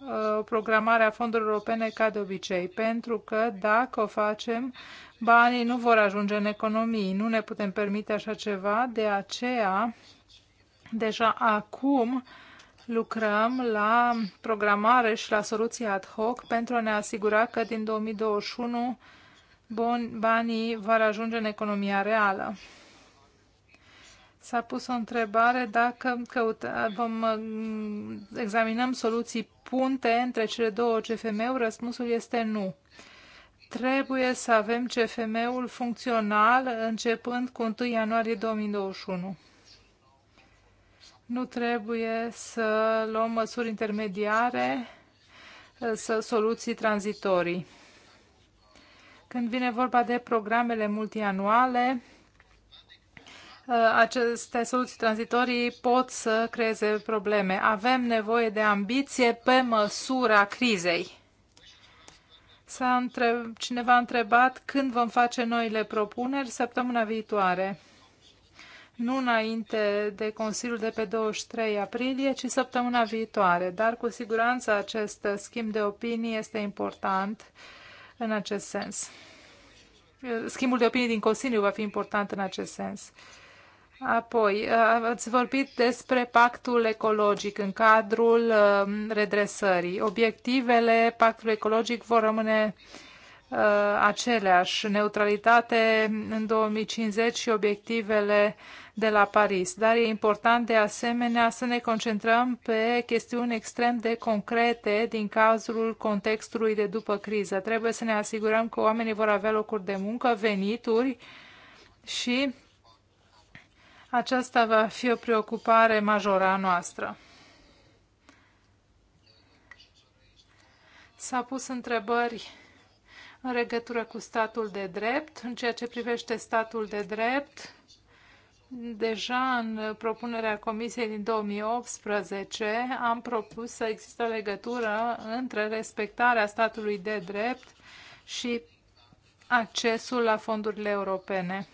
uh, o programare a fondurilor europene ca de obicei, pentru că dacă o facem, banii nu vor ajunge în economii. Nu ne putem permite așa ceva, de aceea deja acum lucrăm la programare și la soluții ad hoc pentru a ne asigura că din 2021 bon, banii vor ajunge în economia reală. S-a pus o întrebare dacă căuta, vom mm, examinăm soluții punte între cele două CFM-uri. Răspunsul este nu. Trebuie să avem CFM-ul funcțional începând cu 1 ianuarie 2021. Nu trebuie să luăm măsuri intermediare, să soluții tranzitorii. Când vine vorba de programele multianuale, uh, aceste soluții tranzitorii pot să creeze probleme. Avem nevoie de ambiție pe măsura crizei. S-a întreb, cineva a întrebat când vom face noile propuneri săptămâna viitoare. Nu înainte de Consiliul de pe 23 aprilie, ci săptămâna viitoare. Dar cu siguranță acest schimb de opinii este important în acest sens. Schimbul de opinii din Consiliu va fi important în acest sens. Apoi, uh, ați vorbit despre pactul ecologic în cadrul uh, redresării. Obiectivele pactului ecologic vor rămâne uh, Uh, aceleași, neutralitate în 2050 și obiectivele de la Paris. Dar e important de asemenea să ne concentrăm pe chestiuni extrem de concrete din cazul contextului de după criză. Trebuie să ne asigurăm că oamenii vor avea locuri de muncă, venituri și aceasta va fi o preocupare majoră a noastră. S-a pus întrebări în legătură cu statul de drept. În ceea ce privește statul de drept, deja în propunerea Comisiei din 2018 am propus să există legătură între respectarea statului de drept și accesul la fondurile europene.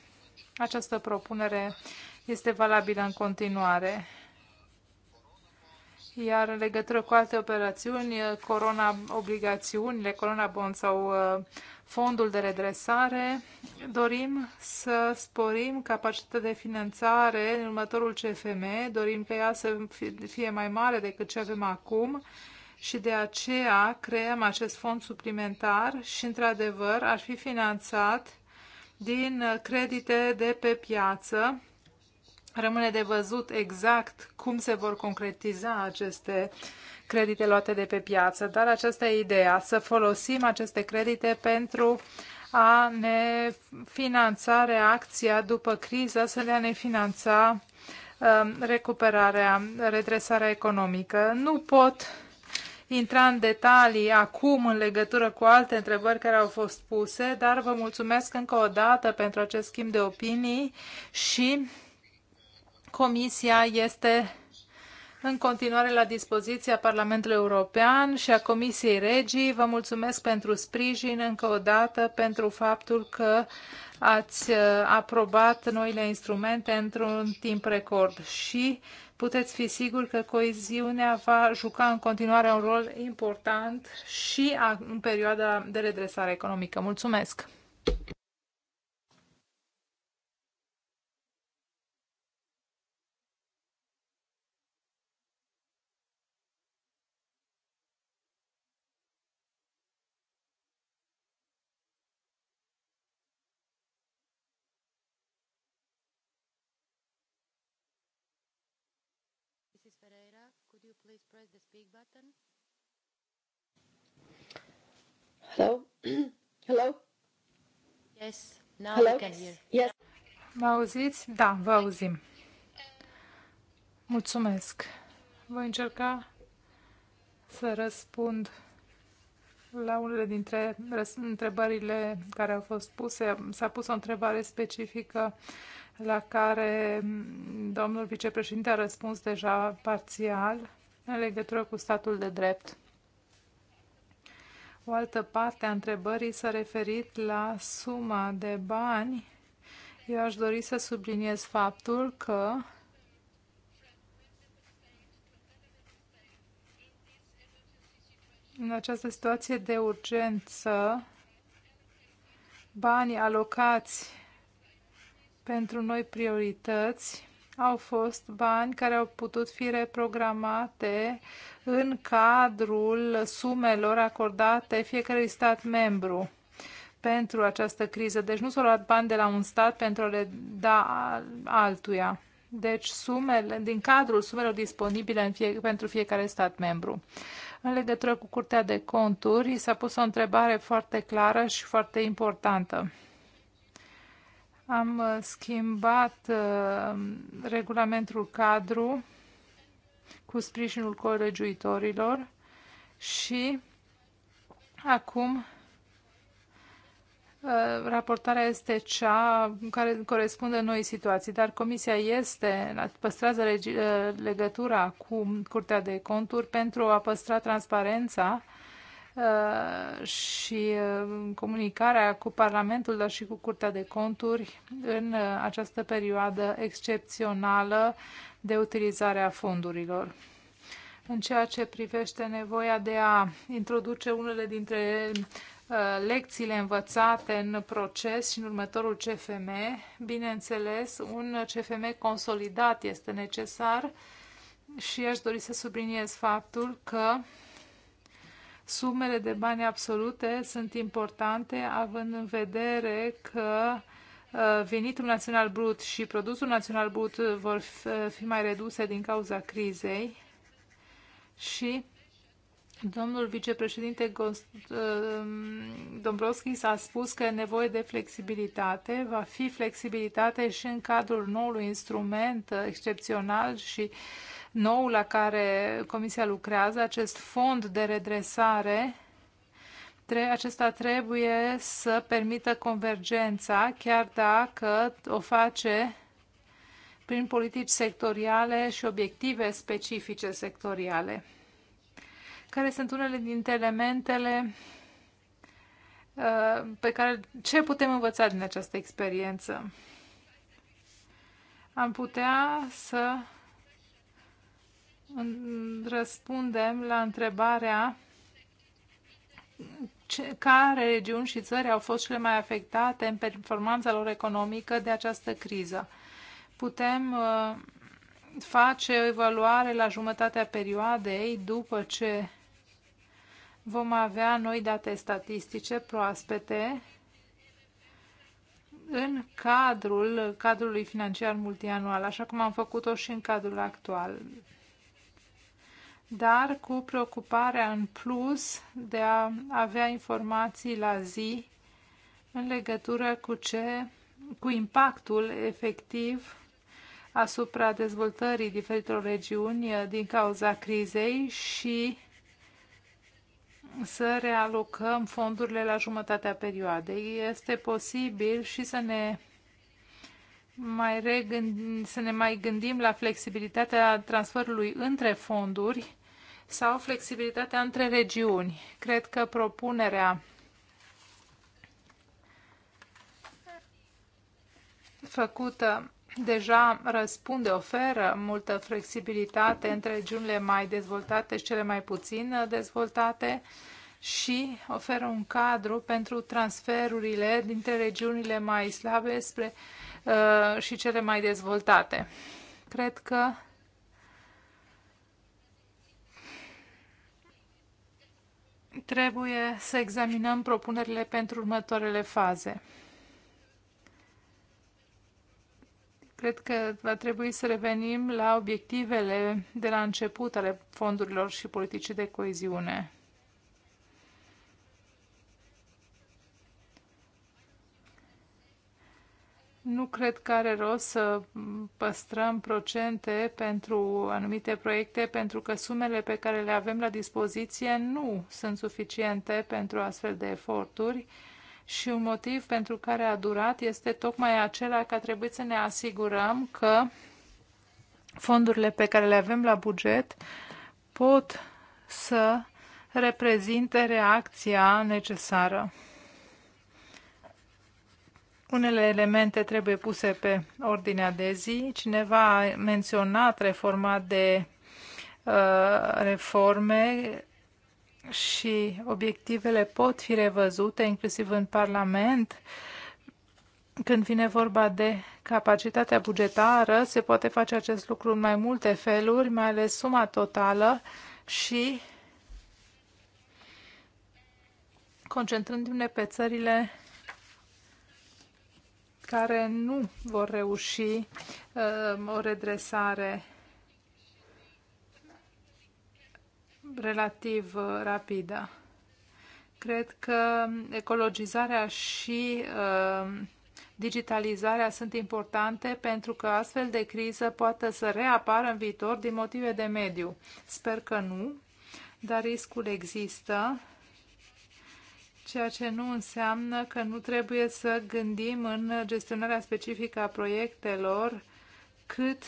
Această propunere este valabilă în continuare. Iar în legătură cu alte operațiuni, eh, corona obligațiunile, corona bond sau eh, fondul de redresare, dorim să sporim capacitatea de finanțare în următorul CFM, dorim ca ea să fie mai mare decât ce avem acum și de aceea creăm acest fond suplimentar și, într-adevăr, ar fi finanțat din eh, credite de pe piață Rămâne de văzut exact cum se vor concretiza aceste credite luate de pe piață, dar aceasta e ideea, să folosim aceste credite pentru a ne finanța reacția după criză, să le ne finanța um, recuperarea, redresarea economică. Nu pot intra în detalii acum în legătură cu alte întrebări care au fost puse, dar vă mulțumesc încă o dată pentru acest schimb de opinii și Comisia este în continuare la dispoziția Parlamentului European și a Comisiei Regii. Vă mulțumesc pentru sprijin încă o dată, pentru faptul că ați uh, aprobat noile instrumente într-un timp record și puteți fi siguri că coeziunea va juca în continuare un rol important și în perioada de redresare economică. Mulțumesc! Please press the speak button. Hello? (clears throat) Hello? Yes, now Hello? we can hear. Yes. Mă auziți? Da, vă auzim. Mulțumesc. Voi încerca să răspund la unele dintre întrebările care au fost puse. S-a pus o întrebare specifică la care domnul vicepreședinte a răspuns deja parțial în legătură cu statul de drept. O altă parte a întrebării s-a referit la suma de bani. Eu aș dori să subliniez faptul că în această situație de urgență, banii alocați pentru noi priorități au fost bani care au putut fi reprogramate în cadrul sumelor acordate fiecărui stat membru pentru această criză. Deci nu s-au luat bani de la un stat pentru a le da altuia. Deci sumele, din cadrul sumelor disponibile în fie, pentru fiecare stat membru. În legătură cu Curtea de Conturi s-a pus o întrebare foarte clară și foarte importantă. Am uh, schimbat uh, regulamentul cadru cu sprijinul colegiuitorilor și acum uh, raportarea este cea care corespunde noi situații, dar Comisia este, păstrează legătura cu Curtea de Conturi pentru a păstra transparența Uh, și uh, comunicarea cu Parlamentul, dar și cu Curtea de Conturi în uh, această perioadă excepțională de utilizare a fondurilor. În ceea ce privește nevoia de a introduce unele dintre lecțiile învățate în proces și în următorul CFM, bineînțeles, un CFM consolidat este necesar și aș dori să subliniez faptul că Sumele de bani absolute sunt importante, având în vedere că uh, venitul național brut și produsul național brut vor uh, fi mai reduse din cauza crizei și Domnul vicepreședinte uh, Dombrovskis a spus că e nevoie de flexibilitate. Va fi flexibilitate și în cadrul noului instrument excepțional și uh, nou la care Comisia lucrează, acest fond de redresare, tre acesta trebuie să permită convergența, chiar dacă o face prin politici sectoriale și obiective specifice sectoriale, care sunt unele dintre elementele uh, pe care ce putem învăța din această experiență. Am putea să răspundem la întrebarea care regiuni și țări au fost cele mai afectate în performanța lor economică de această criză. Putem uh, face o evaluare la jumătatea perioadei după ce vom avea noi date statistice proaspete în cadrul cadrului financiar multianual, așa cum am făcut-o și în cadrul actual dar cu preocuparea în plus de a avea informații la zi în legătură cu ce, cu impactul efectiv asupra dezvoltării diferitelor regiuni eh, din cauza crizei și să realocăm fondurile la jumătatea perioadei. Este posibil și să ne mai regând, să ne mai gândim la flexibilitatea transferului între fonduri sau flexibilitatea între regiuni. Cred că propunerea făcută deja răspunde, oferă multă flexibilitate între regiunile mai dezvoltate și cele mai puțin dezvoltate și oferă un cadru pentru transferurile dintre regiunile mai slabe spre Uh, și cele mai dezvoltate. Cred că trebuie să examinăm propunerile pentru următoarele faze. Cred că va trebui să revenim la obiectivele de la început ale fondurilor și politicii de coeziune. Nu cred că are rost să păstrăm procente pentru anumite proiecte, pentru că sumele pe care le avem la dispoziție nu sunt suficiente pentru astfel de eforturi și un motiv pentru care a durat este tocmai acela că trebuie să ne asigurăm că fondurile pe care le avem la buget pot să reprezinte reacția necesară. Unele elemente trebuie puse pe ordinea de zi. Cineva a menționat reforma de uh, reforme și obiectivele pot fi revăzute, inclusiv în Parlament. Când vine vorba de capacitatea bugetară, se poate face acest lucru în mai multe feluri, mai ales suma totală și concentrându-ne pe țările care nu vor reuși uh, o redresare relativ uh, rapidă. Cred că ecologizarea și uh, digitalizarea sunt importante pentru că astfel de criză poate să reapară în viitor din motive de mediu. Sper că nu, dar riscul există ceea ce nu înseamnă că nu trebuie să gândim în gestionarea specifică a proiectelor cât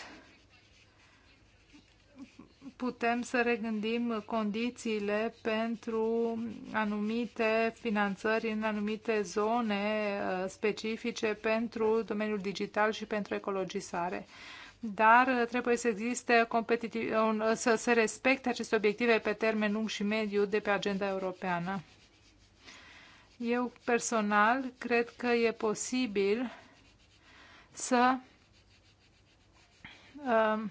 putem să regândim condițiile pentru anumite finanțări în anumite zone uh, specifice pentru domeniul digital și pentru ecologisare. Dar uh, trebuie să existe competitiv, uh, să se respecte aceste obiective pe termen lung și mediu de pe agenda europeană. Eu personal cred că e posibil să um,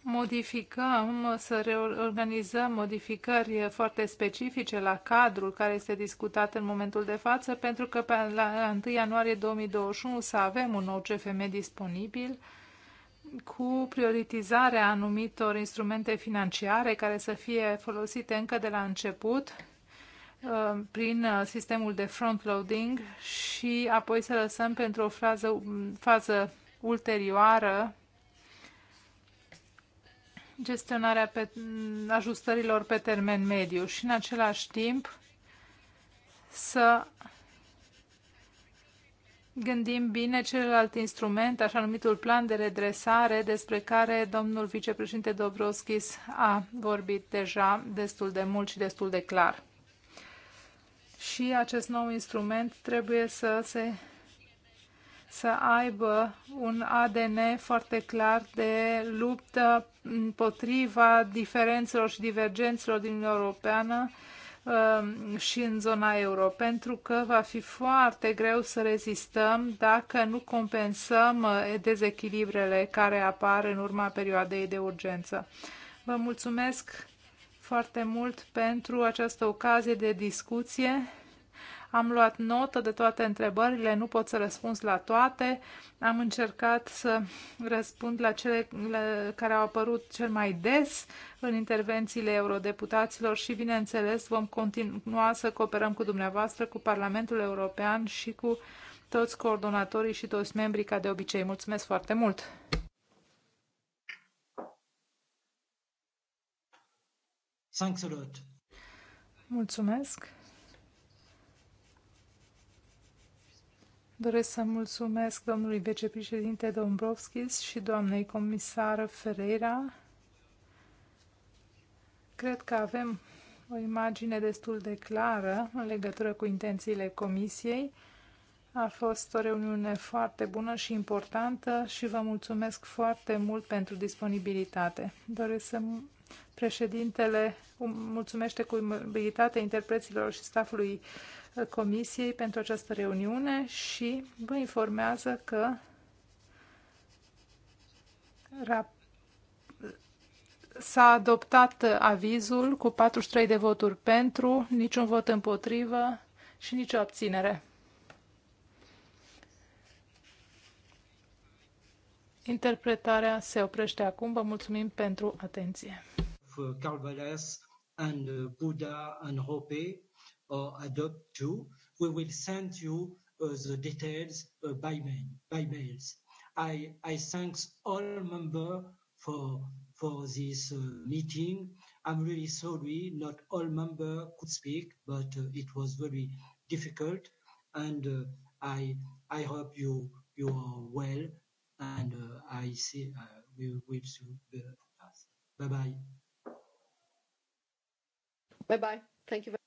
modificăm, să reorganizăm modificări foarte specifice la cadrul care este discutat în momentul de față, pentru că pe la 1 ianuarie 2021 să avem un nou CFM disponibil cu prioritizarea anumitor instrumente financiare care să fie folosite încă de la început uh, prin uh, sistemul de front-loading și apoi să lăsăm pentru o fază, fază ulterioară gestionarea pe, ajustărilor pe termen mediu și în același timp să gândim bine celălalt instrument, așa numitul plan de redresare, despre care domnul vicepreședinte Dobroschis a vorbit deja destul de mult și destul de clar. Și acest nou instrument trebuie să se să aibă un ADN foarte clar de luptă împotriva diferențelor și divergențelor din Uniunea Europeană, Um, și în zona euro, pentru că va fi foarte greu să rezistăm dacă nu compensăm uh, dezechilibrele care apar în urma perioadei de urgență. Vă mulțumesc foarte mult pentru această ocazie de discuție am luat notă de toate întrebările, nu pot să răspund la toate. Am încercat să răspund la cele care au apărut cel mai des în intervențiile eurodeputaților și, bineînțeles, vom continua să cooperăm cu dumneavoastră, cu Parlamentul European și cu toți coordonatorii și toți membrii, ca de obicei. Mulțumesc foarte mult! Thanks a lot. Mulțumesc! Doresc să mulțumesc domnului vicepreședinte Dombrovskis și doamnei comisară Ferreira. Cred că avem o imagine destul de clară în legătură cu intențiile comisiei. A fost o reuniune foarte bună și importantă și vă mulțumesc foarte mult pentru disponibilitate. Doresc să președintele mulțumește cu mobilitate interpreților și stafului Comisiei pentru această reuniune și vă informează că s-a adoptat avizul cu 43 de voturi pentru, niciun vot împotrivă și nicio abținere. Interpretarea se oprește acum. Vă mulțumim pentru atenție. Carl Valles and Buddha and uh, adopt to, we will send you uh, the details uh, by mail. By mails. I, I thanks all members for for this uh, meeting. I'm really sorry not all members could speak, but uh, it was very difficult, and uh, I I hope you you are well, and uh, I see uh, we will soon. Uh, bye bye. Bye bye. Thank you very.